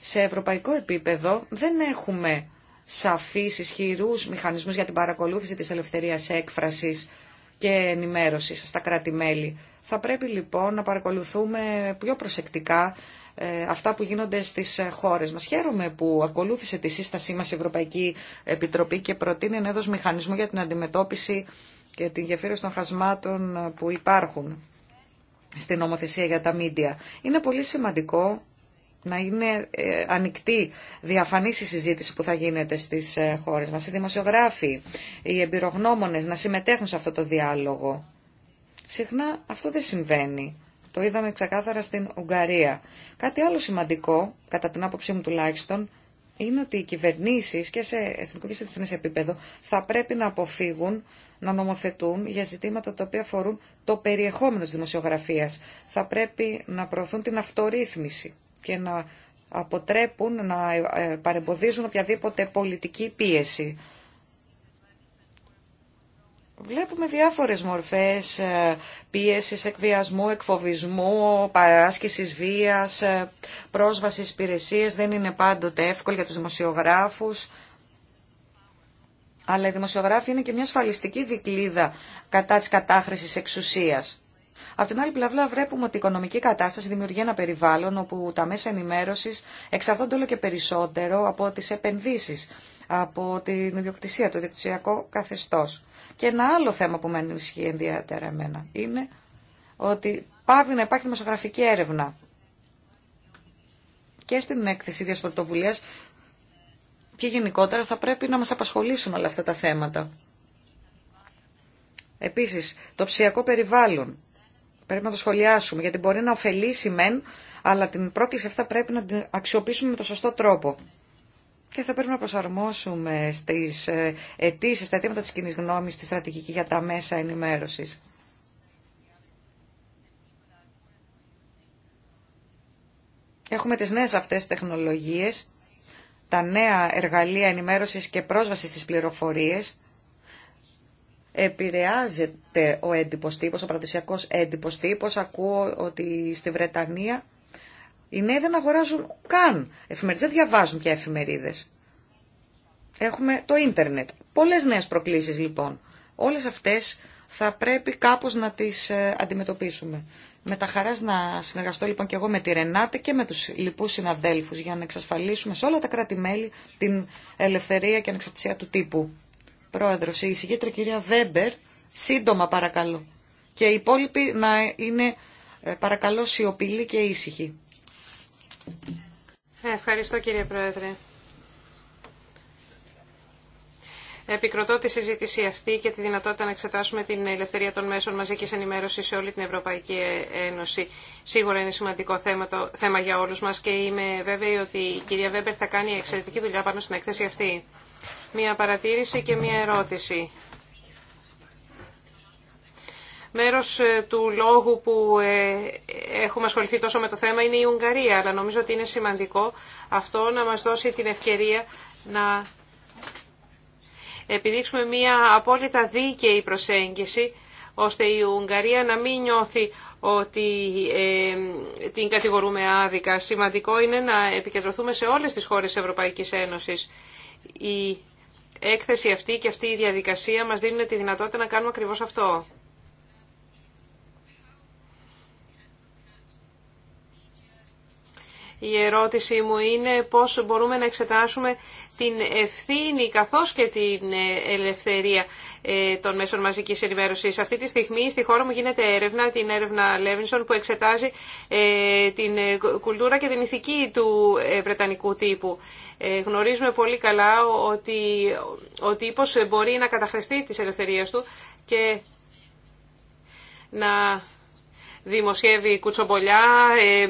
Σε ευρωπαϊκό επίπεδο δεν έχουμε σαφείς ισχυρού μηχανισμούς για την παρακολούθηση της ελευθερίας έκφρασης και ενημέρωσης στα κράτη-μέλη. Θα πρέπει λοιπόν να παρακολουθούμε πιο προσεκτικά ε, αυτά που γίνονται στις χώρες μας. Χαίρομαι που ακολούθησε τη σύστασή μας η Ευρωπαϊκή Επιτροπή και προτείνει ένα έδος μηχανισμού για την αντιμετώπιση και την γεφύρωση των χασμάτων που υπάρχουν στην νομοθεσία για τα μίντια. Είναι πολύ σημαντικό να είναι ε, ανοιχτή, διαφανής η συζήτηση που θα γίνεται στις ε, χώρες μας. Οι δημοσιογράφοι, οι εμπειρογνώμονες να συμμετέχουν σε αυτό το διάλογο. Συχνά αυτό δεν συμβαίνει. Το είδαμε ξεκάθαρα στην Ουγγαρία. Κάτι άλλο σημαντικό, κατά την άποψή μου τουλάχιστον, είναι ότι οι κυβερνήσεις και σε εθνικό και σε διεθνές επίπεδο θα πρέπει να αποφύγουν να νομοθετούν για ζητήματα τα οποία αφορούν το περιεχόμενο της δημοσιογραφίας. Θα πρέπει να προωθούν την αυτορύθμιση και να αποτρέπουν, να ε, παρεμποδίζουν οποιαδήποτε πολιτική πίεση. Βλέπουμε διάφορες μορφές ε, πίεσης, εκβιασμού, εκφοβισμού, παράσκησης βίας, ε, πρόσβασης υπηρεσίες. Δεν είναι πάντοτε εύκολο για τους δημοσιογράφους. Αλλά οι δημοσιογράφοι είναι και μια ασφαλιστική δικλίδα κατά της κατάχρησης εξουσίας. Από την άλλη πλευρά βλέπουμε ότι η οικονομική κατάσταση δημιουργεί ένα περιβάλλον όπου τα μέσα ενημέρωσης εξαρτώνται όλο και περισσότερο από τις επενδύσεις, από την ιδιοκτησία, το ιδιοκτησιακό καθεστώς. Και ένα άλλο θέμα που με ανησυχεί ενδιαίτερα εμένα είναι ότι πάβει να υπάρχει δημοσιογραφική έρευνα. Και στην έκθεση ίδιας πρωτοβουλίας και γενικότερα θα πρέπει να μας απασχολήσουν όλα αυτά τα θέματα. Επίσης, το ψηφιακό περιβάλλον. Πρέπει να το σχολιάσουμε, γιατί μπορεί να ωφελήσει μεν, αλλά την πρόκληση αυτά πρέπει να την αξιοποιήσουμε με το σωστό τρόπο και θα πρέπει να προσαρμόσουμε στις ε, αιτήσει, στα αιτήματα της κοινή γνώμης, στη στρατηγική για τα μέσα ενημέρωσης. Έχουμε τις νέες αυτές τεχνολογίες, τα νέα εργαλεία ενημέρωσης και πρόσβαση στις πληροφορίες. Επηρεάζεται ο έντυπος τύπος, ο παραδοσιακός έντυπος τύπος. Ακούω ότι στη Βρετανία οι νέοι δεν αγοράζουν καν εφημερίδες, δεν διαβάζουν πια εφημερίδες. Έχουμε το ίντερνετ. Πολλές νέες προκλήσεις λοιπόν. Όλες αυτές θα πρέπει κάπως να τις ε, αντιμετωπίσουμε. Με τα χαράς να συνεργαστώ λοιπόν και εγώ με τη Ρενάτε και με τους λοιπούς συναδέλφους για να εξασφαλίσουμε σε όλα τα κράτη-μέλη την ελευθερία και ανεξαρτησία του τύπου. Πρόεδρος, η εισηγήτρια κυρία Βέμπερ, σύντομα παρακαλώ. Και οι υπόλοιποι να είναι ε, παρακαλώ σιωπηλοί και ήσυχοι. Ε, ευχαριστώ κύριε Πρόεδρε. Επικροτώ τη συζήτηση αυτή και τη δυνατότητα να εξετάσουμε την ελευθερία των μέσων μαζική ενημέρωση σε όλη την Ευρωπαϊκή Ένωση. Σίγουρα είναι σημαντικό θέμα, το, θέμα για όλου μα και είμαι βέβαιη ότι η κυρία Βέμπερ θα κάνει εξαιρετική δουλειά πάνω στην έκθεση αυτή. Μία παρατήρηση και μία ερώτηση. Μέρος ε, του λόγου που ε, έχουμε ασχοληθεί τόσο με το θέμα είναι η Ουγγαρία, αλλά νομίζω ότι είναι σημαντικό αυτό να μας δώσει την ευκαιρία να επιδείξουμε μια απόλυτα δίκαιη προσέγγιση, ώστε η Ουγγαρία να μην νιώθει ότι ε, την κατηγορούμε άδικα. Σημαντικό είναι να επικεντρωθούμε σε όλες τις χώρες της Ευρωπαϊκής Ένωσης. Η έκθεση αυτή και αυτή η διαδικασία μας δίνουν τη δυνατότητα να κάνουμε ακριβώς αυτό. Η ερώτησή μου είναι πώς μπορούμε να εξετάσουμε την ευθύνη καθώς και την ε, ελευθερία ε, των μέσων μαζικής ενημέρωσης. Αυτή τη στιγμή στη χώρα μου γίνεται έρευνα, την έρευνα Λέβινσον, που εξετάζει ε, την κουλτούρα και την ηθική του βρετανικού τύπου. Γνωρίζουμε πολύ καλά ότι ο τύπος μπορεί να καταχρηστεί τις ελευθερίες του και να δημοσιεύει κουτσομπολιά, ε, ε,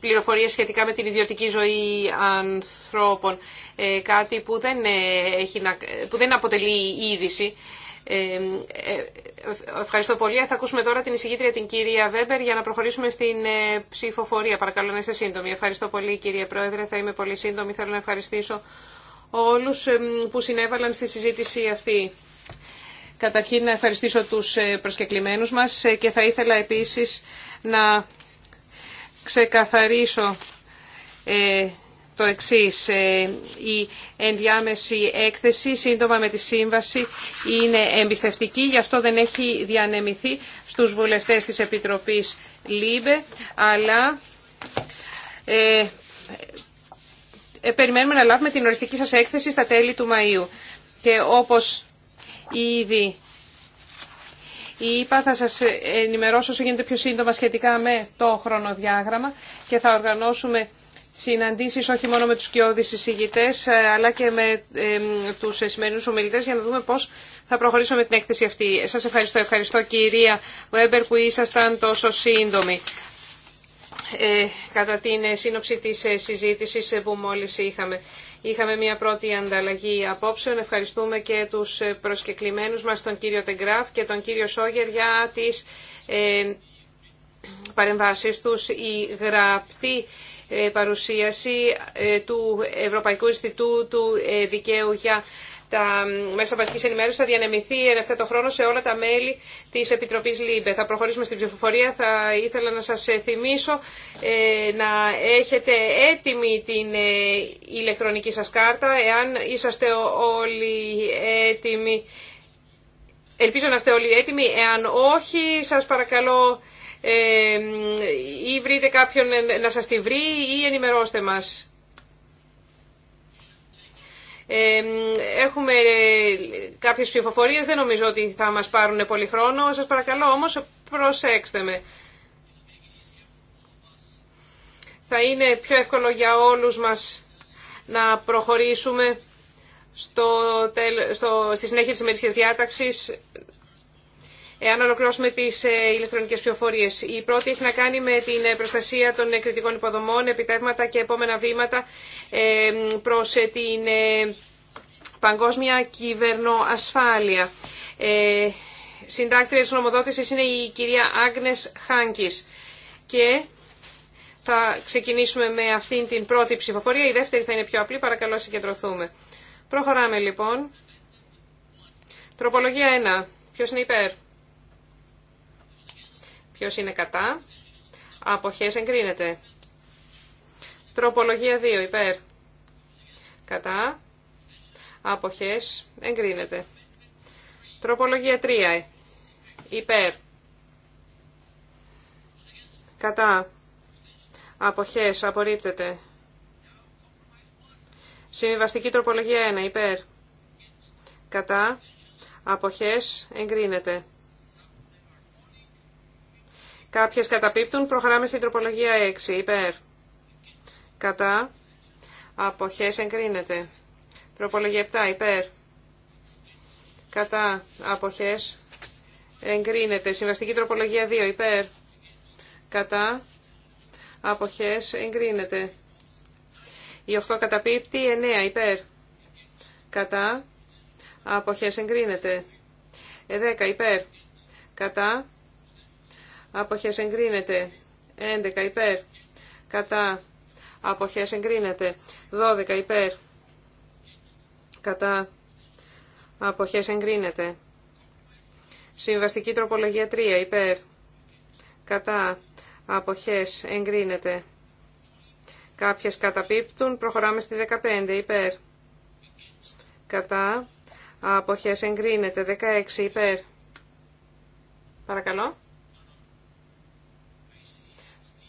πληροφορίες σχετικά με την ιδιωτική ζωή ανθρώπων, ε, κάτι που δεν, έχει να, που δεν αποτελεί είδηση. Ευχαριστώ πολύ. Θα ακούσουμε τώρα την εισηγήτρια την κυρία Βέμπερ για να προχωρήσουμε στην ψηφοφορία. Παρακαλώ να είστε σύντομοι. Ευχαριστώ πολύ κύριε Πρόεδρε. Θα είμαι πολύ σύντομη. Θέλω να ευχαριστήσω όλους που συνέβαλαν στη συζήτηση αυτή. Καταρχήν να ευχαριστήσω τους ε, προσκεκλημένους μας ε, και θα ήθελα επίσης να ξεκαθαρίσω ε, το εξής. Η ενδιάμεση έκθεση σύντομα με τη σύμβαση είναι εμπιστευτική, γι' αυτό δεν έχει διανεμηθεί στους βουλευτές της Επιτροπής ΛΥΜΕ αλλά ε, περιμένουμε να λάβουμε την οριστική σας έκθεση στα τέλη του Μαΐου. Και όπως ήδη είπα, θα σας ενημερώσω όσο γίνεται πιο σύντομα σχετικά με το χρονοδιάγραμμα και θα οργανώσουμε συναντήσεις όχι μόνο με τους κοιόδης εισηγητές ε, αλλά και με ε, τους σημερινούς ομιλητές για να δούμε πώς θα προχωρήσουμε την έκθεση αυτή. Σας ευχαριστώ. Ευχαριστώ κυρία Βέμπερ που ήσασταν τόσο σύντομοι ε, κατά την σύνοψη της ε, συζήτησης ε, που μόλις είχαμε. Είχαμε μια πρώτη ανταλλαγή απόψεων. Ευχαριστούμε και τους προσκεκλημένους μας, τον κύριο Τεγκράφ και τον κύριο Σόγερ για τις ε, παρεμβάσεις τους. Η γραπτή ε, παρουσίαση ε, του Ευρωπαϊκού Ινστιτούτου ε, Δικαίου για τα μέσα βασική ενημέρωση θα διανεμηθεί εν ευθέτω χρόνο σε όλα τα μέλη τη Επιτροπή ΛΥΜΠΕ. Θα προχωρήσουμε στην ψηφοφορία. Θα ήθελα να σα ε, θυμίσω ε, να έχετε έτοιμη την ε, ηλεκτρονική σα κάρτα. Εάν είσαστε όλοι έτοιμοι, ελπίζω να είστε όλοι έτοιμοι. Εάν όχι, σα παρακαλώ ή βρείτε κάποιον να σας τη βρει ή ενημερώστε μας έχουμε ε, κάποιες ψηφοφορίες, δεν νομίζω ότι θα μας πάρουν πολύ χρόνο. Σας παρακαλώ όμως προσέξτε με. Θα είναι πιο εύκολο για όλους μας να προχωρήσουμε στο, στο, στη συνέχεια της ημερήσιας διάταξης εάν ολοκληρώσουμε τι ε, ηλεκτρονικέ πληροφορίε. Η πρώτη έχει να κάνει με την ε, προστασία των ε, κριτικών υποδομών, επιτεύγματα και επόμενα βήματα προ την παγκόσμια κυβερνοασφάλεια. Συντάκτρια της νομοδότησης είναι η κυρία Άγνες Χάνκης και θα ξεκινήσουμε με αυτή την πρώτη ψηφοφορία. Η δεύτερη θα είναι πιο απλή, παρακαλώ συγκεντρωθούμε. Προχωράμε λοιπόν. Τροπολογία 1. Ποιος είναι υπέρ. Ποιος είναι κατά. Αποχές εγκρίνεται. Τροπολογία 2 υπέρ. Κατά. Αποχές εγκρίνεται. Τροπολογία 3 υπέρ. Κατά. Αποχές απορρίπτεται. Συμβιβαστική τροπολογία 1 υπέρ. Κατά. Αποχές εγκρίνεται. Κάποιε καταπίπτουν. Προχωράμε στην τροπολογία 6. Υπέρ. Κατά. Αποχέ, εγκρίνεται. Τροπολογία 7. Υπέρ. Κατά. Αποχέ. εγκρίνεται. Συμβαστική τροπολογία 2. Υπέρ. Κατά. Αποχέ, εγκρίνεται. Η 8 καταπίπτει. 9. Υπέρ. Κατά. Αποχέ, εγκρίνεται. 10. Υπέρ. Κατά αποχές εγκρίνεται. 11 υπέρ, κατά, αποχές εγκρίνεται. 12 υπέρ, κατά, αποχές εγκρίνεται. Συμβαστική τροπολογία 3 υπέρ, κατά, αποχές εγκρίνεται. Κάποιες καταπίπτουν, προχωράμε στη 15 υπέρ. Κατά, αποχές εγκρίνεται, 16 υπέρ. Παρακαλώ.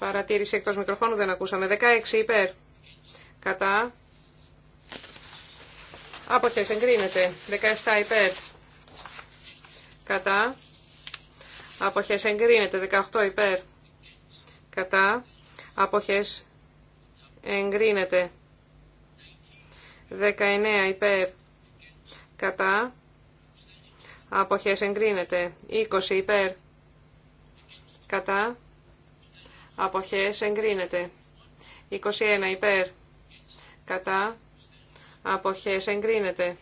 Παρατήρηση εκτό μικροφώνου δεν ακούσαμε. 16 υπέρ. Κατά. Αποχές εγκρίνεται. 17 υπέρ. Κατά. Αποχές εγκρίνεται. 18 υπέρ. Κατά. Αποχές εγκρίνεται. 19 υπέρ. Κατά. Αποχές εγκρίνεται. 20 υπέρ. Κατά. Αποχές εγκρίνεται. 21 υπέρ. Κατά. Αποχές εγκρίνεται.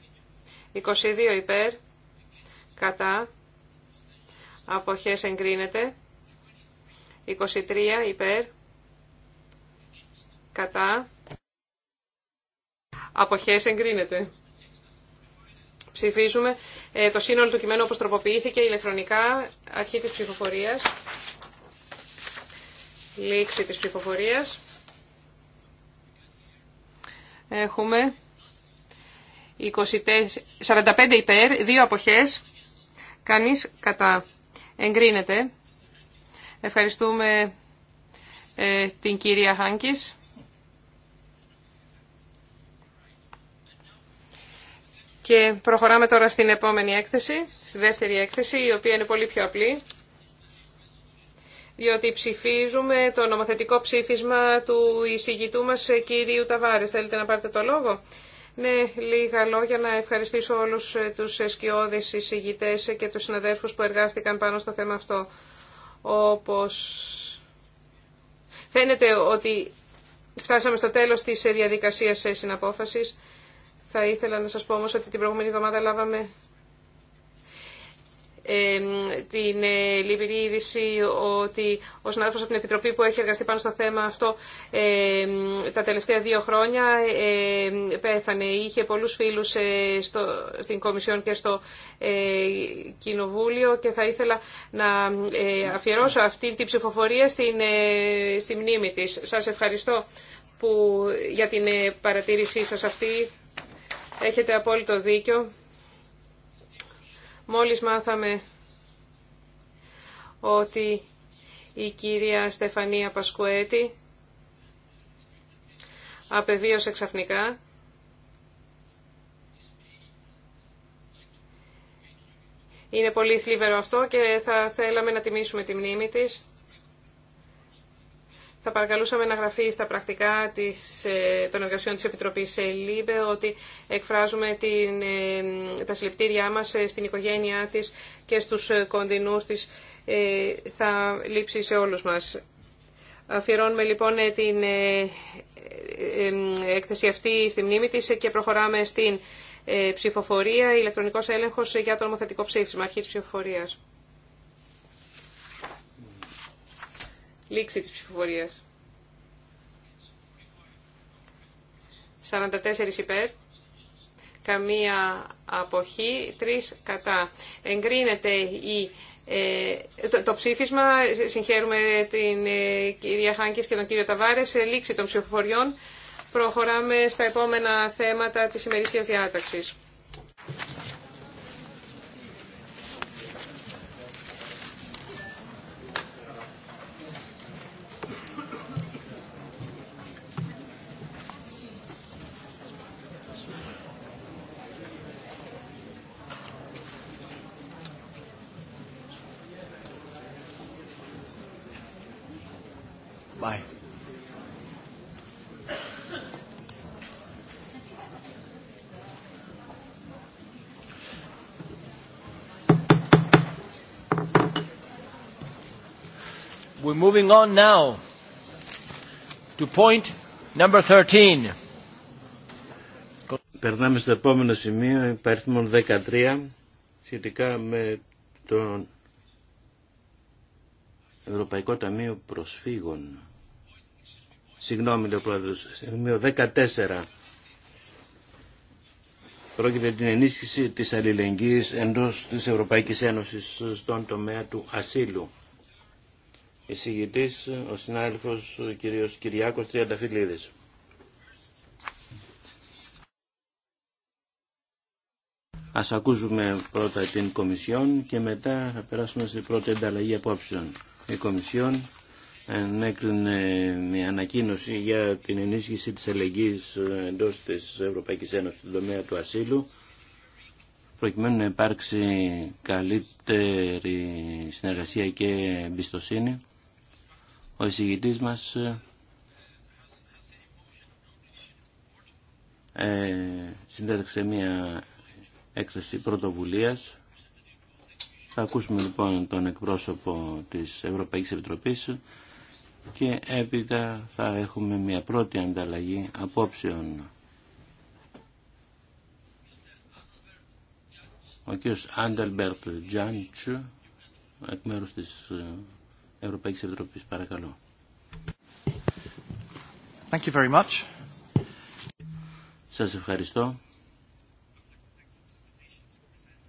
22 υπέρ. Κατά. Αποχές εγκρίνεται. 23 υπέρ. Κατά. Αποχές εγκρίνεται. Ψηφίζουμε ε, το σύνολο του κειμένου όπως τροποποιήθηκε ηλεκτρονικά αρχή της ψηφοφορίας λήξη της ψηφοφορίας. Έχουμε 24, 45 υπέρ, δύο αποχές, κανείς κατά. Εγκρίνεται. Ευχαριστούμε ε, την κυρία Χάνκης. Και προχωράμε τώρα στην επόμενη έκθεση, στη δεύτερη έκθεση, η οποία είναι πολύ πιο απλή διότι ψηφίζουμε το νομοθετικό ψήφισμα του εισηγητού μας ε, κυρίου Ταβάρης. Θέλετε να πάρετε το λόγο. Ναι, λίγα λόγια να ευχαριστήσω όλους ε, τους εσκιώδεις εισηγητές ε, και τους συναδέλφους που εργάστηκαν πάνω στο θέμα αυτό. Όπως φαίνεται ότι φτάσαμε στο τέλος της διαδικασίας συναπόφασης, θα ήθελα να σας πω όμως ότι την προηγούμενη εβδομάδα λάβαμε την ε, λυπηρή είδηση ότι ο συνάδελφος από την Επιτροπή που έχει εργαστεί πάνω στο θέμα αυτό τα τελευταία δύο χρόνια πέθανε. Είχε πολλούς φίλους ε, στην Κομισιόν και στο ε, Κοινοβούλιο και θα ήθελα να αφιερώσω αυτή την ψηφοφορία στην, στη μνήμη της. Σας ευχαριστώ που, για την παρατήρησή σας αυτή. Έχετε απόλυτο δίκιο. Μόλις μάθαμε ότι η κυρία Στεφανία Πασκουέτη απεβίωσε ξαφνικά Είναι πολύ θλιβερό αυτό και θα θέλαμε να τιμήσουμε τη μνήμη της. Θα παρακαλούσαμε να γραφεί στα πρακτικά της, ε, των εργασιών της Επιτροπής ε, ΛΥΠΕ ότι εκφράζουμε την, ε, τα συλληπτήριά μας στην οικογένειά της και στους κοντινούς της. Θα λείψει σε όλους μας. Αφιερώνουμε λοιπόν την έκθεση αυτή στη μνήμη της και προχωράμε στην ψηφοφορία, ηλεκτρονικός έλεγχος για το νομοθετικό ψήφισμα, αρχή της ψηφοφορίας. Λήξη της ψηφοφορίας. 44 υπέρ, καμία αποχή, 3 κατά. Εγκρίνεται η, ε, το, ψήφισμα, συγχαίρουμε την ε, κυρία Χάνκης και τον κύριο Ταβάρες, σε λήξη των ψηφοφοριών. Προχωράμε στα επόμενα θέματα της ημερήσιας διάταξης. We're moving on now to point number 13. Περνάμε στο επόμενο σημείο, υπαριθμών 13, σχετικά με το Ευρωπαϊκό Ταμείο Προσφύγων. Συγγνώμη, λέει ο Πρόεδρος, σημείο 14. Πρόκειται την ενίσχυση της αλληλεγγύης εντός της Ευρωπαϊκής Ένωσης στον τομέα του ασύλου εισηγητής ο συνάδελφος κύριος Κυριάκος Τριανταφυλλίδης. Ας ακούσουμε πρώτα την Κομισιόν και μετά θα περάσουμε στην πρώτη ενταλλαγή απόψεων. Η Κομισιόν ενέκρινε μια ανακοίνωση για την ενίσχυση της ελεγγύης εντός της Ευρωπαϊκής Ένωσης στον τομέα του ασύλου προκειμένου να υπάρξει καλύτερη συνεργασία και εμπιστοσύνη ο εισηγητής μας ε, ε μια λοιπόν πρώτη ανταλλαγή απόψεων. Ο κύριος Άνταλμπερτ Τζάντσου εκ μέρους της ευρωπαικης επιτροπης και επειτα θα εχουμε μια πρωτη ανταλλαγη αποψεων ο κυριος Άντελμπερτ τζαντσου εκ μερους της Ευρωπαϊκή Επιτροπή. Παρακαλώ. Thank ευχαριστώ.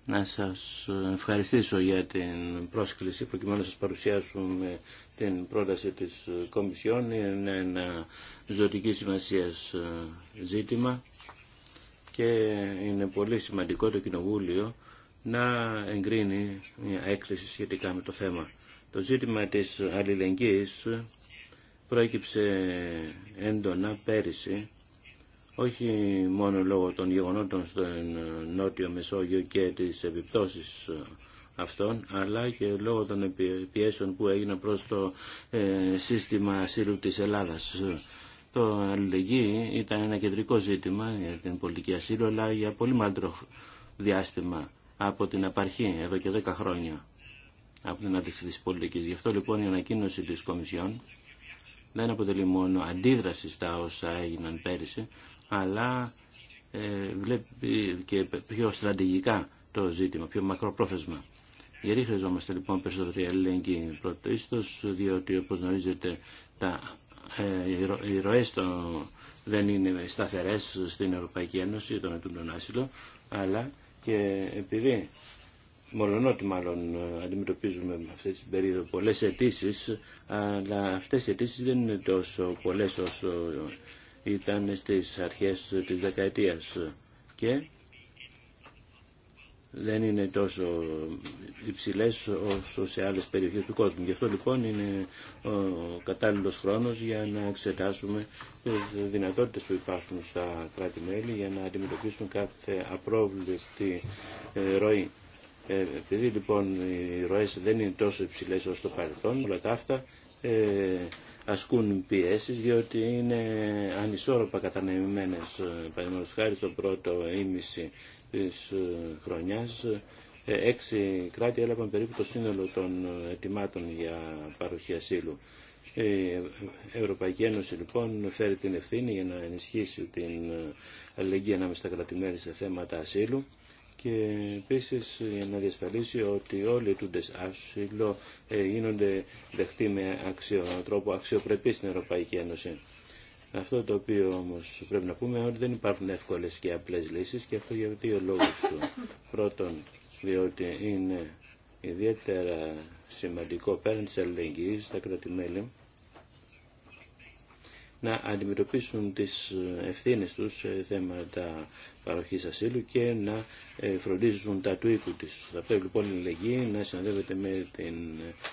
Να σας ευχαριστήσω για την πρόσκληση προκειμένου να σας παρουσιάσουμε την πρόταση της Κομισιόν. Είναι ένα ζωτική σημασία ε, ζήτημα και είναι πολύ σημαντικό το Κοινοβούλιο να εγκρίνει μια έκθεση σχετικά με το θέμα. Το ζήτημα της αλληλεγγύης πρόκυψε έντονα πέρυσι, όχι μόνο λόγω των γεγονότων στο Νότιο Μεσόγειο και τις επιπτώσεις αυτών, αλλά και λόγω των πιέσεων που έγιναν προς το ε, σύστημα ασύλου της Ελλάδας. Το αλληλεγγύη ήταν ένα κεντρικό ζήτημα για την πολιτική ασύλου, αλλά για πολύ μεγάλο διάστημα από την απαρχή εδώ και 10 χρόνια από την αντίθεση της πολιτικής. Γι' αυτό λοιπόν η ανακοίνωση της Κομισιόν δεν αποτελεί μόνο αντίδραση στα όσα έγιναν πέρυσι, αλλά ε, βλέπει και πιο στρατηγικά το ζήτημα, πιο μακροπρόθεσμα. Γιατί χρειαζόμαστε λοιπόν περισσότερη αλληλεγγύη πρωτοίστως διότι όπως γνωρίζετε τα, ε, οι ροές δεν είναι σταθερές στην Ευρωπαϊκή Ένωση, τον ετούντων άσυλο, αλλά και επειδή Μολονότι μάλλον ε, αντιμετωπίζουμε αυτή την περίοδο πολλές αιτήσει, αλλά αυτές οι αιτήσει δεν είναι τόσο πολλές όσο ήταν στις αρχές της δεκαετίας και δεν είναι τόσο υψηλέ όσο σε άλλες περιοχές του κόσμου. Γι' αυτό λοιπόν είναι ο κατάλληλος χρόνος για να εξετάσουμε τις δυνατότητες που υπάρχουν στα κράτη-μέλη για να αντιμετωπίσουν κάθε απρόβλεπτη ε, ροή. Ε, επειδή λοιπόν οι ροές δεν είναι τόσο υψηλές όσο το παρελθόν, όλα τα αυτά ε, ασκούν πιέσεις διότι είναι ανισόρροπα κατανεμημένες. Ε, παραδείγματος χάρη το πρώτο ήμιση της ε, χρονιάς έξι κράτη έλαβαν περίπου το σύνολο των ετοιμάτων για παροχή ασύλου. Η Ευρωπαϊκή Ένωση λοιπόν φέρει την ευθύνη για να ενισχύσει την αλληλεγγύη ανάμεσα στα κρατημέρια σε θέματα ασύλου και επίσης για να διασφαλίσει ότι όλοι οι τούντες άσυλο ε, γίνονται δεχτοί με αξιο, τρόπο αξιοπρεπή στην Ευρωπαϊκή Ένωση. Αυτό το οποίο όμως πρέπει να πούμε είναι ότι δεν υπάρχουν εύκολες και απλές λύσεις και αυτό για δύο λόγους του. Πρώτον, διότι είναι ιδιαίτερα σημαντικό πέραν της αλληλεγγύης στα κράτη-μέλη να αντιμετωπίσουν τις ευθύνες τους σε θέματα παροχής ασύλου και να ε, φροντίζουν τα του οίκου της. Θα πρέπει λοιπόν η λεγή να συνοδεύεται με την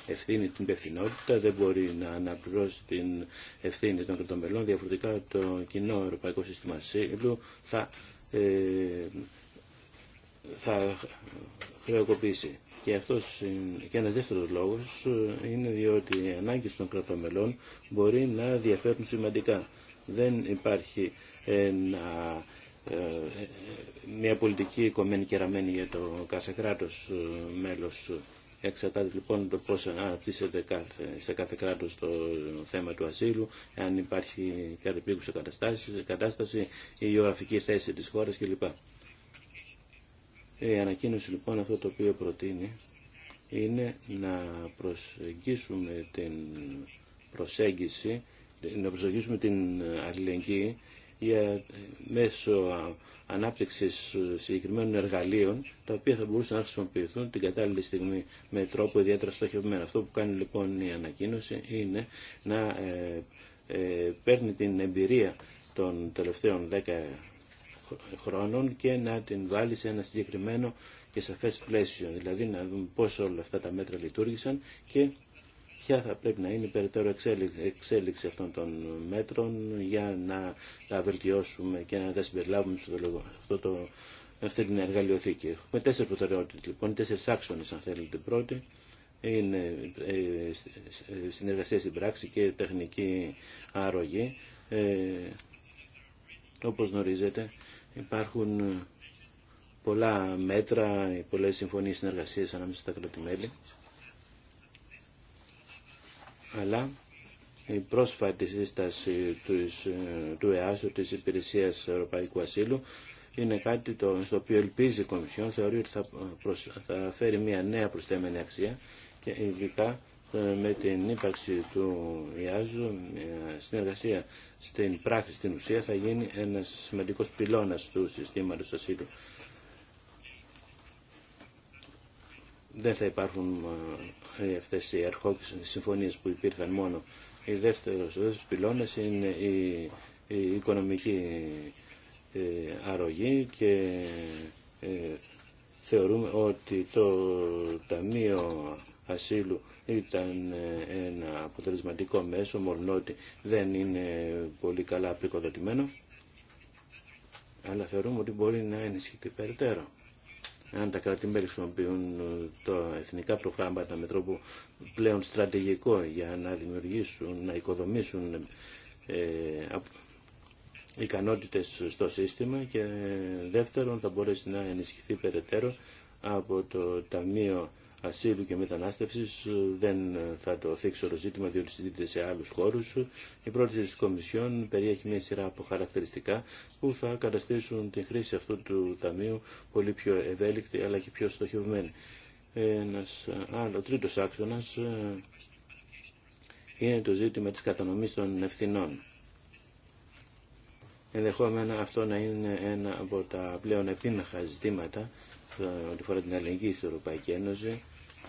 ευθύνη, την υπευθυνότητα, δεν μπορεί να αναπληρώσει την ευθύνη των κρατομελών, διαφορετικά το κοινό ευρωπαϊκό σύστημα ασύλου θα, ε, θα χρεοκοπήσει. Και, αυτός, και ένας δεύτερος λόγος ε, είναι διότι οι ανάγκη των κρατομελών μπορεί να διαφέρουν σημαντικά. Δεν υπάρχει ένα ε, μια πολιτική κομμένη και ραμμένη για το κάθε κράτος ε, μέλος. Εξαρτάται λοιπόν το πώς αναπτύσσεται κάθε, σε κάθε κράτος το θέμα του ασύλου, αν υπάρχει κατεπίκουσα κατάσταση, κατάσταση, η γεωγραφική θέση της χώρας κλπ. Η ανακοίνωση λοιπόν αυτό το οποίο προτείνει είναι να προσεγγίσουμε την προσέγγιση, να προσεγγίσουμε την αλληλεγγύη για μέσω ανάπτυξης συγκεκριμένων εργαλείων τα οποία θα μπορούσαν να χρησιμοποιηθούν την κατάλληλη στιγμή με τρόπο ιδιαίτερα στοχευμένο. Αυτό που κάνει λοιπόν η ανακοίνωση είναι να ε, ε, παίρνει την εμπειρία των τελευταίων 10 χρόνων και να την βάλει σε ένα συγκεκριμένο και σαφές πλαίσιο, δηλαδή να δούμε πώς όλα αυτά τα μέτρα λειτουργήσαν και ποια θα πρέπει να είναι η περαιτέρω εξέλιξη αυτών των μέτρων για να τα βελτιώσουμε και να τα συμπεριλάβουμε στο αυτό το, αυτή την εργαλειοθήκη. Έχουμε τέσσερι προτεραιότητε λοιπόν, τέσσερι άξονε αν θέλετε. Πρώτη είναι ε, συνεργασία στην πράξη και τεχνική αρρωγή. Ε, όπως γνωρίζετε υπάρχουν πολλά μέτρα, πολλές συμφωνίες συνεργασίες ανάμεσα στα κρατημέλη αλλά η πρόσφατη σύσταση ε, του ΕΑΣΟ, της Υπηρεσίας Ευρωπαϊκού Ασύλου, είναι κάτι το, στο οποίο ελπίζει η Κομισιόν, θεωρεί ότι θα, φέρει μια νέα προσθέμενη αξία και ειδικά ε, με την ύπαρξη του ΙΑΖΟ, μια συνεργασία στην πράξη, στην ουσία, θα γίνει ένας σημαντικός πυλώνας του συστήματος ασύλου. Δεν θα υπάρχουν ε, ε, αυτές οι αρχόκε που υπήρχαν μόνο. Η δεύτερος πυλώνας είναι η, οικονομική ε, αρρωγή και ε, θεωρούμε ότι το Ταμείο Ασύλου ήταν ε, ένα αποτελεσματικό μέσο, μόνο ότι δεν είναι πολύ καλά απεικοδοτημένο, αλλά θεωρούμε ότι μπορεί να ενισχυθεί περαιτέρω αν τα κρατη χρησιμοποιούν ε, τα εθνικά προγράμματα με τρόπο πλέον στρατηγικό για να δημιουργήσουν, να οικοδομήσουν ε, ικανότητες στο σύστημα και ε, δεύτερον θα μπορέσει να ενισχυθεί περαιτέρω από το Ταμείο ασύλου και μετανάστευση. Ε, δεν ε, θα το θίξω το ζήτημα διότι συζητείται σε άλλου χώρου. Η πρόταση τη Κομισιόν περιέχει μια σειρά από χαρακτηριστικά που θα καταστήσουν την χρήση αυτού του ταμείου πολύ πιο ευέλικτη αλλά και πιο στοχευμένη. Ένα ε, άλλο τρίτο άξονα είναι το ζήτημα τη κατανομή των ευθυνών. Ενδεχόμενα αυτό να είναι ένα από τα πλέον ευθύναχα ζητήματα ό,τι φορά την αλληλεγγύη στην Ευρωπαϊκή Ένωση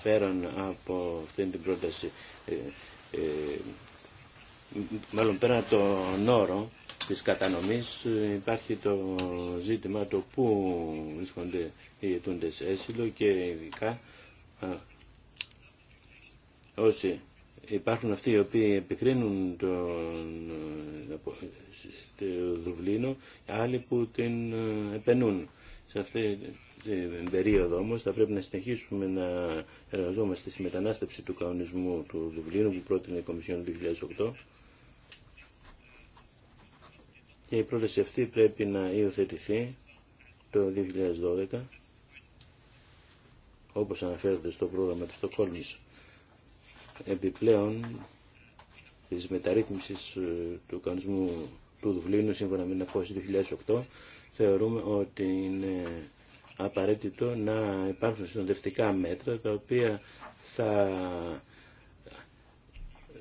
πέραν από αυτήν την πρόταση, ε, ε, μάλλον πέραν το τον όρο της κατανομής υπάρχει το ζήτημα το πού βρίσκονται οι αιτούντες έσυλο και ειδικά όσοι υπάρχουν αυτοί οι οποίοι επικρίνουν τον, ε, το Δουβλίνο, άλλοι που την επενούν. Σε αυτή την ε, περίοδο όμως θα πρέπει να συνεχίσουμε να εργαζόμαστε στη μετανάστευση του κανονισμού του Δουβλίνου που πρότεινε η Κομισιόν 2008 και η πρόταση αυτή πρέπει να υιοθετηθεί το 2012 όπως αναφέρεται στο πρόγραμμα της Στοκόλμης. Επιπλέον της μεταρρύθμισης ε, του κανονισμού του Δουβλίνου σύμφωνα με την απόφαση 2008 θεωρούμε ότι είναι απαραίτητο να υπάρχουν συνοδευτικά μέτρα τα οποία θα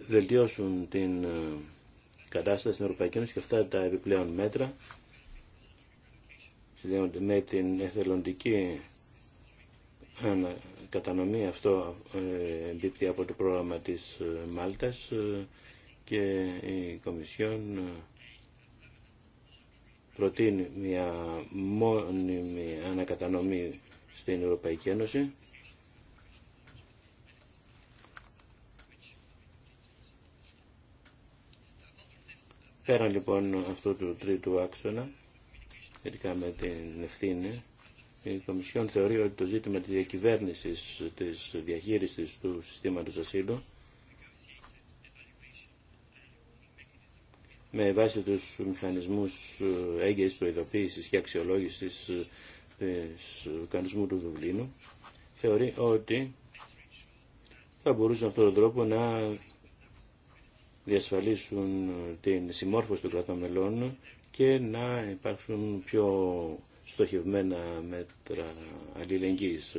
βελτιώσουν την ε, κατάσταση στην Ευρωπαϊκή Ένωση και αυτά τα επιπλέον μέτρα με την εθελοντική ε, κατανομή αυτό ε, εμπίπτει από το πρόγραμμα της Μάλτας και η Κομισιόν προτείνει μια μόνιμη ανακατανομή στην Ευρωπαϊκή Ένωση Πέραν λοιπόν αυτού του τρίτου άξονα, ειδικά με την ευθύνη, η Κομισιόν θεωρεί ότι το ζήτημα της διακυβέρνησης της διαχείρισης του συστήματος ασύλου με βάση τους μηχανισμούς ε, έγκαιρης προειδοποίησης και αξιολόγησης ε, του ε, κανονισμού του Δουβλίνου, θεωρεί ότι θα μπορούσαν αυτόν τον τρόπο να διασφαλίσουν την συμμόρφωση των κρατών και να υπάρξουν πιο στοχευμένα μέτρα αλληλεγγύης.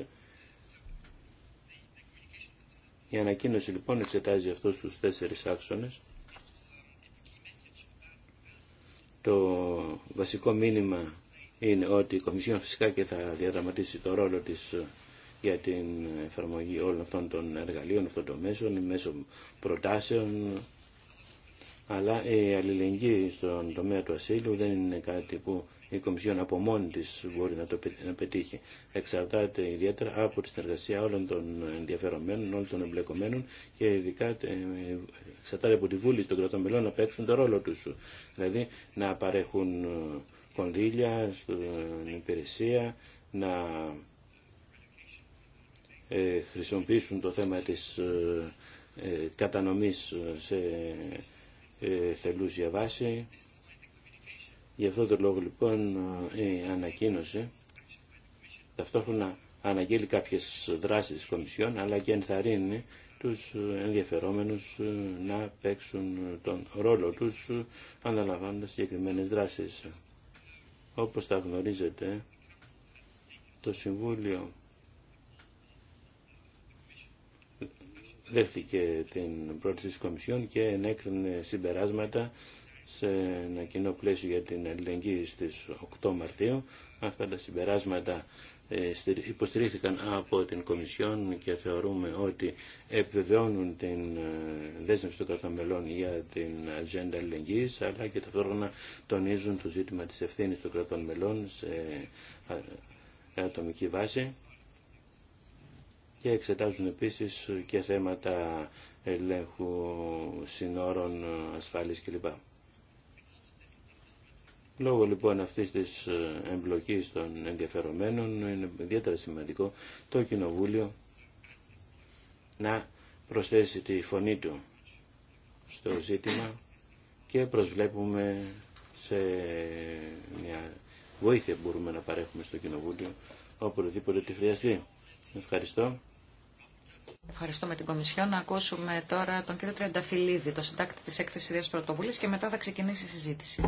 Η ανακοίνωση λοιπόν εξετάζει αυτούς τους τέσσερις άξονες Το βασικό μήνυμα είναι ότι η Κομισιόν φυσικά και θα διαδραματίσει το ρόλο της για την εφαρμογή όλων αυτών των εργαλείων, αυτών των μέσων, μέσω προτάσεων, αλλά η αλληλεγγύη στον τομέα του ασύλου δεν είναι κάτι που η Κομισιόν από μόνη τη μπορεί να το να πετύχει. Εξαρτάται ιδιαίτερα από τη συνεργασία όλων των ενδιαφερομένων, όλων των εμπλεκομένων και ειδικά εξαρτάται από τη βούλη των κρατών μελών να παίξουν το ρόλο τους. Δηλαδή να παρέχουν ε, κονδύλια ε, στην υπηρεσία, να ε, χρησιμοποιήσουν το θέμα της κατανομής σε θελούσια βάση Γι' αυτό τον λόγο λοιπόν ε, η ανακοίνωση ταυτόχρονα αναγγείλει κάποιες δράσεις της Κομισιόν αλλά και ενθαρρύνει τους ενδιαφερόμενους ε, να παίξουν τον ρόλο τους ε, αναλαμβάνοντας συγκεκριμένες δράσεις. Όπως τα γνωρίζετε, το Συμβούλιο δέχθηκε την πρόταση της Κομισιόν και ενέκρινε συμπεράσματα σε ένα κοινό πλαίσιο για την αλληλεγγύη στις 8 Μαρτίου. Αυτά τα συμπεράσματα ε, υποστηρίχθηκαν από την Κομισιόν και θεωρούμε ότι επιβεβαιώνουν την ε, δέσμευση των κρατών μελών για την ατζέντα αλληλεγγύης αλλά και ταυτόχρονα τονίζουν το ζήτημα της ευθύνης των κρατών μελών σε ε, ατομική βάση και εξετάζουν επίσης και θέματα ελέγχου συνόρων ασφάλειας κλπ. Λόγω λοιπόν αυτής της ε, εμπλοκής των ενδιαφερομένων είναι ιδιαίτερα σημαντικό το Κοινοβούλιο να προσθέσει τη φωνή του στο ζήτημα και προσβλέπουμε σε μια βοήθεια που μπορούμε να παρέχουμε στο Κοινοβούλιο όπου οπουδήποτε τη χρειαστεί. Ευχαριστώ. Ευχαριστώ με την Κομισιόν. Να ακούσουμε τώρα τον κύριο Τρενταφυλλίδη, το συντάκτη της έκθεσης Ιδέας Πρωτοβουλής και μετά θα ξεκινήσει η συζήτηση.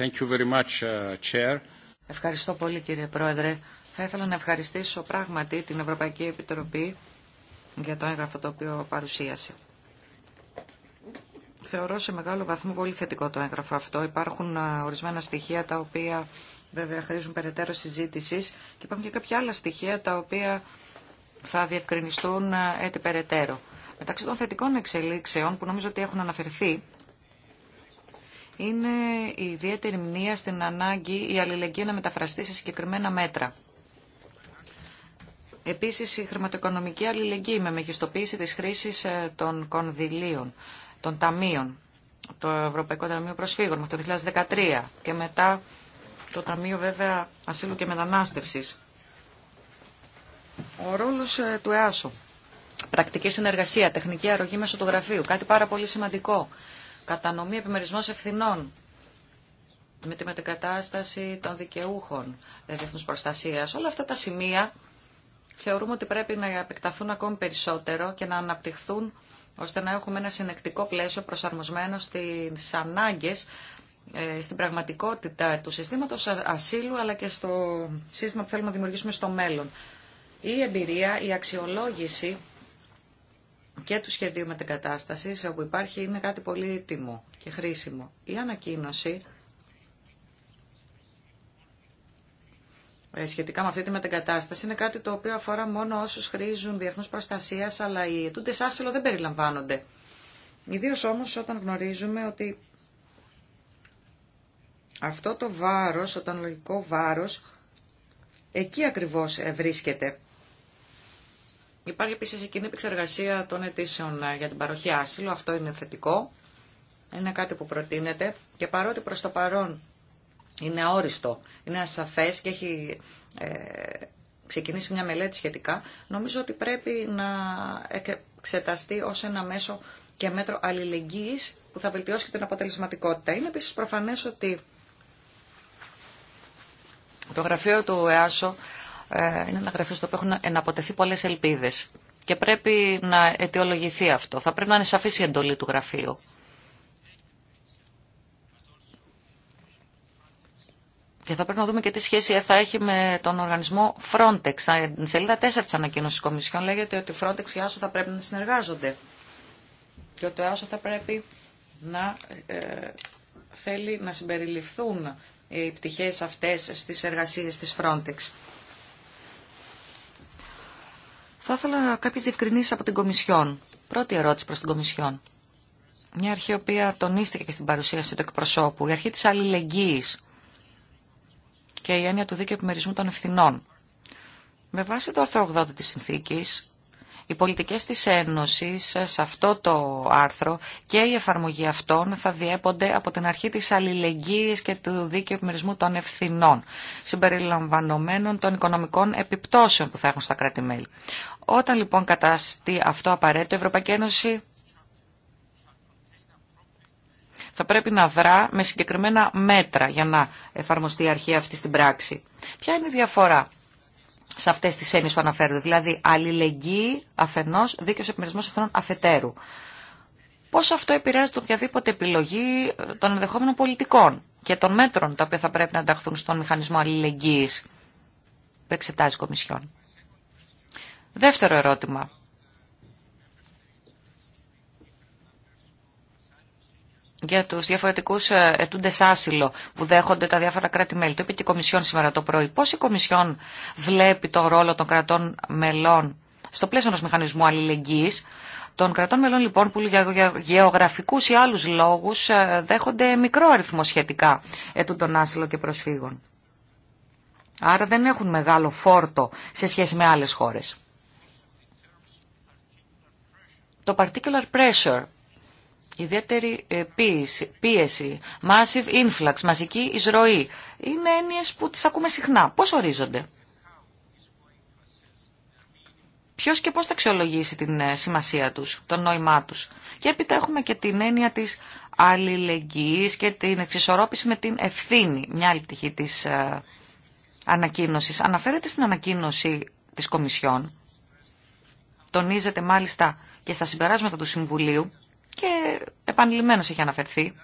Uh, Ευχαριστώ πολύ κύριε Πρόεδρε. Θα ήθελα να ευχαριστήσω πράγματι την Ευρωπαϊκή Επιτροπή για το έγγραφο το οποίο παρουσίασε. Θεωρώ σε μεγάλο βαθμό πολύ θετικό το έγγραφο αυτό. Υπάρχουν ορισμένα στοιχεία τα οποία βέβαια χρήζουν περαιτέρω συζήτηση και υπάρχουν και κάποια άλλα στοιχεία τα οποία θα διευκρινιστούν έτσι περαιτέρω. Μεταξύ των θετικών εξελίξεων που νομίζω ότι έχουν αναφερθεί είναι η ιδιαίτερη μνήμα στην ανάγκη η αλληλεγγύη να μεταφραστεί σε συγκεκριμένα μέτρα. Επίσης, η χρηματοοικονομική αλληλεγγύη με μεγιστοποίηση της χρήση ε, των κονδυλίων, των ταμείων, το Ευρωπαϊκό Ταμείο Προσφύγων με το 2013 και μετά το Ταμείο βέβαια Ασύλου και Μετανάστευσης. Ο ρόλος ε, του ΕΑΣΟ. Πρακτική συνεργασία, τεχνική αρρωγή μέσω του γραφείου, κάτι πάρα πολύ σημαντικό κατανομή επιμερισμός ευθυνών με τη μετεγκατάσταση των δικαιούχων διεθνούς δηλαδή προστασίας. Όλα αυτά τα σημεία θεωρούμε ότι πρέπει να επεκταθούν ακόμη περισσότερο και να αναπτυχθούν ώστε να έχουμε ένα συνεκτικό πλαίσιο προσαρμοσμένο στις ανάγκες, ε, στην πραγματικότητα του συστήματος ασύλου αλλά και στο σύστημα που θέλουμε να δημιουργήσουμε στο μέλλον. Η εμπειρία, η αξιολόγηση και του σχεδίου μετεγκατάσταση, όπου υπάρχει είναι κάτι πολύ έτοιμο και χρήσιμο. Η ανακοίνωση ε, σχετικά με αυτή τη μετεγκατάσταση είναι κάτι το οποίο αφορά μόνο όσους χρήζουν διεθνού προστασία, αλλά οι του άσυλο δεν περιλαμβάνονται. Ιδίω όμως όταν γνωρίζουμε ότι αυτό το βάρος, το τανολογικό βάρος, εκεί ακριβώς βρίσκεται. Υπάρχει επίσης η κοινή επεξεργασία των αιτήσεων ε, για την παροχή άσυλου. Αυτό είναι θετικό. Είναι κάτι που προτείνεται και παρότι προς το παρόν είναι αόριστο, είναι ασαφέ και έχει ε, ξεκινήσει μια μελέτη σχετικά, νομίζω ότι πρέπει να εξεταστεί ως ένα μέσο και μέτρο αλληλεγγύη που θα βελτιώσει και την αποτελεσματικότητα. Είναι επίση προφανέ ότι το γραφείο του ΕΑΣΟ ε, είναι ένα γραφείο στο οποίο έχουν εναποτεθεί πολλές ελπίδες και πρέπει να αιτιολογηθεί αυτό. Θα πρέπει να είναι σαφής η εντολή του γραφείου. Και θα πρέπει να δούμε και τι σχέση θα έχει με τον οργανισμό Frontex. Στην σελίδα 4 της ανακοίνωσης Κομισιόν λέγεται ότι Frontex και Άσο θα πρέπει να συνεργάζονται. Και ότι ο Άσο θα πρέπει να ε, θέλει να συμπεριληφθούν οι πτυχές αυτές στις εργασίες της Frontex. Θα ήθελα κάποιε διευκρινήσει από την Κομισιόν. Πρώτη ερώτηση προς την Κομισιόν. Μια αρχή η οποία τονίστηκε και στην παρουσίαση του εκπροσώπου, η αρχή τη αλληλεγγύη και η έννοια του δίκαιου επιμερισμού των ευθυνών. Με βάση το άρθρο 80 της συνθήκης, οι πολιτικές της Ένωσης ε, σε αυτό το άρθρο και η εφαρμογή αυτών θα διέπονται από την αρχή της αλληλεγγύης και του δίκαιου επιμερισμού των ευθυνών, συμπεριλαμβανομένων των οικονομικών επιπτώσεων που θα έχουν στα κράτη-μέλη. Όταν λοιπόν καταστεί αυτό απαραίτητο, η Ευρωπαϊκή Ένωση θα πρέπει να δρά με συγκεκριμένα μέτρα για να εφαρμοστεί η αρχή αυτή στην πράξη. Ποια είναι η διαφορά σε αυτές τις έννοιε που αναφέρονται. Δηλαδή αλληλεγγύη αφενός, δίκαιο επιμερισμό αυτών αφετέρου. Πώς αυτό επηρεάζει το οποιαδήποτε επιλογή των ενδεχόμενων πολιτικών και των μέτρων τα οποία θα πρέπει να ενταχθούν στον μηχανισμό αλληλεγγύης που εξετάζει η Κομισιόν. Δεύτερο ερώτημα. για του διαφορετικού ε, ετούντε άσυλο που δέχονται τα διάφορα κράτη-μέλη. Το είπε και η Κομισιόν σήμερα το πρωί. Πώ η Κομισιόν βλέπει το ρόλο των κρατών μελών στο πλαίσιο ενό μηχανισμού αλληλεγγύη. Των κρατών μελών λοιπόν που για γεωγραφικού ή άλλου λόγου, ε, δέχονται μικρό αριθμό σχετικά ετούντων άσυλο και προσφύγων. Άρα δεν έχουν μεγάλο φόρτο σε σχέση με άλλες χώρες. Το particular pressure Ιδιαίτερη ε, πίεση, πίεση, massive influx, μαζική εισρωή, είναι έννοιες που τις ακούμε συχνά. Πώς ορίζονται? Ποιος και πώς θα αξιολογήσει την ε, σημασία τους, το νόημά τους. Και έπειτα έχουμε και την έννοια της αλληλεγγύης και την εξισορρόπηση με την ευθύνη, μια άλλη πτυχή της ε, ανακοίνωσης. Αναφέρεται στην ανακοίνωση της Κομισιόν, τονίζεται μάλιστα και στα συμπεράσματα του Συμβουλίου, και επανειλημμένως έχει αναφερθεί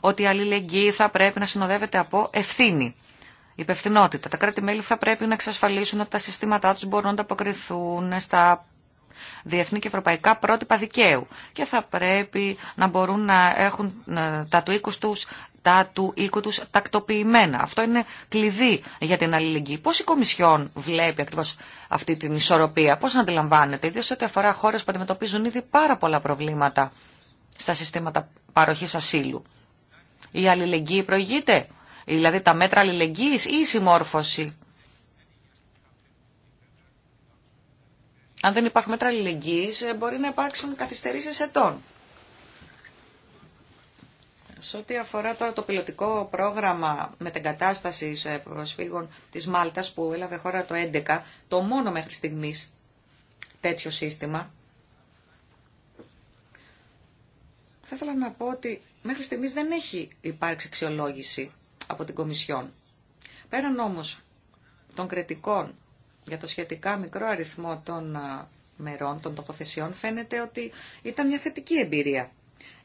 ότι η αλληλεγγύη θα πρέπει να συνοδεύεται από ευθύνη. Υπευθυνότητα. Τα κράτη-μέλη θα πρέπει να εξασφαλίσουν ότι τα συστήματά τους μπορούν να ανταποκριθούν στα διεθνή και ευρωπαϊκά πρότυπα δικαίου και θα πρέπει να μπορούν να έχουν τα του οίκους τους του οίκου τους τακτοποιημένα. Αυτό είναι κλειδί για την αλληλεγγύη. Πώς η Κομισιόν βλέπει ακριβώς αυτή την ισορροπία, πώς να αντιλαμβάνεται, ιδίως ό,τι αφορά χώρες που αντιμετωπίζουν ήδη πάρα πολλά προβλήματα στα συστήματα παροχής ασύλου. Η αλληλεγγύη προηγείται, δηλαδή τα μέτρα αλληλεγγύης ή η συμμόρφωση αν δεν υπάρχουν μέτρα αλληλεγγύης, ε, μπορεί να υπάρξουν καθυστερήσεις ετών. Σε ό,τι αφορά τώρα το πιλωτικό πρόγραμμα μετεγκατάστασης ε, προσφύγων της Μάλτας που έλαβε χώρα το 2011, το μόνο μέχρι στιγμής τέτοιο σύστημα, θα ήθελα να πω ότι μέχρι στιγμής δεν έχει υπάρξει αξιολόγηση από την Κομισιόν. Πέραν όμως των κριτικών για το σχετικά μικρό αριθμό των μερών, των τοποθεσιών, φαίνεται ότι ήταν μια θετική εμπειρία.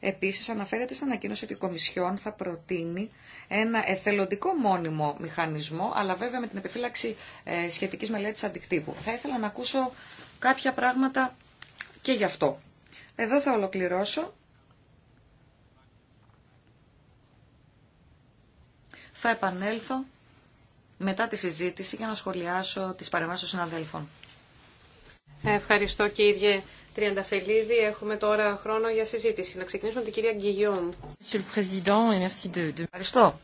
Επίσης αναφέρεται στην ανακοίνωση ότι η Κομισιόν θα προτείνει ένα εθελοντικό μόνιμο μηχανισμό, αλλά βέβαια με την επιφύλαξη ε, σχετικής μελέτης αντικτύπου. Θα ήθελα να ακούσω κάποια πράγματα και γι' αυτό. Εδώ θα ολοκληρώσω. Θα επανέλθω μετά τη συζήτηση για να σχολιάσω τις παρεμβάσεις των συναδέλφων. Ευχαριστώ κύριε Τριανταφελίδη. Έχουμε τώρα χρόνο για συζήτηση. Να ξεκινήσουμε την κυρία Γκυγιόμ. Ευχαριστώ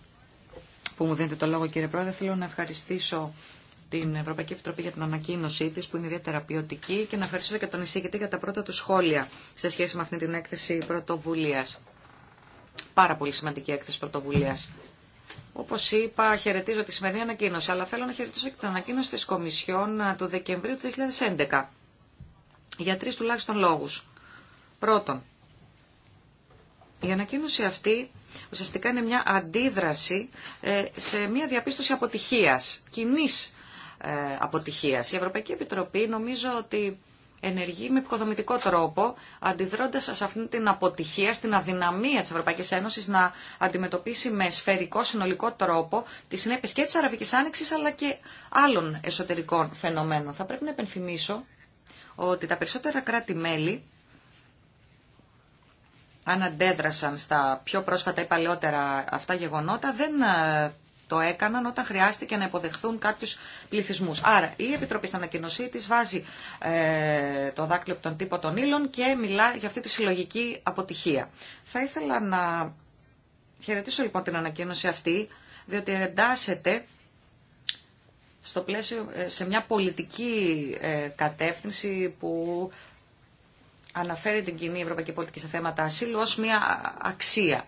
που μου δίνετε το λόγο κύριε Πρόεδρε. Θέλω να ευχαριστήσω την Ευρωπαϊκή Επιτροπή για την ανακοίνωσή τη, που είναι ιδιαίτερα ποιοτική, και να ευχαριστήσω και τον εισηγητή για τα πρώτα του σχόλια σε σχέση με αυτή την έκθεση πρωτοβουλία. Πάρα πολύ σημαντική έκθεση πρωτοβουλία. Όπω είπα, χαιρετίζω τη σημερινή ανακοίνωση, αλλά θέλω να χαιρετήσω και την ανακοίνωση τη Κομισιόν ε, του Δεκεμβρίου του 2011. Για τρει τουλάχιστον λόγου. Πρώτον, η ανακοίνωση αυτή ουσιαστικά είναι μια αντίδραση ε, σε μια διαπίστωση αποτυχίας, κοινή ε, αποτυχίας. Η Ευρωπαϊκή Επιτροπή νομίζω ότι ενεργεί με επικοδομητικό τρόπο, αντιδρώντα σε αυτή την αποτυχία, στην αδυναμία τη Ευρωπαϊκή Ένωση να αντιμετωπίσει με σφαιρικό συνολικό τρόπο τι συνέπειε και τη Αραβική Άνοιξη αλλά και άλλων εσωτερικών φαινομένων. Θα πρέπει να επενθυμίσω ότι τα περισσότερα κράτη-μέλη αν αντέδρασαν στα πιο πρόσφατα ή παλαιότερα αυτά γεγονότα, δεν ε, το έκαναν όταν χρειάστηκε να υποδεχθούν κάποιου πληθυσμού. Άρα η Επιτροπή στην ανακοινωσή τη βάζει ε, το δάκτυλο από τον τύπο των ήλων και μιλά για αυτή τη συλλογική αποτυχία. Θα ήθελα να χαιρετήσω λοιπόν την ανακοίνωση αυτή, διότι εντάσσεται στο πλαίσιο, ε, σε μια πολιτική ε, κατεύθυνση που αναφέρει την κοινή ευρωπαϊκή πολιτική σε θέματα ασύλου ως μια αξία.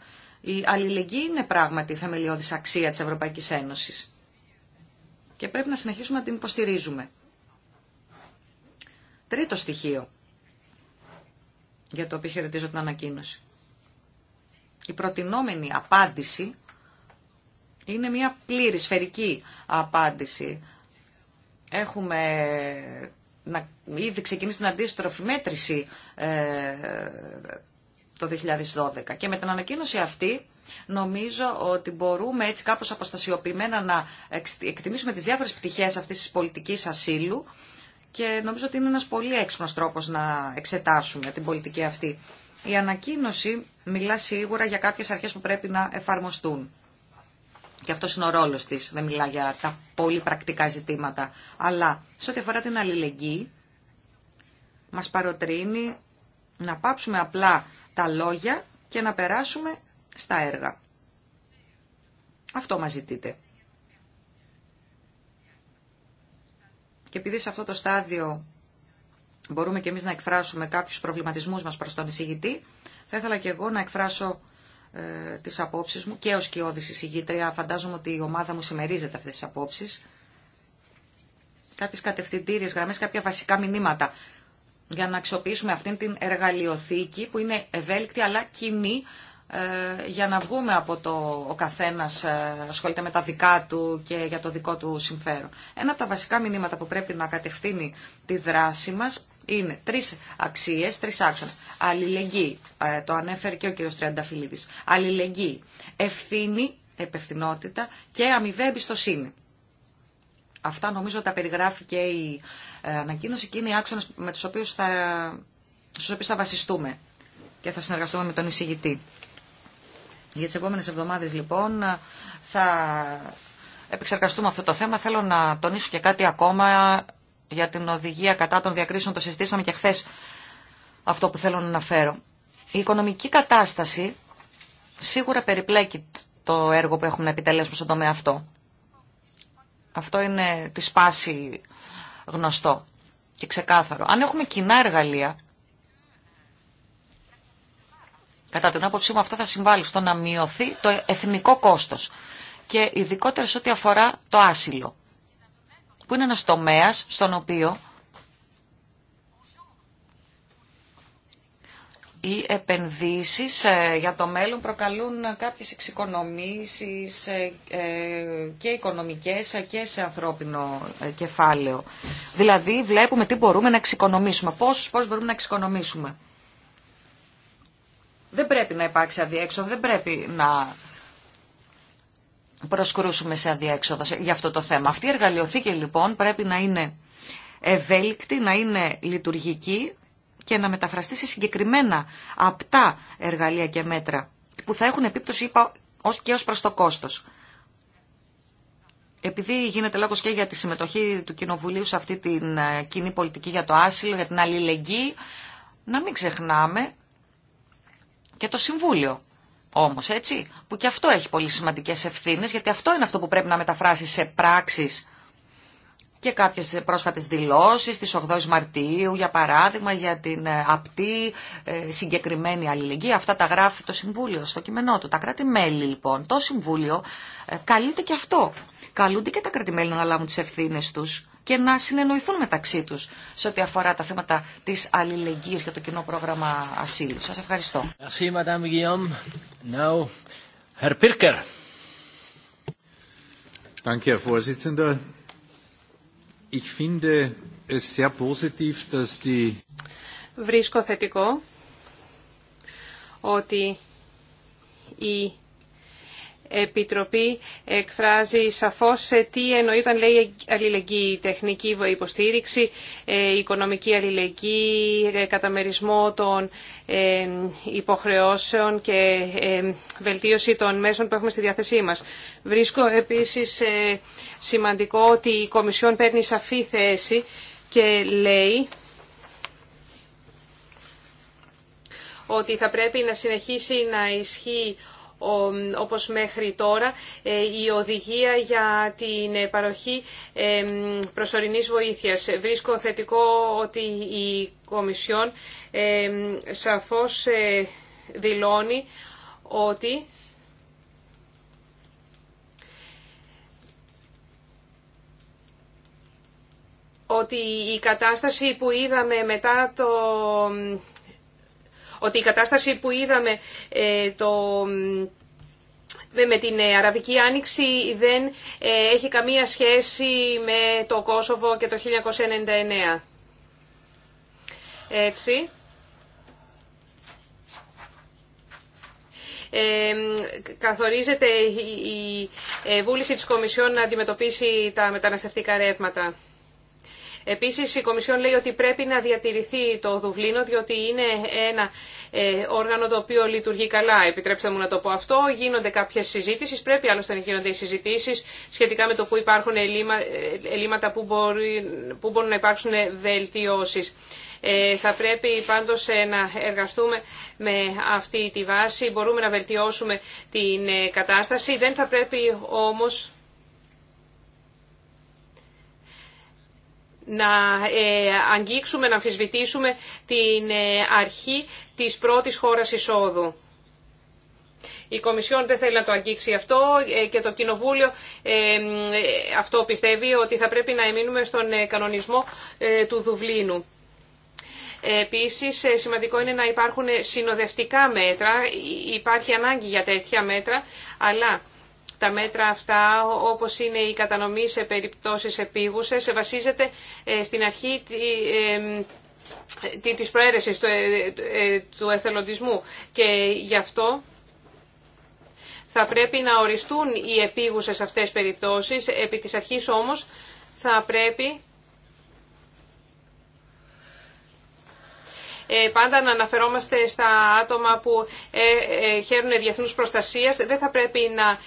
Η αλληλεγγύη είναι πράγματι η θεμελιώδης αξία της Ευρωπαϊκής Ένωσης και πρέπει να συνεχίσουμε να την υποστηρίζουμε. Τρίτο στοιχείο για το οποίο χαιρετίζω την ανακοίνωση. Η προτινόμενη απάντηση είναι μια πλήρη σφαιρική απάντηση. Έχουμε να, ήδη ξεκινήσει την αντίστροφη μέτρηση ε, το 2012. Και με την ανακοίνωση αυτή νομίζω ότι μπορούμε έτσι κάπως αποστασιοποιημένα να εκτιμήσουμε τις διάφορες πτυχές αυτής της πολιτικής ασύλου και νομίζω ότι είναι ένας πολύ έξυπνος τρόπος να εξετάσουμε την πολιτική αυτή. Η ανακοίνωση μιλά σίγουρα για κάποιες αρχές που πρέπει να εφαρμοστούν. Και αυτό είναι ο ρόλο τη. Δεν μιλά για τα πολύ πρακτικά ζητήματα. Αλλά σε ό,τι αφορά την αλληλεγγύη, μα παροτρύνει να πάψουμε απλά τα λόγια και να περάσουμε στα έργα. Αυτό μας ζητείτε. Και επειδή σε αυτό το στάδιο μπορούμε και εμείς να εκφράσουμε κάποιους προβληματισμούς μας προς τον εισηγητή, θα ήθελα και εγώ να εκφράσω ε, τις απόψεις μου και ως κοιόδης εισηγήτρια. Φαντάζομαι ότι η ομάδα μου συμμερίζεται αυτές τις απόψεις. Κάποιες κατευθυντήριες γραμμές, κάποια βασικά μηνύματα για να αξιοποιήσουμε αυτήν την εργαλειοθήκη που είναι ευέλικτη αλλά κοινή ε, για να βγούμε από το ο καθένας ε, ασχολείται με τα δικά του και για το δικό του συμφέρον. Ένα από τα βασικά μηνύματα που πρέπει να κατευθύνει τη δράση μας είναι τρεις αξίες, τρεις άξονες. Αλληλεγγύη, ε, το ανέφερε και ο κύριος Τριανταφυλλίδης. Αλληλεγγύη, ευθύνη, επευθυνότητα και αμοιβέ εμπιστοσύνη. Αυτά νομίζω τα περιγράφει και η ανακοίνωση και είναι οι άξονες με του οποίου θα, θα βασιστούμε και θα συνεργαστούμε με τον εισηγητή. Για τι επόμενε εβδομάδε, λοιπόν θα επεξεργαστούμε αυτό το θέμα. Θέλω να τονίσω και κάτι ακόμα για την οδηγία κατά των διακρίσεων. Το συζητήσαμε και χθε αυτό που θέλω να αναφέρω. Η οικονομική κατάσταση σίγουρα περιπλέκει το έργο που έχουμε να επιτελέσουμε στον τομέα αυτό. Αυτό είναι τη σπάση γνωστό και ξεκάθαρο. Αν έχουμε κοινά εργαλεία, κατά την άποψή μου αυτό θα συμβάλλει στο να μειωθεί το εθνικό κόστος και ειδικότερα σε ό,τι αφορά το άσυλο, που είναι ένας τομέας στον οποίο οι επενδύσεις ε, για το μέλλον προκαλούν κάποιες εξοικονομήσεις ε, ε, και οικονομικές και σε ανθρώπινο κεφάλαιο. Δηλαδή βλέπουμε τι μπορούμε να εξοικονομήσουμε, πώς, πώς μπορούμε να εξοικονομήσουμε. Δεν πρέπει να υπάρξει αδιέξοδο, δεν πρέπει να προσκρούσουμε σε αδιέξοδο για αυτό το θέμα. Αυτή η εργαλειοθήκη λοιπόν πρέπει να είναι ευέλικτη, να είναι λειτουργική, και να μεταφραστεί σε συγκεκριμένα απτά εργαλεία και μέτρα που θα έχουν επίπτωση ως και ως προς το κόστος. Επειδή γίνεται λόγος και για τη συμμετοχή του Κοινοβουλίου σε αυτή την ε, κοινή πολιτική για το άσυλο, για την αλληλεγγύη, να μην ξεχνάμε και το Συμβούλιο όμως, έτσι, που και αυτό έχει πολύ σημαντικές ευθύνες, γιατί αυτό είναι αυτό που πρέπει να μεταφράσει σε πράξεις και κάποιες πρόσφατες δηλώσεις της 8 Μαρτίου για παράδειγμα για την ε, απτή ε, συγκεκριμένη αλληλεγγύη. Αυτά τα γράφει το Συμβούλιο στο κειμενό του. Τα κράτη-μέλη λοιπόν, το Συμβούλιο ε, καλείται και αυτό. Καλούνται και τα κράτη-μέλη να λάβουν τις ευθύνες τους και να συνεννοηθούν μεταξύ τους σε ό,τι αφορά τα θέματα της αλληλεγγύης για το κοινό πρόγραμμα ασύλου. Σας ευχαριστώ. Ich finde es sehr positiv, dass die... Βρίσκω θετικό ότι η Επιτροπή εκφράζει σαφώς τι εννοεί όταν λέει αλληλεγγύη, τεχνική υποστήριξη, ε, οικονομική αλληλεγγύη, ε, καταμερισμό των ε, υποχρεώσεων και βελτίωση των μέσων που έχουμε στη διάθεσή μας. Βρίσκω επίσης σημαντικό ότι η Κομισιόν παίρνει σαφή θέση και λέει ότι θα πρέπει να συνεχίσει να ισχύει όπως μέχρι τώρα ε, η οδηγία για την παροχή ε, προσωρινής βοήθειας. Βρίσκω θετικό ότι η Κομισιόν ε, σαφώς δηλώνει ότι ότι η κατάσταση που είδαμε μετά το ότι η κατάσταση που είδαμε ε, το με την ε, Αραβική Άνοιξη δεν ε, έχει καμία σχέση με το Κόσοβο και το 1999. Έτσι. Καθορίζεται η βούληση της Κομισιόν να αντιμετωπίσει τα μεταναστευτικά ρεύματα. Επίση, η Κομισιόν λέει ότι πρέπει να διατηρηθεί το Δουβλίνο, διότι είναι ένα ε, όργανο το οποίο λειτουργεί καλά. Επιτρέψτε μου να το πω αυτό. Γίνονται κάποιες συζήτησεις, πρέπει άλλωστε να γίνονται οι συζητήσεις σχετικά με το που υπάρχουν ε, ελλείμματα που, μπορεί, που μπορούν να υπάρξουν βελτιώσεις. Ε, θα πρέπει πάντως να εργαστούμε με αυτή τη βάση. Μπορούμε να βελτιώσουμε την κατάσταση. Δεν θα πρέπει όμως να ε, αγγίξουμε, να αμφισβητήσουμε την ε, αρχή της πρώτης χώρας εισόδου. Η Κομισιόν δεν θέλει να το αγγίξει αυτό ε, και το Κοινοβούλιο αυτό πιστεύει ότι θα πρέπει να εμείνουμε στον κανονισμό του Δουβλίνου. Επίσης, σημαντικό είναι να υπάρχουν συνοδευτικά μέτρα. Υπάρχει ανάγκη για τέτοια μέτρα, αλλά τα μέτρα αυτά, όπως είναι η κατανομή σε περιπτώσεις επίγουσες, βασίζεται ε, στην αρχή ε, της προαίρεσης ε, του εθελοντισμού και γι' αυτό θα πρέπει να οριστούν οι επίγουσες αυτές περιπτώσεις. Επί της αρχής όμως θα πρέπει Ε, πάντα να αναφερόμαστε στα άτομα που ε, ε, χαίρουν διεθνούς προστασίας. Δεν θα πρέπει να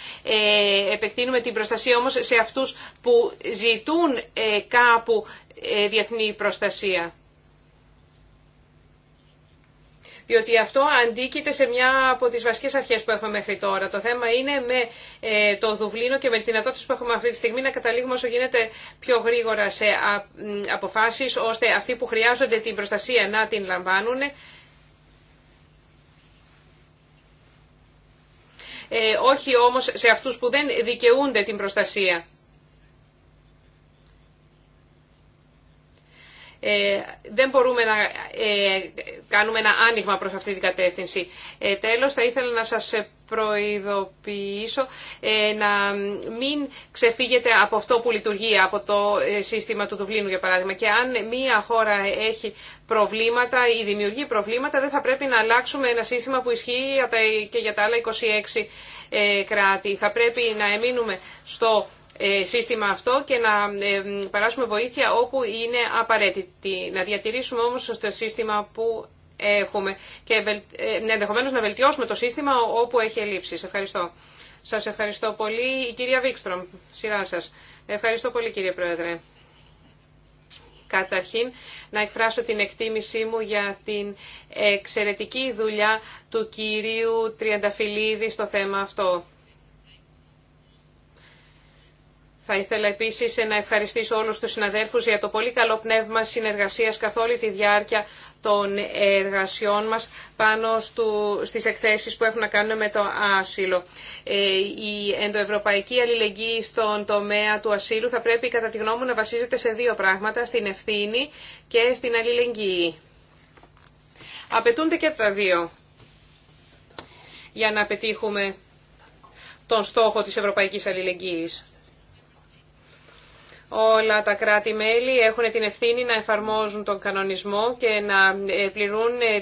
επεκτείνουμε την προστασία όμως σε αυτούς που ζητούν κάπου διεθνή προστασία διότι αυτό αντίκειται σε μια από τις βασικές αρχές που έχουμε μέχρι τώρα. Το θέμα είναι με ε, το Δουβλίνο και με τις δυνατότητες που έχουμε αυτή τη στιγμή να καταλήγουμε όσο γίνεται πιο γρήγορα σε αποφάσεις, ώστε αυτοί που χρειάζονται την προστασία να την λαμβάνουν. Ε, όχι όμως σε αυτούς που δεν δικαιούνται την προστασία. Ε, δεν μπορούμε να ε, κάνουμε ένα άνοιγμα προς αυτή την κατεύθυνση. Ε, τέλος, θα ήθελα να σας προειδοποιήσω να μην ξεφύγετε από αυτό που λειτουργεί, από το σύστημα του Δουβλίνου για παράδειγμα. Και αν μία χώρα έχει προβλήματα ή δημιουργεί προβλήματα, δεν θα πρέπει να αλλάξουμε ένα σύστημα που ισχύει και για τα άλλα 26 κράτη. Θα πρέπει να εμείνουμε στο ε, σύστημα αυτό και να ε, παράσουμε βοήθεια όπου είναι απαραίτητη. Να διατηρήσουμε όμως το σύστημα που έχουμε και ε, ναι, ενδεχομένως να βελτιώσουμε το σύστημα όπου έχει ελλείψεις. Ευχαριστώ. Σας ευχαριστώ πολύ. Η κυρία Βίξτρομ, σειρά σας. Ευχαριστώ πολύ κύριε Πρόεδρε. Καταρχήν, να εκφράσω την εκτίμησή μου για την εξαιρετική δουλειά του κυρίου Τριανταφυλλίδη στο θέμα αυτό. Θα ήθελα επίσης να ευχαριστήσω όλου του συναδέλφους για το πολύ καλό πνεύμα συνεργασίας καθ' όλη τη διάρκεια των εργασιών μας πάνω στι στις εκθέσεις που έχουν να κάνουν με το άσυλο. Ε, η ενδοευρωπαϊκή αλληλεγγύη στον τομέα του ασύλου θα πρέπει κατά τη γνώμη μου να βασίζεται σε δύο πράγματα, στην ευθύνη και στην αλληλεγγύη. Απαιτούνται και τα δύο για να πετύχουμε τον στόχο της ευρωπαϊκής αλληλεγγύης. Όλα τα κράτη-μέλη έχουν την ευθύνη να εφαρμόζουν τον κανονισμό και να ε, πληρούν ε,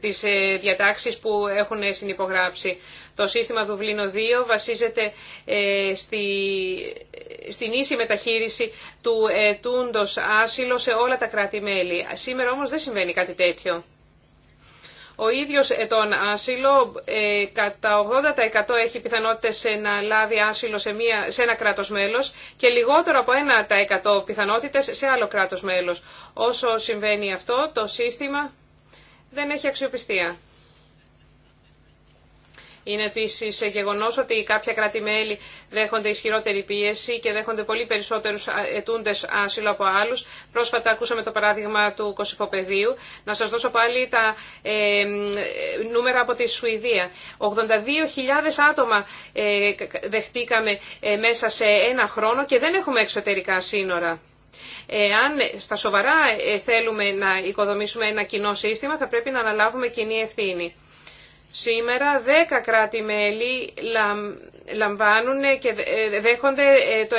τις ε, διατάξεις που έχουν συνυπογράψει. Το σύστημα Δουβλίνο 2 βασίζεται στην ίση μεταχείριση του ετούντος άσυλο σε όλα τα κράτη-μέλη. Σήμερα όμως δεν συμβαίνει κάτι τέτοιο. Ο ίδιος ε, τον άσυλο ε, κατά 80% έχει πιθανότητες να λάβει άσυλο σε, μία, σε ένα κράτος μέλος και λιγότερο από 1% πιθανότητες σε άλλο κράτος μέλος. Όσο συμβαίνει αυτό, το σύστημα δεν έχει αξιοπιστία ειναι επίση γεγονό γεγονός ότι κάποια κράτη-μέλη δέχονται ισχυρότερη πίεση και δέχονται πολύ περισσότερους ετούντε άσυλο από άλλους. Πρόσφατα ακούσαμε το παράδειγμα του Κωσυφοπεδίου. Να σας δώσω πάλι τα ε, νούμερα από τη Σουηδία. 82.000 άτομα ε, δεχτήκαμε ε, μέσα σε ένα χρόνο και δεν έχουμε εξωτερικά σύνορα. Αν στα σοβαρά ε, θέλουμε να οικοδομήσουμε ένα κοινό σύστημα θα πρέπει να αναλάβουμε κοινή ευθύνη. Σήμερα 10 κράτη-μέλη λαμβάνουν και ε, δέχονται ε, το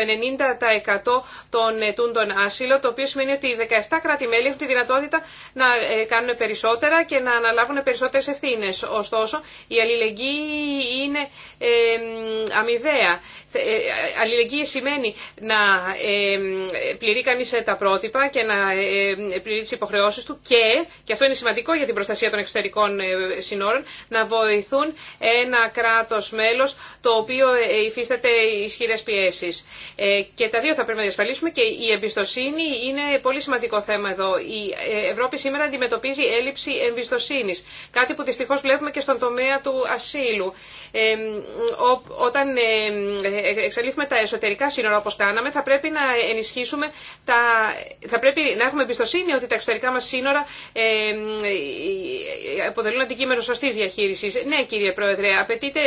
90% των ετούντων άσυλο, το οποίο σημαίνει ότι οι 17 κράτη-μέλη έχουν τη δυνατότητα να ε, κάνουν περισσότερα και να αναλάβουν περισσότερες ευθύνες. Ωστόσο, η αλληλεγγύη είναι αμοιβαία. Αλληλεγγύη σημαίνει να πληρεί κανεί τα πρότυπα και να πληρεί τι υποχρεώσει του και, και αυτό είναι σημαντικό για την προστασία των εξωτερικών συνόρων, να βοηθούν ένα κράτος μέλος το οποίο οποίο ε, υφίσταται ισχυρές πιέσεις. Ε, και τα δύο θα πρέπει να διασφαλίσουμε και η εμπιστοσύνη είναι πολύ σημαντικό θέμα εδώ. Η ε, Ευρώπη σήμερα αντιμετωπίζει έλλειψη εμπιστοσύνη. κάτι που δυστυχώ βλέπουμε και στον τομέα του ασύλου. Όταν εξαλείφουμε τα εσωτερικά σύνορα όπω κάναμε, θα πρέπει να ενισχύσουμε, τα... θα πρέπει να έχουμε εμπιστοσύνη ότι τα εξωτερικά μα σύνορα αποτελούν αντικείμενο σωστή διαχείριση Ναι κύριε Πρόεδρε, απαιτείται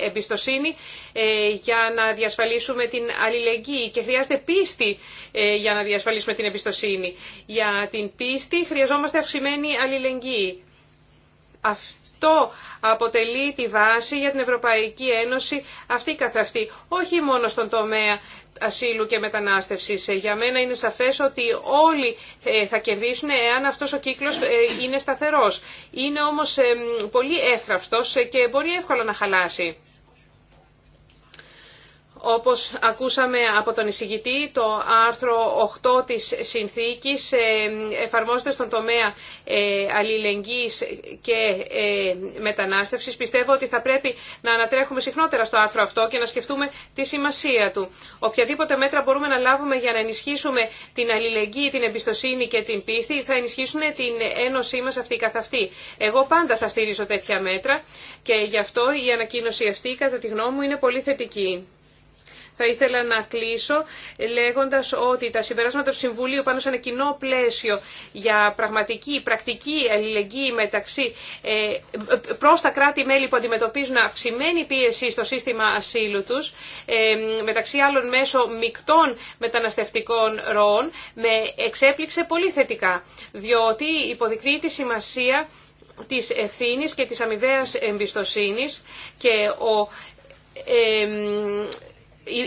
εμπιστοσύνη ε, για να διασφαλίσουμε την αλληλεγγύη και χρειάζεται πίστη ε, για να διασφαλίσουμε την εμπιστοσύνη. Για την πίστη χρειαζόμαστε αυξημένη αλληλεγγύη. Αυτό αποτελεί τη βάση για την Ευρωπαϊκή Ένωση αυτή καθ' αυτή, όχι μόνο στον τομέα ασύλου και μετανάστευσης. Ε, για μένα είναι σαφές ότι όλοι θα κερδίσουν εάν αυτός ο κύκλος είναι σταθερός. Είναι όμως πολύ εύθραυστος και μπορεί εύκολα να χαλάσει. Όπως ακούσαμε από τον εισηγητή, το άρθρο 8 της συνθήκης ε, εφαρμόζεται στον τομέα ε, αλληλεγγύης και ε, μετανάστευσης. Πιστεύω ότι θα πρέπει να ανατρέχουμε συχνότερα στο άρθρο αυτό και να σκεφτούμε τη σημασία του. Οποιαδήποτε μέτρα μπορούμε να λάβουμε για να ενισχύσουμε την αλληλεγγύη, την εμπιστοσύνη και την πίστη θα ενισχύσουν την ένωσή μας αυτή καθ' αυτή. Εγώ πάντα θα στηρίζω τέτοια μέτρα και γι' αυτό η ανακοίνωση αυτή κατά τη γνώμη μου είναι πολύ θετική. Θα ήθελα να κλείσω λέγοντας ότι τα συμπεράσματα του Συμβουλίου πάνω σε ένα κοινό πλαίσιο για πραγματική, πρακτική αλληλεγγύη μεταξύ ε, προς τα κράτη-μέλη που αντιμετωπίζουν αυξημένη πίεση στο σύστημα ασύλου τους, ε, μεταξύ άλλων μέσω μεικτών μεταναστευτικών ροών, με εξέπληξε πολύ θετικά, διότι υποδεικνύει τη σημασία της ευθύνης και της αμοιβαίας εμπιστοσύνης και ο ε,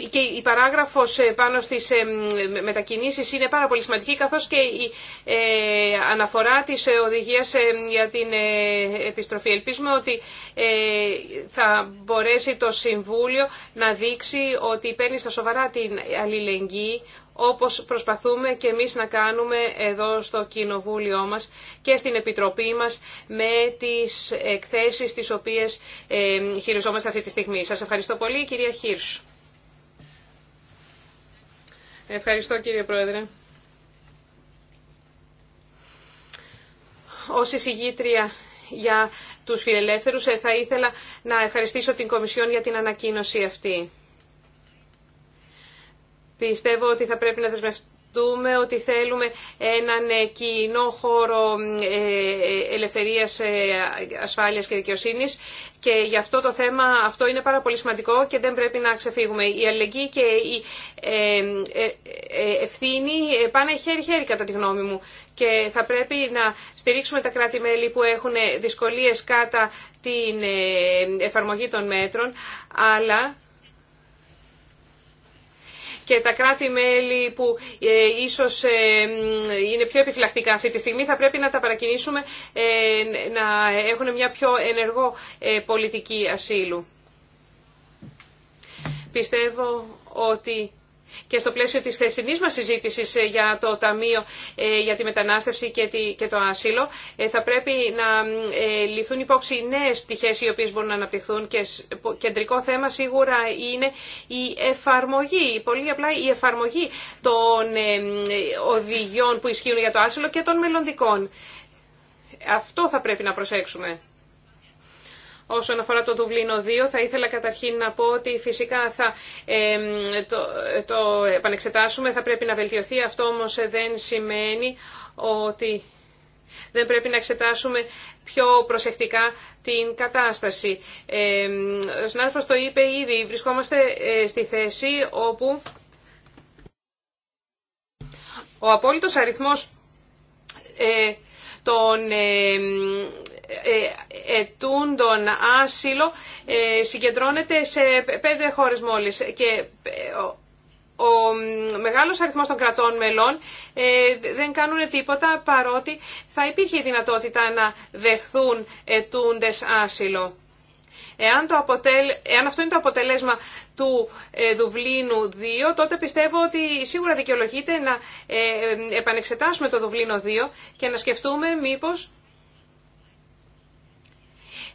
και η παράγραφος ε, πάνω στις ε, μετακινήσεις είναι πάρα πολύ σημαντική καθώς και η ε, αναφορά της οδηγίας για την επιστροφή. Ελπίζουμε ότι θα μπορέσει το Συμβούλιο να δείξει ότι παίρνει στα σοβαρά την αλληλεγγύη όπως προσπαθούμε και εμείς να κάνουμε εδώ στο Κοινοβούλιο μας και στην Επιτροπή μας με τις εκθέσεις τις οποίες χειριζόμαστε αυτή τη στιγμή. Σας ευχαριστώ πολύ κυρία Χίρσου. Ευχαριστώ κύριε Πρόεδρε. Ω εισηγήτρια για τους φιλελεύθερους ε, θα ήθελα να ευχαριστήσω την Κομισιόν για την ανακοίνωση αυτή. Πιστεύω ότι θα πρέπει να δεσμευτούμε δούμε ότι θέλουμε έναν ε, κοινό χώρο ε, ε, ελευθερίας, ασφάλειας και δικαιοσύνης και γι' αυτό το θέμα αυτό είναι πάρα πολύ σημαντικό και δεν πρέπει να ξεφύγουμε. Η αλληλεγγύη και η ευθύνη πάνε χέρι-χέρι κατά τη γνώμη μου και θα πρέπει να στηρίξουμε τα κράτη-μέλη που έχουν δυσκολίες κατά την εφαρμογή των μέτρων αλλά και τα κράτη-μέλη που ε, ίσως ε, είναι πιο επιφυλακτικά αυτή τη στιγμή θα πρέπει να τα παρακινήσουμε ε, να έχουν μια πιο ενεργό πολιτική ασύλου. Πιστεύω ότι και στο πλαίσιο της θεσινής μας συζήτησης ε, για το Ταμείο ε, για τη Μετανάστευση και το Άσυλο ε, θα πρέπει να ληφθούν υπόψη νέες πτυχές οι οποίες μπορούν να αναπτυχθούν και κεντρικό θέμα σίγουρα είναι η εφαρμογή, πολύ απλά η εφαρμογή των οδηγιών που ισχύουν για το Άσυλο και των μελλοντικών. Αυτό θα πρέπει να προσέξουμε. Όσον αφορά το Δουβλίνο 2, θα ήθελα καταρχήν να πω ότι φυσικά θα ε, το, το επανεξετάσουμε, θα πρέπει να βελτιωθεί. Αυτό όμως δεν σημαίνει ότι δεν πρέπει να εξετάσουμε πιο προσεκτικά την κατάσταση. Ε, ο συνάδελφος το είπε ήδη, βρισκόμαστε ε, στη θέση όπου ο απόλυτος αριθμός ε, των ε, ετούντων άσυλο ε, συγκεντρώνεται σε πέντε χώρες μόλις και ε, ο μεγάλος αριθμός των κρατών μελών δεν κάνουν τίποτα παρότι θα υπήρχε η δυνατότητα να δεχθούν ετούντες άσυλο. Εάν, το αποτελ... Εάν αυτό είναι το αποτελέσμα του Δουβλίνου 2, τότε πιστεύω ότι σίγουρα δικαιολογείται να επανεξετάσουμε το Δουβλίνο 2 και να σκεφτούμε μήπως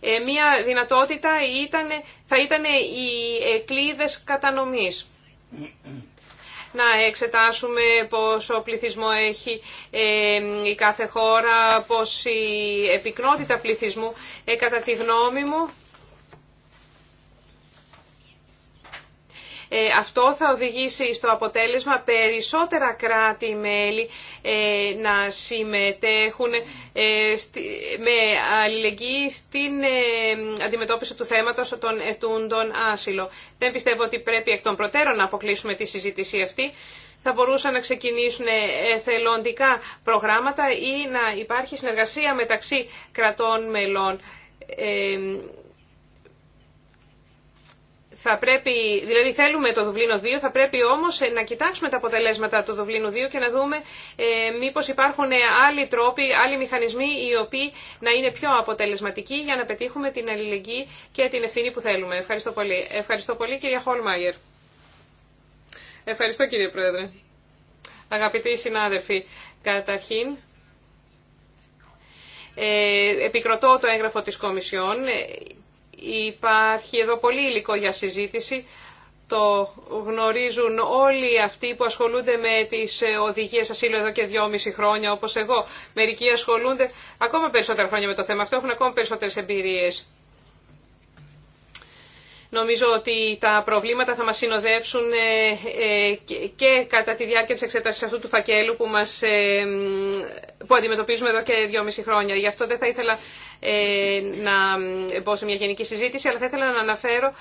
ε, μία δυνατότητα ήταν, θα ήταν οι κλίδες κατανομής. Να εξετάσουμε πόσο πληθυσμό έχει ε, η κάθε χώρα, πόση επικνότητα πληθυσμού. Ε, κατά τη γνώμη μου, Ε, αυτό θα οδηγήσει στο αποτέλεσμα περισσότερα κράτη-μέλη ε, να συμμετέχουν ε, με αλληλεγγύη στην αντιμετώπιση του θέματος των ετούντων άσυλο. Δεν πιστεύω ότι πρέπει εκ των προτέρων να αποκλείσουμε τη συζήτηση αυτή θα μπορούσαν να ξεκινήσουν εθελοντικά προγράμματα ή να υπάρχει συνεργασία μεταξύ κρατών μελών. Θα πρέπει, δηλαδή θέλουμε το Δουβλίνο 2, θα πρέπει όμως ε, να κοιτάξουμε τα αποτελέσματα του Δουβλίνου 2 και να δούμε ε, μήπως υπάρχουν ε, άλλοι τρόποι, άλλοι μηχανισμοί οι οποίοι να είναι πιο αποτελεσματικοί για να πετύχουμε την αλληλεγγύη και την ευθύνη που θέλουμε. Ευχαριστώ πολύ. Ευχαριστώ πολύ κυρία Χολμάγερ. Ευχαριστώ κύριε Πρόεδρε. Αγαπητοί συνάδελφοι, καταρχήν ε, επικροτώ το έγγραφο της Κομισιόν. Υπάρχει εδώ πολύ υλικό για συζήτηση. Το γνωρίζουν όλοι αυτοί που ασχολούνται με τις ε, οδηγίες ασύλου εδώ και δυόμιση χρόνια, όπως εγώ. Μερικοί ασχολούνται ακόμα περισσότερα χρόνια με το θέμα αυτό, έχουν ακόμα περισσότερες εμπειρίες. Νομίζω ότι τα προβλήματα θα μας συνοδεύσουν ε, ε, και κατά τη διάρκεια της εξέτασης αυτού του φακέλου που, μας, ε, που αντιμετωπίζουμε εδώ και δυόμιση χρόνια. Γι' αυτό δεν θα ήθελα να μπω σε μια γενική συζήτηση, αλλά θα ήθελα να, αναφέρω,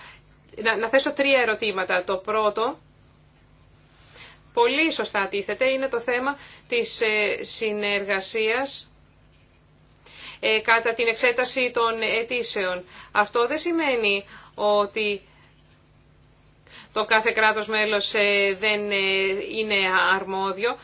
να, θέσω τρία ερωτήματα. Το πρώτο, πολύ σωστά αντίθεται, είναι το θέμα της συνεργασίας κατά την εξέταση των αιτήσεων. Αυτό δεν σημαίνει ότι το κάθε κράτος μέλος ε, δεν ε, είναι αρμόδιο.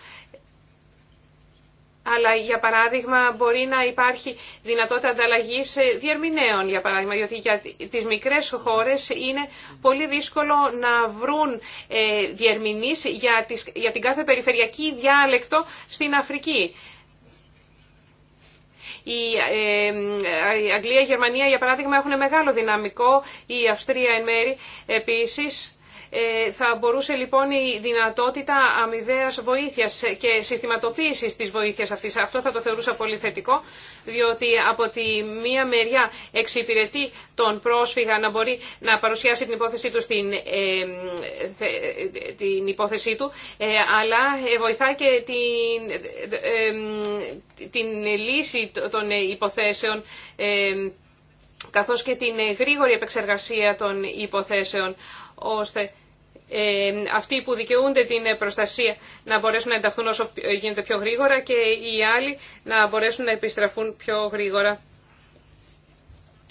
Αλλά, για παράδειγμα, μπορεί να υπάρχει δυνατότητα ανταλλαγή ε, διερμηνέων, για παράδειγμα, διότι για τις μικρές χώρες είναι πολύ δύσκολο να βρουν διερμηνείς για την κάθε περιφερειακή διάλεκτο στην Αφρική. Η Αγγλία, η Γερμανία για παράδειγμα έχουν μεγάλο δυναμικό, η Αυστρία εν μέρη επίσης ε, θα μπορούσε λοιπόν η δυνατότητα αμοιβαίας βοήθειας και συστηματοποίησης της βοήθειας αυτής. Αυτό θα το θεωρούσα πολύ θετικό, διότι από τη μία μεριά εξυπηρετεί τον πρόσφυγα να μπορεί να παρουσιάσει την υπόθεσή του στην ε, την υπόθεσή του, ε, αλλά βοηθάει και την, την λύση των υποθέσεων καθώς και την γρήγορη επεξεργασία των υποθέσεων ώστε ε, αυτοί που δικαιούνται την προστασία να μπορέσουν να ενταχθούν όσο γίνεται πιο γρήγορα και οι άλλοι να μπορέσουν να επιστραφούν πιο γρήγορα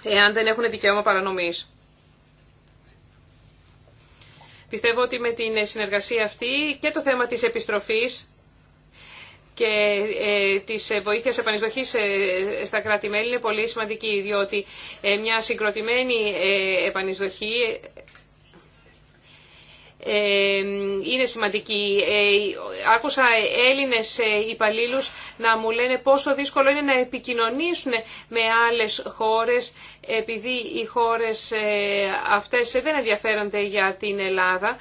εάν δεν έχουν δικαίωμα παρανομής. Πιστεύω ότι με την συνεργασία αυτή και το θέμα της επιστροφής και ε, της βοήθειας επανεισδοχής ε, στα κράτη-μέλη είναι πολύ σημαντική, διότι μια συγκροτημένη επανεισδοχή είναι σημαντική. Ε, άκουσα Έλληνες ε, υπαλλήλους να μου λένε πόσο δύσκολο είναι να επικοινωνήσουν με άλλες χώρες επειδή οι χώρες ε, αυτές δεν ενδιαφέρονται για την Ελλάδα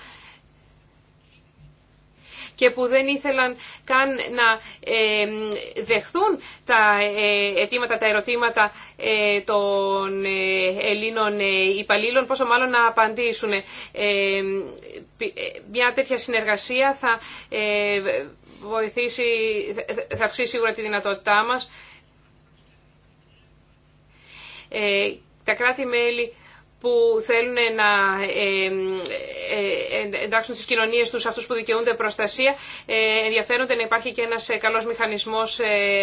και που δεν ήθελαν καν να δεχθούν τα αιτήματα, τα ερωτήματα των Ελλήνων υπαλλήλων, πόσο μάλλον να απαντήσουν. Ε, μια τέτοια συνεργασία θα ε, βοηθήσει, θα αυξήσει σίγουρα τη δυνατότητά μας. Ε, τα κράτη-μέλη που θέλουν να εντάξουν στις κοινωνίες τους αυτούς που δικαιούνται προστασία ενδιαφέρονται να υπάρχει και ένας καλός μηχανισμός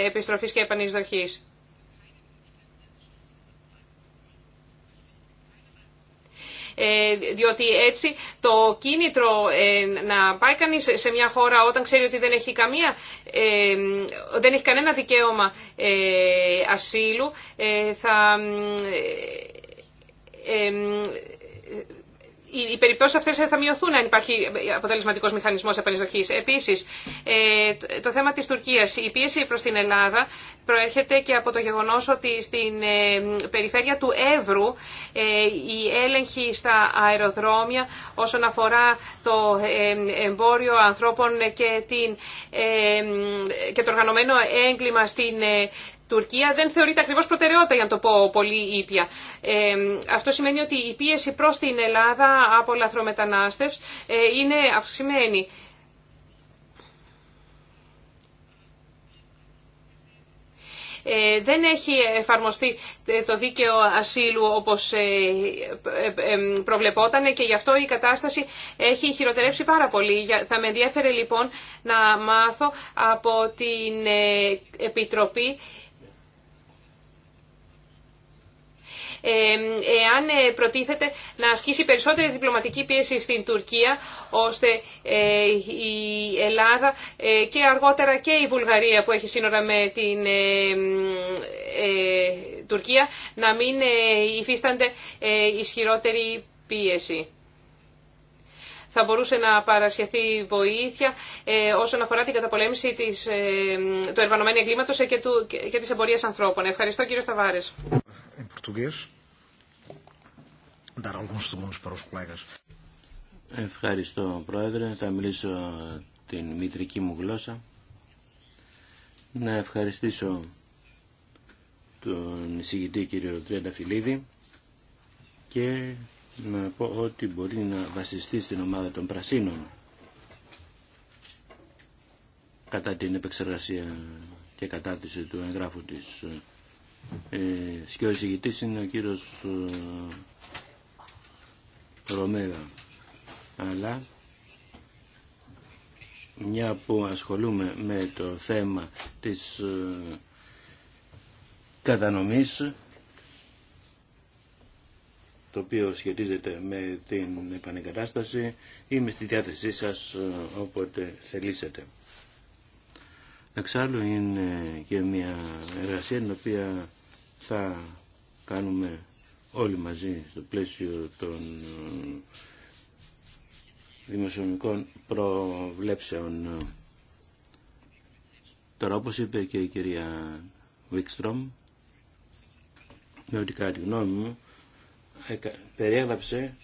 επιστροφής και επανεισδοχής. Ε, διότι έτσι το κίνητρο ε, να πάει κάνει σε μια χώρα όταν ξέρει ότι δεν έχει, καμία, ε, δεν έχει κανένα δικαίωμα ασύλου θα οι περιπτώσει αυτές θα μειωθούν αν υπάρχει αποτελεσματικός μηχανισμός Επίση, Επίσης, ε, το θέμα της Τουρκίας, η πίεση προς την Ελλάδα προέρχεται και από το γεγονός ότι στην ε, περιφέρεια του Εύρου η ε, έλεγχη στα αεροδρόμια όσον αφορά το εμπόριο ανθρώπων και, την, και το οργανωμένο έγκλημα στην Τουρκία δεν θεωρείται ακριβώ προτεραιότητα, για να το πω πολύ ήπια. Ε, αυτό σημαίνει ότι η πίεση προ την Ελλάδα από λαθρομετανάστευση ε, είναι αυξημένη. Ε, δεν έχει εφαρμοστεί το δίκαιο ασύλου όπως προβλεπόταν και γι' αυτό η κατάσταση έχει χειροτερέψει πάρα πολύ. Θα με ενδιαφέρε λοιπόν να μάθω από την Επιτροπή εάν ε, προτίθεται να ασκήσει περισσότερη διπλωματική πίεση στην Τουρκία, ώστε ε, η Ελλάδα ε, και αργότερα και η Βουλγαρία που έχει σύνορα με την Τουρκία να μην υφίστανται ισχυρότερη πίεση θα μπορούσε να παρασχεθεί βοήθεια ε, όσον αφορά την καταπολέμηση της, του εργανομένου εγκλήματος και, του, και, της εμπορίας ανθρώπων. Ευχαριστώ κύριε Σταβάρες. Ευχαριστώ Πρόεδρε, θα μιλήσω την μητρική μου γλώσσα. Να ευχαριστήσω τον εισηγητή κύριο Τριανταφυλλίδη και να πω ότι μπορεί να βασιστεί στην ομάδα των Πρασίνων κατά την επεξεργασία και κατάρτιση του εγγράφου της. Ε, εισηγητής είναι ο κύριος ε, αλλά μια που ασχολούμε με το θέμα της ε, κατανομής το οποίο σχετίζεται με την επανεγκατάσταση είμαι στη διάθεσή σας ε, όποτε θελήσετε. Εξάλλου είναι και μια εργασία την οποία θα κάνουμε όλοι μαζί στο πλαίσιο των ε, δημοσιονομικών προβλέψεων. Τώρα όπως είπε και η κυρία Βίκστρομ, με ότι κάτι γνώμη μου περιέγραψε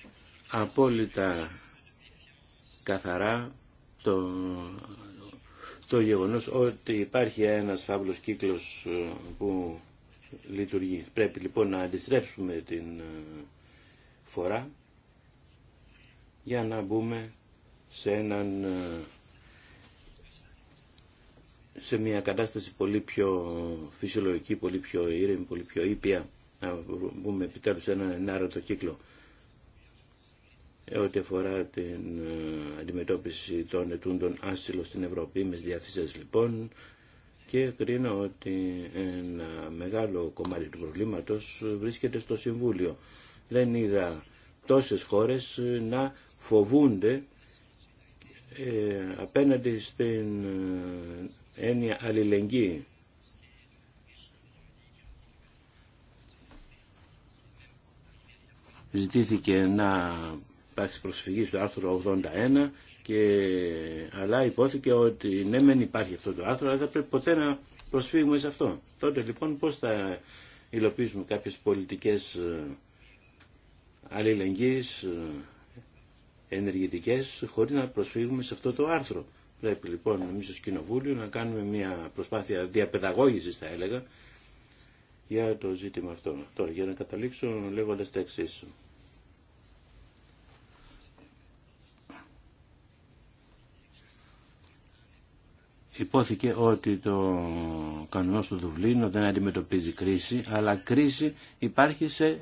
απόλυτα καθαρά το, το γεγονός ότι υπάρχει ένας φαύλος κύκλος ε, που λειτουργεί. Πρέπει λοιπόν να αντιστρέψουμε την ε, φορά για να μπούμε σε έναν ε, σε μια κατάσταση πολύ πιο φυσιολογική, πολύ πιο ήρεμη, πολύ πιο ήπια, να μπούμε επιτέλους σε έναν ενάρετο κύκλο ε, ό,τι αφορά την αντιμετώπιση των ετούντων άσυλο στην Ευρώπη. Είμαι διάθεση λοιπόν και κρίνω ότι ένα μεγάλο κομμάτι του προβλήματος βρίσκεται στο Συμβούλιο. Δεν είδα τόσες χώρες να φοβούνται ε, απέναντι στην ε, έννοια αλληλεγγύη. Ζητήθηκε να υπάρξει προσφυγή στο άρθρο 81 και, αλλά υπόθηκε ότι ναι μεν υπάρχει αυτό το άρθρο, αλλά θα πρέπει ποτέ να προσφύγουμε σε αυτό. Τότε λοιπόν πώς θα υλοποιήσουμε κάποιες πολιτικές ε, αλληλεγγύης ε, ενεργητικές χωρίς να προσφύγουμε σε αυτό το άρθρο. Πρέπει λοιπόν εμείς ως Κοινοβούλιο να κάνουμε μια προσπάθεια διαπαιδαγώγησης θα έλεγα για το ζήτημα αυτό. Τώρα για να καταλήξω λέγοντας τα εξής. υπόθηκε ότι το κανονός του Δουβλίνου δεν αντιμετωπίζει κρίση, αλλά κρίση υπάρχει σε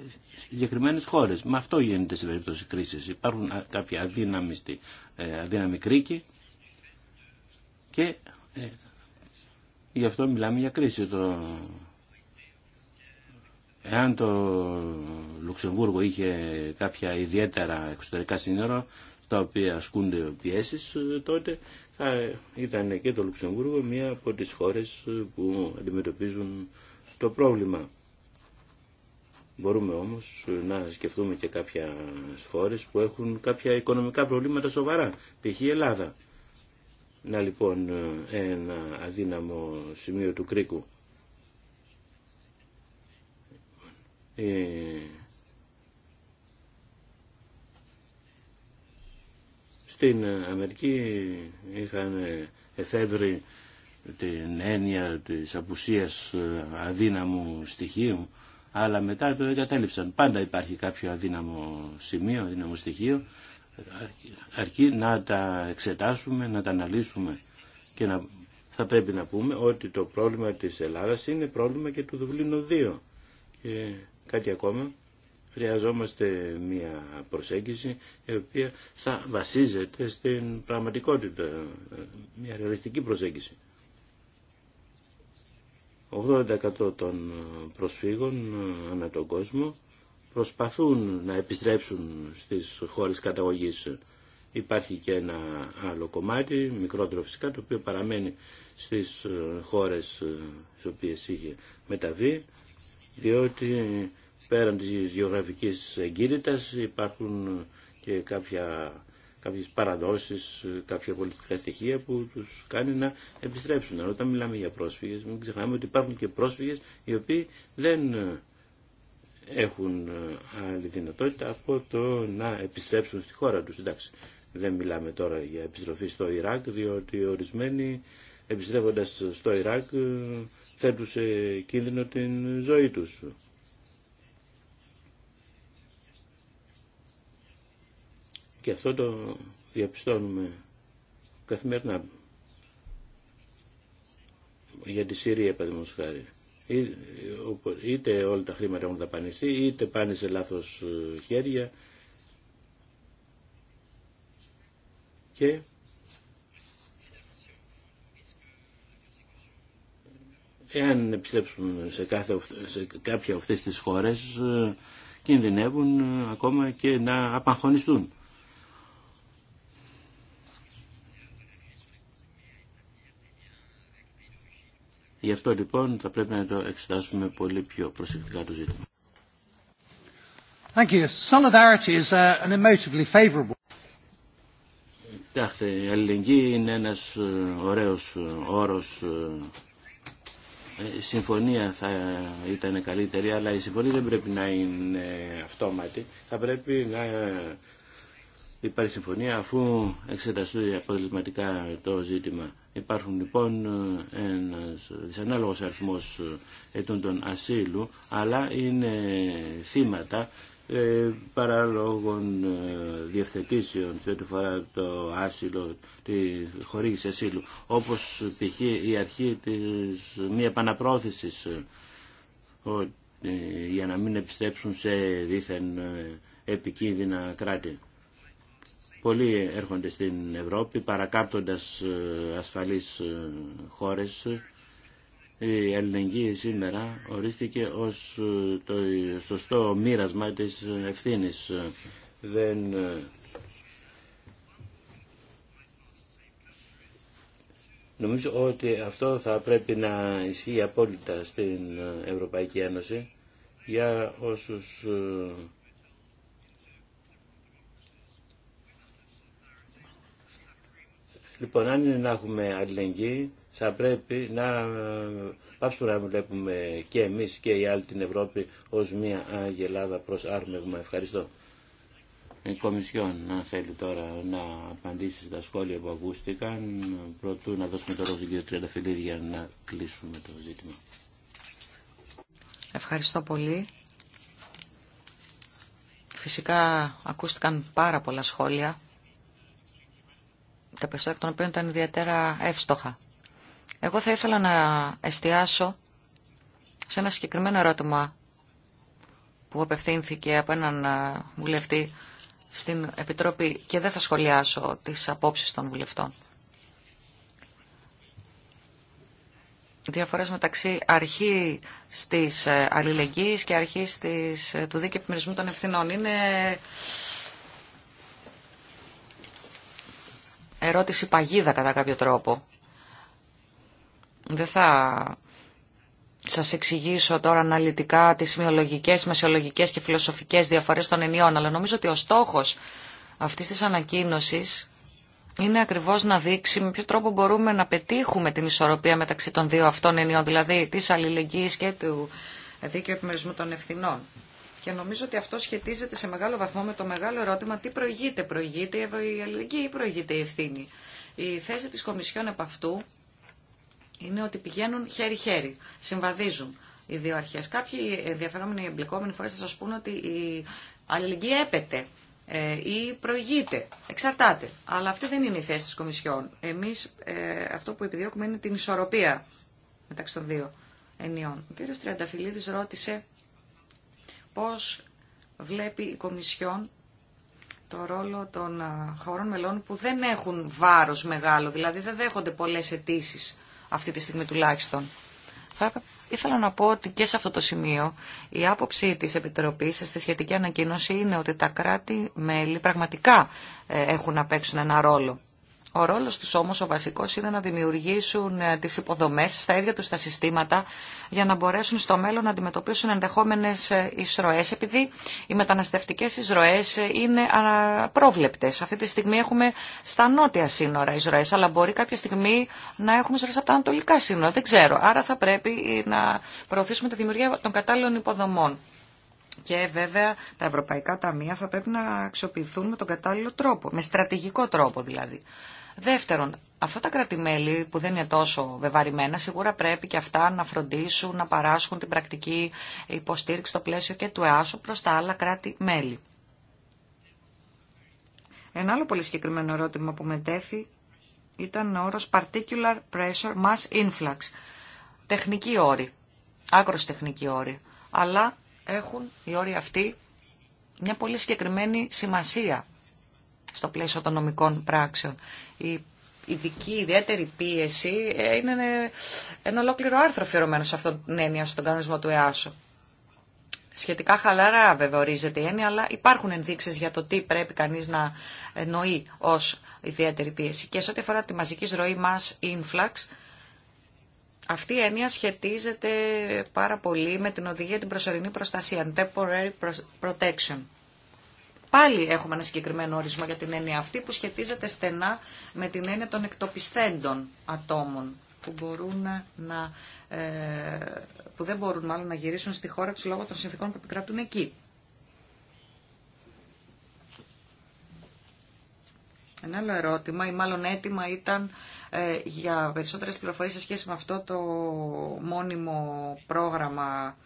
συγκεκριμένε χώρες. Με αυτό γίνεται σε περίπτωση κρίσης. Υπάρχουν κάποια αδύναμη, ε, αδύναμη κρίκη και ε, γι' αυτό μιλάμε για κρίση. Το... Εάν το Λουξεμβούργο είχε κάποια ιδιαίτερα εξωτερικά σύνορα, τα οποία ασκούνται πιέσεις, ε, τότε ήταν και το Λουξεμβούργο μία από τις χώρες ε, που αντιμετωπίζουν το πρόβλημα. Μπορούμε όμως ε, να σκεφτούμε και κάποια χώρες που έχουν κάποια οικονομικά προβλήματα σοβαρά, π.χ. η Ελλάδα. Να λοιπόν ε, ένα αδύναμο σημείο του κρίκου. Στην Αμερική είχαν εφεύρει την έννοια της απουσίας αδύναμου στοιχείου, αλλά μετά το εγκατέλειψαν. Πάντα υπάρχει κάποιο αδύναμο σημείο, αδύναμο στοιχείο, αρκεί να τα εξετάσουμε, να τα αναλύσουμε και να, θα πρέπει να πούμε ότι το πρόβλημα της Ελλάδας είναι πρόβλημα και του Δουβλίνου 2 και κάτι ακόμα χρειαζόμαστε μια προσέγγιση η οποία θα βασίζεται στην πραγματικότητα, μια ρεαλιστική προσέγγιση. 80% των προσφύγων ε, ανά τον κόσμο προσπαθούν να επιστρέψουν στις χώρες καταγωγής. Υπάρχει και ένα άλλο κομμάτι, μικρότερο φυσικά, το οποίο παραμένει στις ε, χώρες ε, στις οποίες είχε μεταβεί, διότι πέραν της γεωγραφικής εγκύρητας υπάρχουν και κάποια, κάποιες παραδόσεις, κάποια πολιτικά στοιχεία που τους κάνει να επιστρέψουν. Αλλά όταν μιλάμε για πρόσφυγες, μην ξεχνάμε ότι υπάρχουν και πρόσφυγες οι οποίοι δεν έχουν άλλη δυνατότητα από το να επιστρέψουν στη χώρα τους. Εντάξει, δεν μιλάμε τώρα για επιστροφή στο Ιράκ, διότι ορισμένοι επιστρέφοντας στο Ιράκ θέτουν σε κίνδυνο την ζωή τους. Και αυτό το διαπιστώνουμε καθημερινά. Για τη Συρία, παραδείγματο χάρη. Είτε όλα τα χρήματα έχουν δαπανηθεί, είτε πάνε σε λάθο ε, χέρια. Και εάν επιστρέψουν σε, κάθε, σε κάποια αυτές τις χώρες ε, κινδυνεύουν ε, ακόμα και να απαγχωνιστούν. Γι' αυτό λοιπόν θα πρέπει να το εξετάσουμε πολύ πιο προσεκτικά το ζήτημα. Thank you. Solidarity is uh, an emotively Κοιτάξτε, η αλληλεγγύη είναι ένας ε, ωραίος ε, όρος. Ε, η συμφωνία θα ήταν καλύτερη, αλλά η συμφωνία δεν πρέπει να είναι αυτόματη. Θα πρέπει να υπάρχει συμφωνία αφού εξεταστούν αποτελεσματικά το ζήτημα. Υπάρχουν λοιπόν ένας δυσανάλογος αριθμός ετούντων ασύλου, αλλά είναι θύματα ε, παράλογων ε, διευθετήσεων σε ό,τι φορά το άσυλο, τη χορήγηση ασύλου, όπως π.χ. η αρχή τη μη ό ε, για να μην επιστρέψουν σε δίθεν ε, επικίνδυνα κράτη. Πολλοί έρχονται στην Ευρώπη παρακάπτοντας ε, ασφαλείς ε, χώρες. Η Ελληνική σήμερα ορίστηκε ως ε, το σωστό μοίρασμα της ευθύνης. Δεν Νομίζω ότι αυτό θα πρέπει να ισχύει απόλυτα στην Ευρωπαϊκή Ένωση για όσους Λοιπόν, αν είναι να έχουμε αλληλεγγύη, θα πρέπει να ε, πάψουμε να βλέπουμε και εμείς και οι άλλοι την Ευρώπη ως μια Ελλάδα προς άρμεγμα. Ευχαριστώ. Η Κομισιόν, αν θέλει τώρα να απαντήσει στα σχόλια που ακούστηκαν, προτού να δώσουμε το λόγο κύριο Τριανταφυλλίδη για να κλείσουμε το ζήτημα. Ευχαριστώ πολύ. Φυσικά ακούστηκαν πάρα πολλά σχόλια τα περισσότερα των οποίων ήταν ιδιαίτερα εύστοχα. Εγώ θα ήθελα να εστιάσω σε ένα συγκεκριμένο ερώτημα που απευθύνθηκε από έναν βουλευτή στην Επιτροπή και δεν θα σχολιάσω τις απόψεις των βουλευτών. Διαφορές μεταξύ αρχή της ε, αλληλεγγύης και αρχής της, ε, του δίκαιου επιμερισμού των ευθυνών. Είναι ερώτηση παγίδα κατά κάποιο τρόπο. Δεν θα σας εξηγήσω τώρα αναλυτικά τις σημειολογικές, μεσιολογικές και φιλοσοφικές διαφορές των ενιών, αλλά νομίζω ότι ο στόχος αυτής της ανακοίνωσης είναι ακριβώς να δείξει με ποιο τρόπο μπορούμε να πετύχουμε την ισορροπία μεταξύ των δύο αυτών ενιών, δηλαδή της αλληλεγγύης και του δίκαιου επιμερισμού των ευθυνών. Και νομίζω ότι αυτό σχετίζεται σε μεγάλο βαθμό με το μεγάλο ερώτημα τι προηγείται. Προηγείται η αλληλεγγύη ή προηγείται η ευθύνη. Η θέση της Κομισιόν επ' αυτού είναι ότι πηγαίνουν χέρι-χέρι, συμβαδίζουν οι δύο αρχές. Κάποιοι ενδιαφερόμενοι εμπλεκόμενοι φορές θα σας πούνε ότι η αλληλεγγύη έπεται ε, ή προηγείται, εξαρτάται. Αλλά αυτή δεν είναι η θέση της Κομισιόν. Εμείς ε, αυτό που επιδιώκουμε είναι την ισορροπία μεταξύ των δύο ενιών. Ο κύριος ρώτησε πώς βλέπει η Κομισιόν το ρόλο των χωρών μελών που δεν έχουν βάρος μεγάλο, δηλαδή δεν δέχονται πολλές αιτήσει αυτή τη στιγμή τουλάχιστον. Θα ήθελα να πω ότι και σε αυτό το σημείο η άποψη της Επιτροπής στη σχετική ανακοίνωση είναι ότι τα κράτη-μέλη πραγματικά ε, έχουν να παίξουν ένα ρόλο ο ρόλος τους όμως ο βασικός είναι να δημιουργήσουν ε, τις υποδομές στα ίδια τους τα συστήματα για να μπορέσουν στο μέλλον να αντιμετωπίσουν ενδεχόμενες ε, εισρωές επειδή οι μεταναστευτικές εισρωές ε, είναι Σε Αυτή τη στιγμή έχουμε στα νότια σύνορα εισρωές αλλά μπορεί κάποια στιγμή να έχουμε εισρωές από τα ανατολικά σύνορα. Δεν ξέρω. Άρα θα πρέπει να προωθήσουμε τη δημιουργία των κατάλληλων υποδομών. Και βέβαια τα ευρωπαϊκά ταμεία θα πρέπει να αξιοποιηθούν με τον κατάλληλο τρόπο, με στρατηγικό τρόπο δηλαδή. Δεύτερον, αυτά τα κρατημέλη που δεν είναι τόσο βεβαρημένα σίγουρα πρέπει και αυτά να φροντίσουν να παράσχουν την πρακτική υποστήριξη στο πλαίσιο και του ΕΑΣΟ προς τα άλλα κράτη-μέλη. Ένα άλλο πολύ συγκεκριμένο ερώτημα που μετέθη ήταν ο όρος Particular Pressure Mass Influx. Τεχνική όρη, άκρος τεχνική όρη, αλλά έχουν οι όροι αυτοί μια πολύ συγκεκριμένη σημασία στο πλαίσιο των νομικών πράξεων. Η ειδική, ιδιαίτερη πίεση ε, είναι ε, ένα ολόκληρο άρθρο αφιερωμένο σε αυτόν την έννοια, στον κανονισμό του ΕΑΣΟ. Σχετικά χαλαρά βέβαια ορίζεται η έννοια, αλλά υπάρχουν ενδείξεις για το τι πρέπει κανείς να εννοεί ως ιδιαίτερη πίεση. Και σε ό,τι αφορά τη μαζική ροή mass influx, αυτή η έννοια σχετίζεται πάρα πολύ με την οδηγία την προσωρινή προστασία, temporary protection. Πάλι έχουμε ένα συγκεκριμένο ορισμό για την έννοια αυτή που σχετίζεται στενά με την έννοια των εκτοπιστέντων ατόμων που, μπορούν να, ε, που δεν μπορούν μάλλον να γυρίσουν στη χώρα τους λόγω των συνθήκων που επικρατούν εκεί. Ένα άλλο ερώτημα ή μάλλον αίτημα ήταν ε, για περισσότερες πληροφορίες σε σχέση με αυτό το μόνιμο πρόγραμμα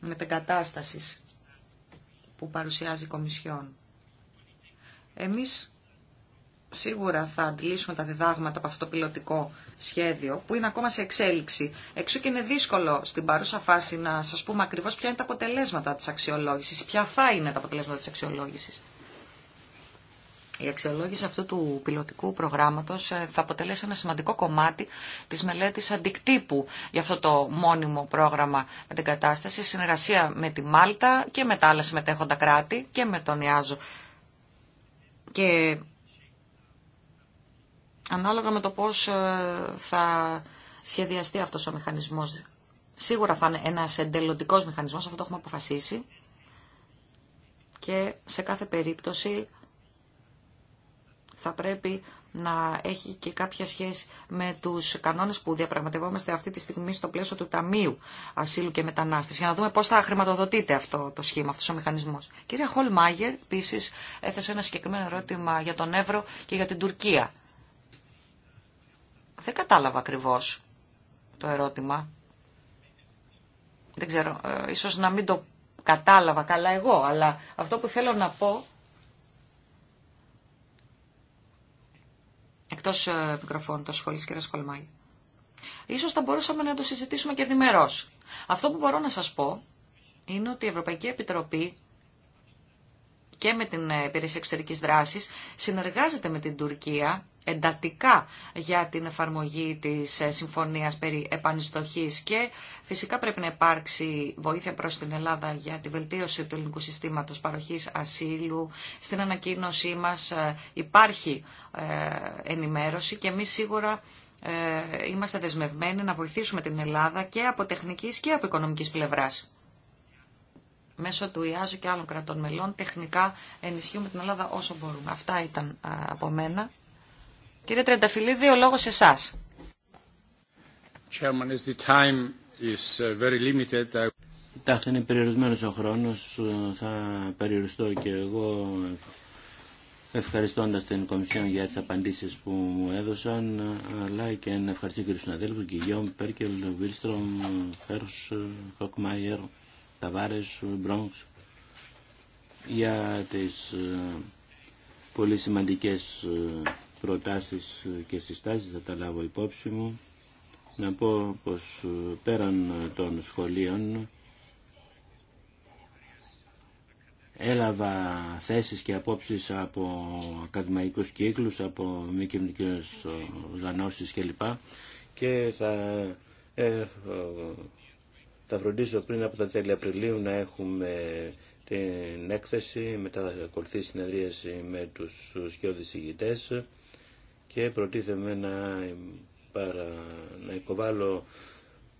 μετεγκατάστασης που παρουσιάζει η Κομισιόν. Εμείς σίγουρα θα αντλήσουμε τα διδάγματα από αυτό το πιλωτικό σχέδιο που είναι ακόμα σε εξέλιξη. Εξού και είναι δύσκολο στην παρούσα φάση να σας πούμε ακριβώς ποια είναι τα αποτελέσματα της αξιολόγησης, ποια θα είναι τα αποτελέσματα της αξιολόγησης. Η αξιολόγηση αυτού του πιλωτικού προγράμματος ε, θα αποτελέσει ένα σημαντικό κομμάτι της μελέτης αντικτύπου για αυτό το μόνιμο πρόγραμμα αντικατάσταση, συνεργασία με τη Μάλτα και με τα άλλα συμμετέχοντα κράτη και με τον Ιάζο. Και ανάλογα με το πώς ε, θα σχεδιαστεί αυτός ο μηχανισμός, σίγουρα θα είναι ένας εντελοντικός μηχανισμός, αυτό το έχουμε αποφασίσει, και σε κάθε περίπτωση θα πρέπει να έχει και κάποια σχέση με τους κανόνες που διαπραγματευόμαστε αυτή τη στιγμή στο πλαίσιο του Ταμείου Ασύλου και Μετανάστευση. Για να δούμε πώς θα χρηματοδοτείται αυτό το σχήμα, αυτός ο μηχανισμός. κυρία Χολμάγερ επίση έθεσε ένα συγκεκριμένο ερώτημα για τον Εύρο και για την Τουρκία. Δεν κατάλαβα ακριβώς το ερώτημα. Δεν ξέρω, ε, ίσως να μην το κατάλαβα καλά εγώ, αλλά αυτό που θέλω να πω Εκτός ε, μικροφώνου το σχολείο της Σω Ίσως θα μπορούσαμε να το συζητήσουμε και διμερώς. Αυτό που μπορώ να σας πω είναι ότι η Ευρωπαϊκή Επιτροπή και με την ε, Υπηρεσία εξωτερική δράση συνεργάζεται με την Τουρκία εντατικά για την εφαρμογή της ε, συμφωνίας περί επανιστοχής και φυσικά πρέπει να υπάρξει βοήθεια προς την Ελλάδα για τη βελτίωση του ελληνικού συστήματος παροχής ασύλου. Στην ανακοίνωσή μας ε, υπάρχει ε, ενημέρωση και εμεί σίγουρα είμαστε δεσμευμένοι να βοηθήσουμε την Ελλάδα και από τεχνικής και από οικονομικής πλευράς μέσω του ΙΑΖΟ και άλλων κρατών μελών τεχνικά ενισχύουμε την Ελλάδα όσο μπορούμε. Αυτά ήταν από μένα. Κύριε Τρενταφυλλίδη, ο λόγος σε εσάς. Uh, Κοιτάξτε, είναι περιορισμένος ο χρόνος. Ε, θα περιοριστώ και εγώ ε, ευχαριστώντας την Κομισιόν για τις απαντήσεις που μου έδωσαν, αλλά και να ευχαριστήσω και τους συναδέλφους, Γκυγιόμ, Πέρκελ, Βίλστρομ, Χέρσ, Χοκμάιερ, Ταβάρες, Μπρόγκς, για τις ε, πολύ σημαντικές προτάσεις και συστάσεις θα τα λάβω υπόψη μου. Να πω πως ε, πέραν ε, των σχολείων έλαβα θέσεις και απόψεις από ακαδημαϊκούς κύκλους, από μη κοινωνικές ε, οργανώσεις κλπ. Και θα, ε, θα φροντίσω πριν από τα τέλη Απριλίου να έχουμε την έκθεση, μετά θα ακολουθεί συνεδρίαση με τους σκιώδης ηγητές και προτίθεμαι να, παρα, να υποβάλω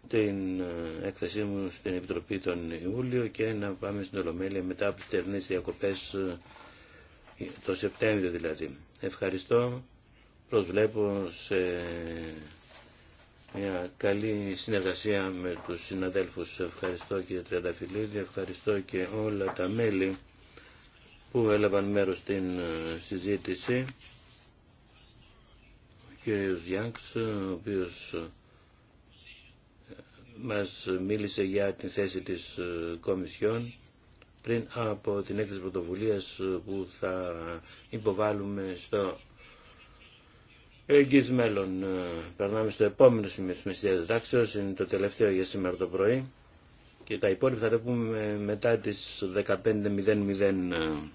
την ε, έκθεσή μου στην Επιτροπή τον Ιούλιο και να πάμε στην Ολομέλεια μετά από τις τερνές διακοπές ε, το Σεπτέμβριο δηλαδή. Ευχαριστώ. Προσβλέπω σε μια καλή συνεργασία με τους συναδέλφους. Ευχαριστώ κύριε Τριανταφυλλίδη, ευχαριστώ και όλα τα μέλη που έλαβαν μέρος στην ε, συζήτηση κύριος Γιάνξ, ο οποίος ε, μας μίλησε για την θέση της ε, Κομισιόν πριν από την έκθεση πρωτοβουλίας ε, που θα υποβάλουμε στο εγγύς μέλλον. Περνάμε στο επόμενο σημείο της Μεσσίας Δετάξεως, είναι το τελευταίο για σήμερα το πρωί και τα υπόλοιπα θα τα πούμε μετά τις 15.00.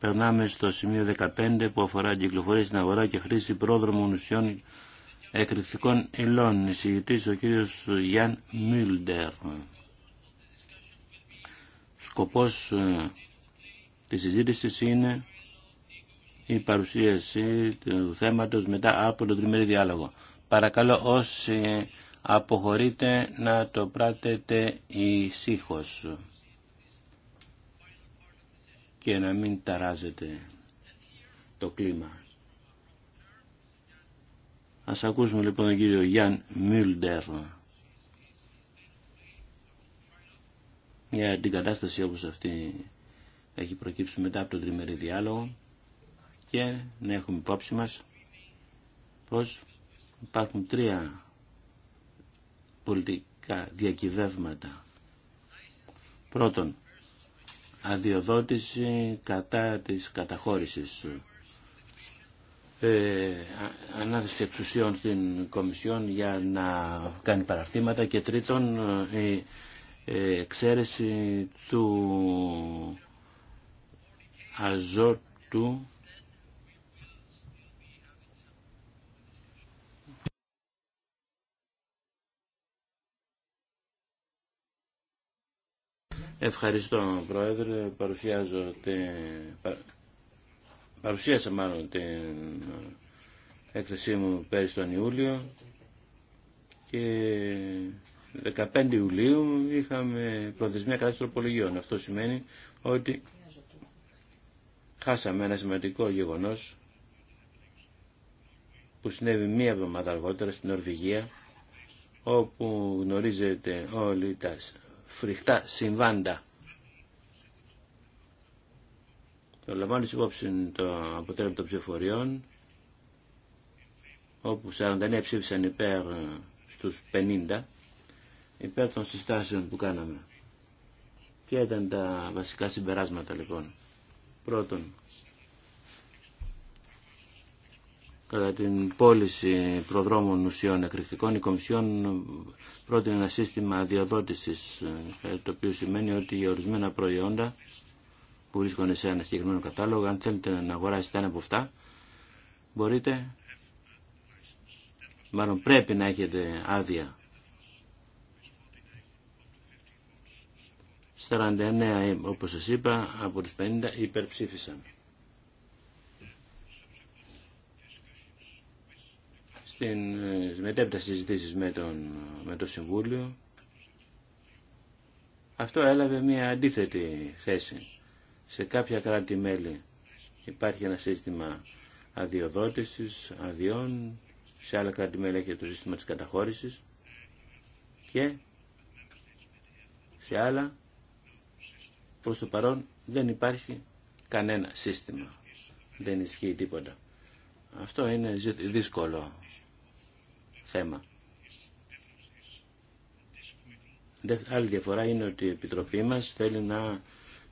Περνάμε στο σημείο 15 που αφορά την κυκλοφορία στην αγορά και χρήση πρόδρομων ουσιών εκρηκτικών υλών. Εισηγητής ο κύριος Γιάν Μίλντερ. Σκοπός ε, της συζήτηση είναι η παρουσίαση του θέματος μετά από τον τριμερή διάλογο. Παρακαλώ όσοι αποχωρείτε να το πράτετε ησύχως και να μην ταράζεται το κλίμα. Ας ακούσουμε λοιπόν τον κύριο Γιάν Μιλντερ για την κατάσταση όπως αυτή έχει προκύψει μετά από τον τριμερή διάλογο και να έχουμε υπόψη μας πως υπάρχουν τρία πολιτικά διακυβεύματα. Πρώτον, αδειοδότηση κατά της καταχώρησης. Ε, ανάθεση εξουσιών στην Κομισιόν για να κάνει παραρτήματα και τρίτον ε, η ε, εξαίρεση του αζότου Ευχαριστώ Πρόεδρε. Παρουσιάζω την... Παρουσίασα μάλλον την έκθεσή μου πέρυσι τον Ιούλιο και 15 Ιουλίου είχαμε προθεσμία κατάσταση τροπολογιών. Αυτό σημαίνει ότι χάσαμε ένα σημαντικό γεγονός που συνέβη μία εβδομάδα αργότερα στην Ορβηγία όπου γνωρίζετε όλοι τα φρικτά συμβάντα. Το λαμβάνει υπόψη το αποτέλεσμα των ψηφοριών, όπου 49 ψήφισαν υπέρ ε, στους 50, υπέρ των συστάσεων που κάναμε. Ποια ήταν τα βασικά συμπεράσματα λοιπόν. Πρώτον, Κατά την πώληση προδρόμων ουσιών εκρηκτικών, η Κομισιόν πρότεινε ένα σύστημα αδειοδότησης, ε, το οποίο σημαίνει ότι για ορισμένα προϊόντα που βρίσκονται σε ένα συγκεκριμένο κατάλογο, αν θέλετε να αγοράσετε ένα από αυτά, μπορείτε, μάλλον πρέπει να έχετε άδεια. 49, όπως σας είπα, από τους 50 υπερψήφισαν. Στην μετέπειτα συζητήσεις με, τον, με το Συμβούλιο, αυτό έλαβε μια αντίθετη θέση. Σε κάποια κράτη-μέλη υπάρχει ένα σύστημα αδειοδότησης, αδειών, σε άλλα κράτη-μέλη έχει το σύστημα της καταχώρησης και σε άλλα προς το παρόν δεν υπάρχει κανένα σύστημα. Δεν ισχύει τίποτα. Αυτό είναι δύσκολο θέμα. Άλλη διαφορά είναι ότι η Επιτροπή μας θέλει να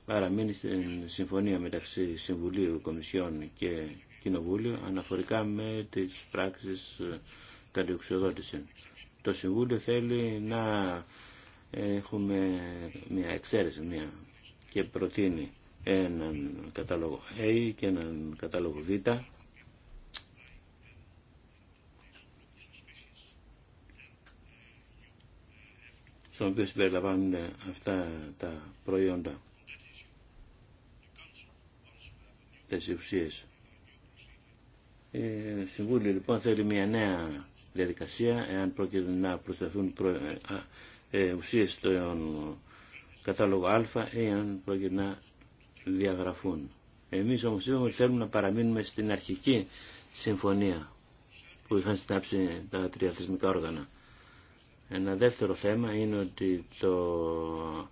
παραμείνει στην συμφωνία μεταξύ Συμβουλίου, Κομισιών και Κοινοβούλιο αναφορικά με τις πράξεις ε, κατεξοδότηση. Το Συμβούλιο θέλει να έχουμε μια εξαίρεση μια και προτείνει έναν κατάλογο A και έναν κατάλογο Β στον οποίο συμπεριλαμβάνουν αυτά τα προϊόντα, τις ουσίες. Η ε, Συμβούλιο λοιπόν θέλει μια νέα διαδικασία, εάν πρόκειται να προσθεθούν προ... Ε, ε, ουσίες στον κατάλογο Α ή αν πρόκειται να διαγραφούν. Εμείς όμως είπαμε θέλουμε να παραμείνουμε στην αρχική συμφωνία που είχαν συνάψει τα τρία θεσμικά όργανα. Ένα δεύτερο θέμα είναι ότι το...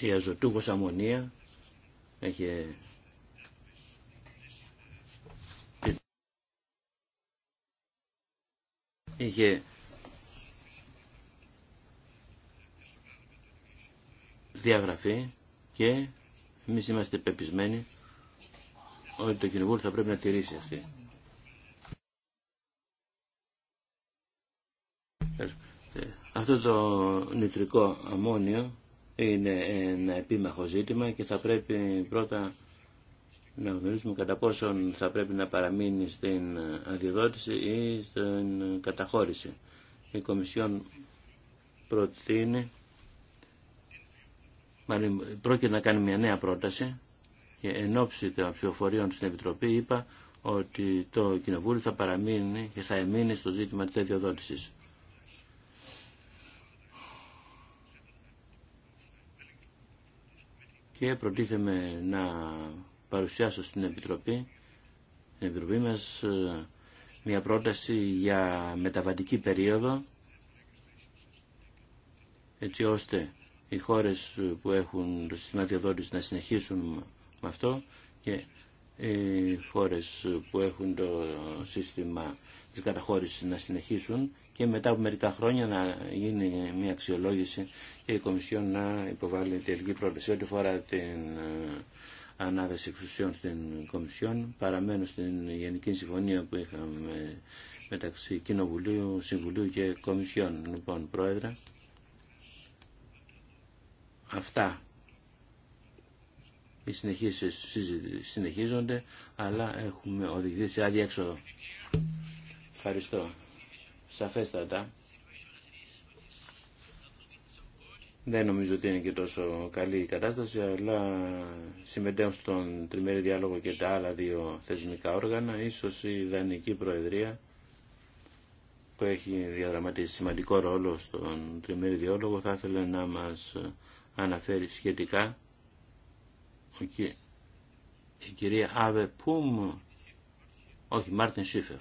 η αζωτούχος αμμονία έχει είχε διαγραφεί και εμείς είμαστε πεπισμένοι ότι το Κοινοβούλιο θα πρέπει να τηρήσει αυτή Αυτό το νητρικό αμμόνιο είναι ένα επίμαχο ζήτημα και θα πρέπει πρώτα να γνωρίζουμε κατά πόσον θα πρέπει να παραμείνει στην αδειοδότηση ή στην καταχώρηση. Η Κομισιόν προτείνει, προτεινει πρόκειται να κάνει μια νέα πρόταση και εν ώψη των ψηφοφορίων στην Επιτροπή είπα ότι το Κοινοβούλιο θα παραμείνει και θα εμείνει στο ζήτημα της αδειοδότησης. και προτίθεμαι να παρουσιάσω στην Επιτροπή, στην μας ε, μια πρόταση για μεταβατική περίοδο έτσι ώστε οι χώρες που έχουν το σύστημα διαδότηση να συνεχίσουν με αυτό και οι χώρες που έχουν το σύστημα της καταχώρησης να συνεχίσουν και μετά από μερικά χρόνια να γίνει μια αξιολόγηση και η Κομισιόν να υποβάλει τελική πρόταση. Ό,τι φορά την ε, ανάδεση εξουσιών στην Κομισιόν, παραμένω στην Γενική Συμφωνία που είχαμε μεταξύ Κοινοβουλίου, Συμβουλίου και Κομισιόν. Λοιπόν, Πρόεδρε, αυτά οι συνεχίσεις συνεχίζονται, αλλά έχουμε οδηγηθεί σε άλλη έξοδο. Ευχαριστώ σαφέστατα δεν νομίζω ότι είναι και τόσο καλή η κατάσταση, αλλά συμμετέχουν στον τριμερή διάλογο και τα άλλα δύο θεσμικά όργανα. Ίσως η Δανική Προεδρία που έχει διαδραματίσει σημαντικό ρόλο στον τριμερή διάλογο θα ήθελε να μας αναφέρει σχετικά η κυρία Αβε Πουμ, όχι Μάρτιν Σίφερ.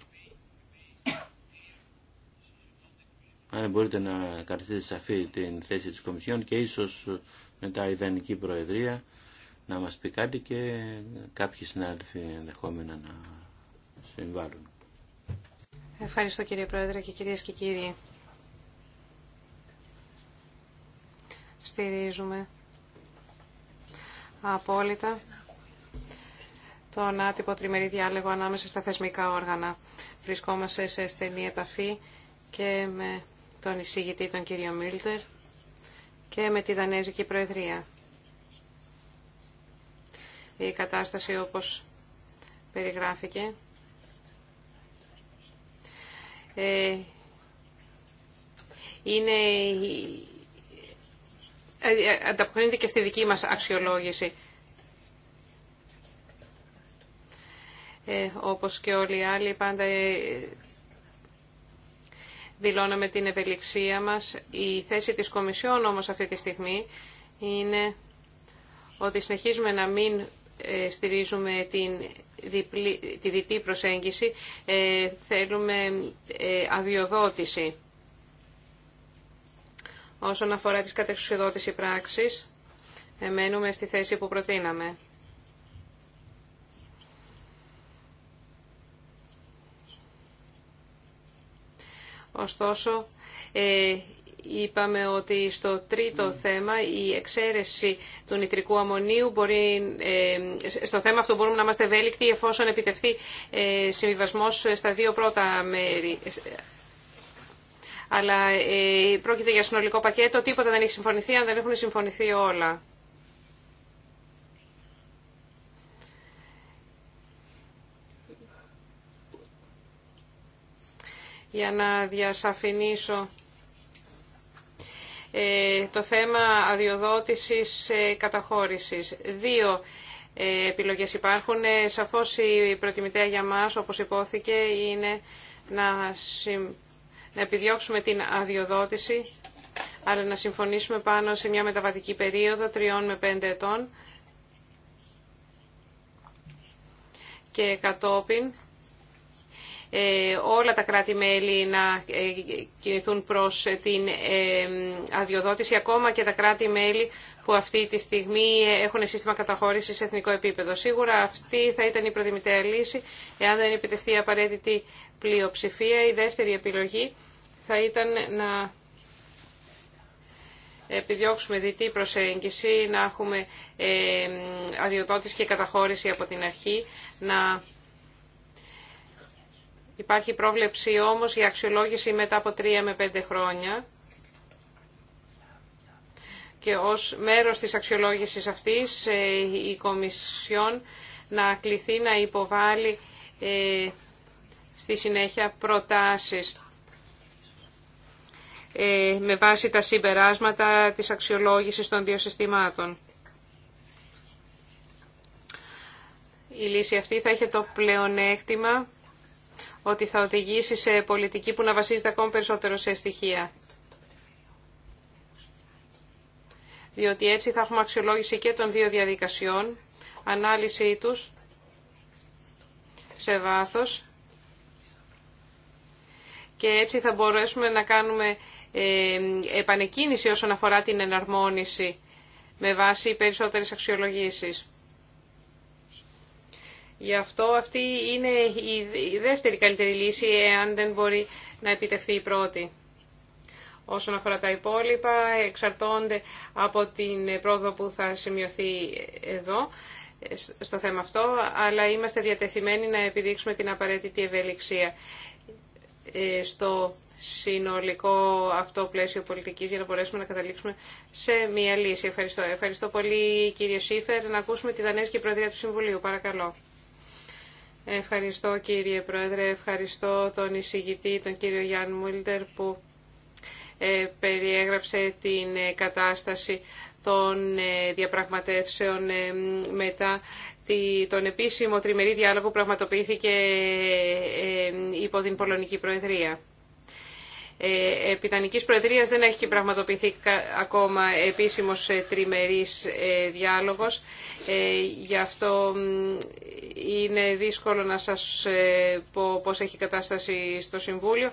αν μπορείτε να σε σαφή την θέση της Κομισιόν και ίσως μετά η Ιδανική Προεδρία να μας πει κάτι και κάποιοι συνάδελφοι ενδεχόμενα να συμβάλλουν. Ευχαριστώ κύριε Πρόεδρε και κυρίες και κύριοι. Στηρίζουμε απόλυτα τον άτυπο τριμερή διάλογο ανάμεσα στα θεσμικά όργανα. Βρισκόμαστε σε στενή επαφή και με τον εισηγητή τον κύριο Μίλτερ και με τη Δανέζικη Προεδρία. Η κατάσταση όπως περιγράφηκε ε, είναι ε, ε, ανταποκρίνεται και στη δική μας αξιολόγηση. Ε, όπως και όλοι οι άλλοι, πάντα δηλώναμε την ευελιξία μας. Η θέση της Κομισιόν όμως αυτή τη στιγμή είναι ότι συνεχίζουμε να μην ε, στηρίζουμε την διπλή, τη διτή προσέγγιση, ε, θέλουμε ε, αδειοδότηση. Όσον αφορά τις κατεξουσιοδότηση πράξης, ε, μένουμε στη θέση που προτείναμε. Ωστόσο, ε, είπαμε ότι στο τρίτο mm. θέμα η εξαίρεση του νητρικού αμμονίου μπορεί, ε, στο θέμα αυτό μπορούμε να είμαστε ευέλικτοι εφόσον επιτευχθεί ε, συμβιβασμός στα δύο πρώτα μέρη. Αλλά πρόκειται για συνολικό πακέτο, τίποτα δεν έχει συμφωνηθεί αν δεν έχουν συμφωνηθεί όλα. για να διασαφηνίσω ε, το θέμα αδειοδότησης ε, καταχώρησης. Δύο ε, επιλογές υπάρχουν. Σαφώς η προτιμητέα για μας, όπως υπόθηκε, είναι να, να επιδιώξουμε την αδειοδότηση, αλλά να συμφωνήσουμε πάνω σε μια μεταβατική περίοδο τριών με πέντε ετών και κατόπιν ε, όλα τα κράτη-μέλη να ε, κινηθούν προς ε, την αδειοδότηση, ακόμα και τα κράτη-μέλη που αυτή τη στιγμή έχουν σύστημα καταχώρησης σε εθνικό επίπεδο. Σίγουρα αυτή θα ήταν η προτιμητέα λύση, εάν δεν επιτευχθεί απαραίτητη πλειοψηφία. Η δεύτερη επιλογή θα ήταν να επιδιώξουμε διτή προσέγγιση, να έχουμε αδειοδότηση και καταχώρηση από την αρχή, να Υπάρχει πρόβλεψη όμως για αξιολόγηση μετά από 3 με 5 χρόνια. Και ως μέρος της αξιολόγησης αυτής ε, η Κομισιόν να κληθεί να υποβάλει ε, στη συνέχεια προτάσεις ε, με βάση τα συμπεράσματα της αξιολόγησης των δύο συστημάτων. Η λύση αυτή θα έχει το πλεονέκτημα ότι θα οδηγήσει σε πολιτική που να βασίζεται ακόμη περισσότερο σε στοιχεία. Διότι έτσι θα έχουμε αξιολόγηση και των δύο διαδικασιών, ανάλυση τους σε βάθος και έτσι θα μπορέσουμε να κάνουμε ε, επανεκκίνηση όσον αφορά την εναρμόνιση με βάση περισσότερες αξιολογήσεις. Γι' αυτό αυτή είναι η δεύτερη καλύτερη λύση, εάν δεν μπορεί να επιτευχθεί η πρώτη. Όσον αφορά τα υπόλοιπα, εξαρτώνται από την πρόοδο που θα σημειωθεί εδώ στο θέμα αυτό, αλλά είμαστε διατεθειμένοι να επιδείξουμε την απαραίτητη ευελιξία ε, στο συνολικό αυτό πλαίσιο πολιτικής για να μπορέσουμε να καταλήξουμε σε μια λύση. Ευχαριστώ. Ευχαριστώ πολύ κύριε Σίφερ. Να ακούσουμε τη Δανέζικη Προεδρία του Συμβουλίου. Παρακαλώ. Ευχαριστώ κύριε Πρόεδρε, ευχαριστώ τον εισηγητή, τον κύριο Γιάννη Μούλτερ που ε, περιέγραψε την ε, κατάσταση των ε, διαπραγματεύσεων μετά τον επίσημο τριμερή διάλογο που πραγματοποιήθηκε υπό την Πολωνική Προεδρία. Ε, επί Δανικής Προεδρίας δεν έχει πραγματοποιηθεί ακόμα επίσημος ε, τριμερής ε, διάλογος. Γι' αυτό είναι δύσκολο να σας πω πώς έχει κατάσταση στο Συμβούλιο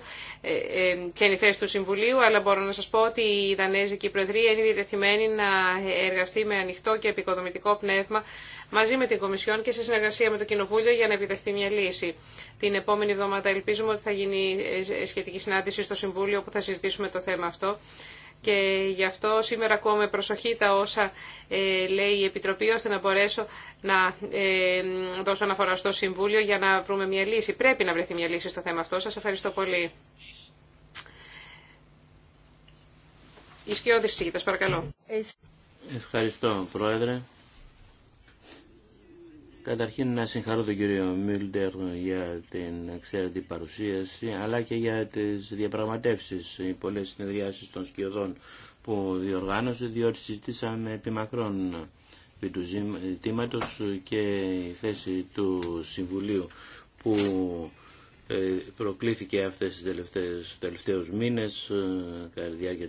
και η θέση του Συμβουλίου, αλλά μπορώ να σας πω ότι η Δανέζικη Προεδρία είναι διατεθειμένη να εργαστεί με ανοιχτό και επικοδομητικό πνεύμα μαζί με την Κομισιόν και σε συνεργασία με το Κοινοβούλιο για να επιτευχθεί μια λύση. Την επόμενη εβδομάδα ελπίζουμε ότι θα γίνει ε, ε, σχετική συνάντηση στο Συμβούλιο που θα συζητήσουμε το θέμα αυτό. Και γι' αυτό σήμερα ακούω προσοχή τα όσα ε, λέει η Επιτροπή ώστε να μπορέσω να δώσω αναφορά στο Συμβούλιο για να βρούμε μια λύση. Πρέπει να βρεθεί μια λύση στο θέμα αυτό. Σας ευχαριστώ πολύ. παρακαλώ. Ευχαριστώ, Πρόεδρε. Καταρχήν να συγχαρώ τον κύριο Μίλτερ για την εξαίρετη παρουσίαση αλλά και για τις διαπραγματεύσεις, οι πολλές συνεδριάσεις των σκιωδών που διοργάνωσε διότι συζητήσαμε επί μακρόν του και η θέση του Συμβουλίου που ε, προκλήθηκε αυτές τις τελευταίες, τελευταίους μήνες ε, κατά τη διάρκεια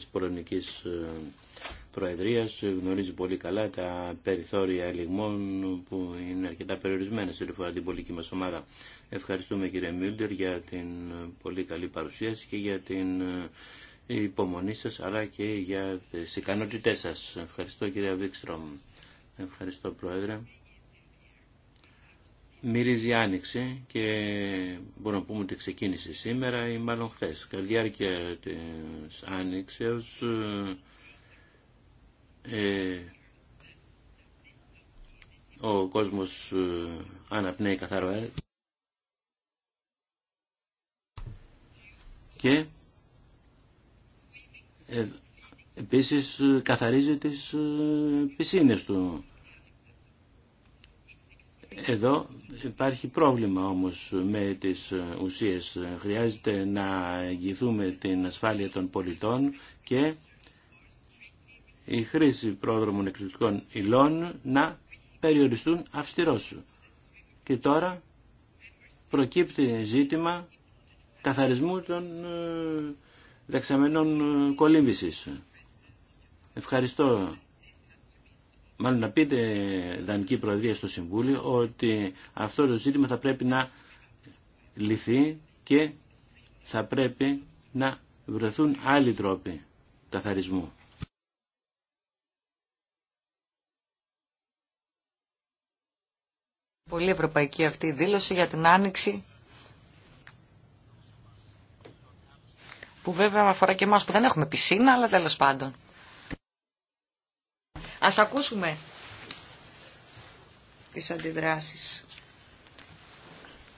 Προεδρίας γνωρίζει πολύ καλά τα περιθώρια ελιγμών που είναι αρκετά περιορισμένα σε φορά την πολιτική μας ομάδα. Ευχαριστούμε κύριε Μιούντερ για την πολύ καλή παρουσίαση και για την ε, υπομονή σας αλλά και για τις ικανότητές σας. Ευχαριστώ κύριε Βίξτρομ. Ευχαριστώ Πρόεδρε. Μυρίζει άνοιξη και μπορούμε να πούμε ότι ξεκίνησε σήμερα ή μάλλον χθες. Καλή της ε, ο κόσμος ε, αναπνέει καθαρό αέρα και ε, επίσης ε, καθαρίζει τις πισίνες του. Εδώ υπάρχει πρόβλημα όμως με τις ουσίες. Χρειάζεται να εγγυθούμε την ασφάλεια των πολιτών και η χρήση πρόδρομων εκρηκτικών υλών να περιοριστούν αυστηρώς. Και τώρα προκύπτει ζήτημα καθαρισμού των ε, δεξαμενών ε, κολύμβησης. Ευχαριστώ. Μάλλον να πείτε, Δανική Προεδρία, στο Συμβούλιο ότι αυτό το ζήτημα θα πρέπει να λυθεί και θα πρέπει να βρεθούν άλλοι τρόποι καθαρισμού. Πολύ ευρωπαϊκή αυτή η δήλωση για την άνοιξη που βέβαια αφορά και εμάς που δεν έχουμε πισίνα, αλλά τέλος πάντων. Ας ακούσουμε τις αντιδράσεις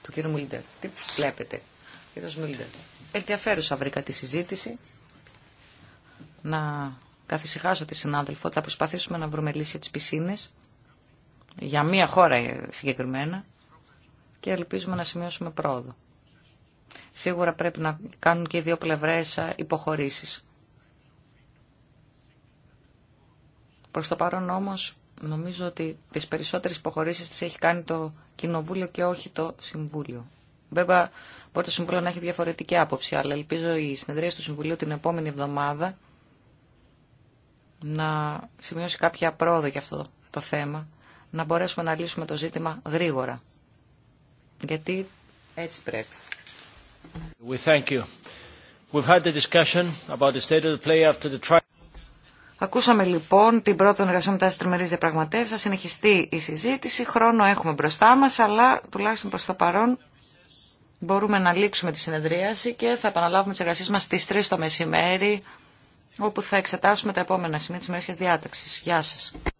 του κύριου Μούλντερ. Τι βλέπετε, κύριος Μούλντερ. Ενδιαφέρουσα βρήκα τη συζήτηση. Να καθησυχάσω τη συνάδελφο, θα προσπαθήσουμε να βρούμε λύση για τις πισίνες για μία χώρα συγκεκριμένα και ελπίζουμε να σημειώσουμε πρόοδο. Σίγουρα πρέπει να κάνουν και οι δύο πλευρές υποχωρήσεις. Προς το παρόν όμως νομίζω ότι τις περισσότερες υποχωρήσεις τις έχει κάνει το Κοινοβούλιο και όχι το Συμβούλιο. Βέβαια μπορεί το Συμβούλιο να έχει διαφορετική άποψη, αλλά ελπίζω η συνεδρία του Συμβουλίου την επόμενη εβδομάδα να σημειώσει κάποια πρόοδο για αυτό το θέμα να μπορέσουμε να λύσουμε το ζήτημα γρήγορα. Γιατί έτσι πρέπει. We thank you. We've had the discussion about the state of play after the trial. Ακούσαμε λοιπόν την πρώτη εργασία μετά τι τριμερεί διαπραγματεύσει. Θα συνεχιστεί η συζήτηση. Χρόνο έχουμε μπροστά μα, αλλά τουλάχιστον προ το παρόν μπορούμε να λήξουμε τη συνεδρίαση και θα επαναλάβουμε τι εργασίε μα στι 3 το μεσημέρι, όπου θα εξετάσουμε τα επόμενα σημεία τη μέσης διάταξη. Γεια σα.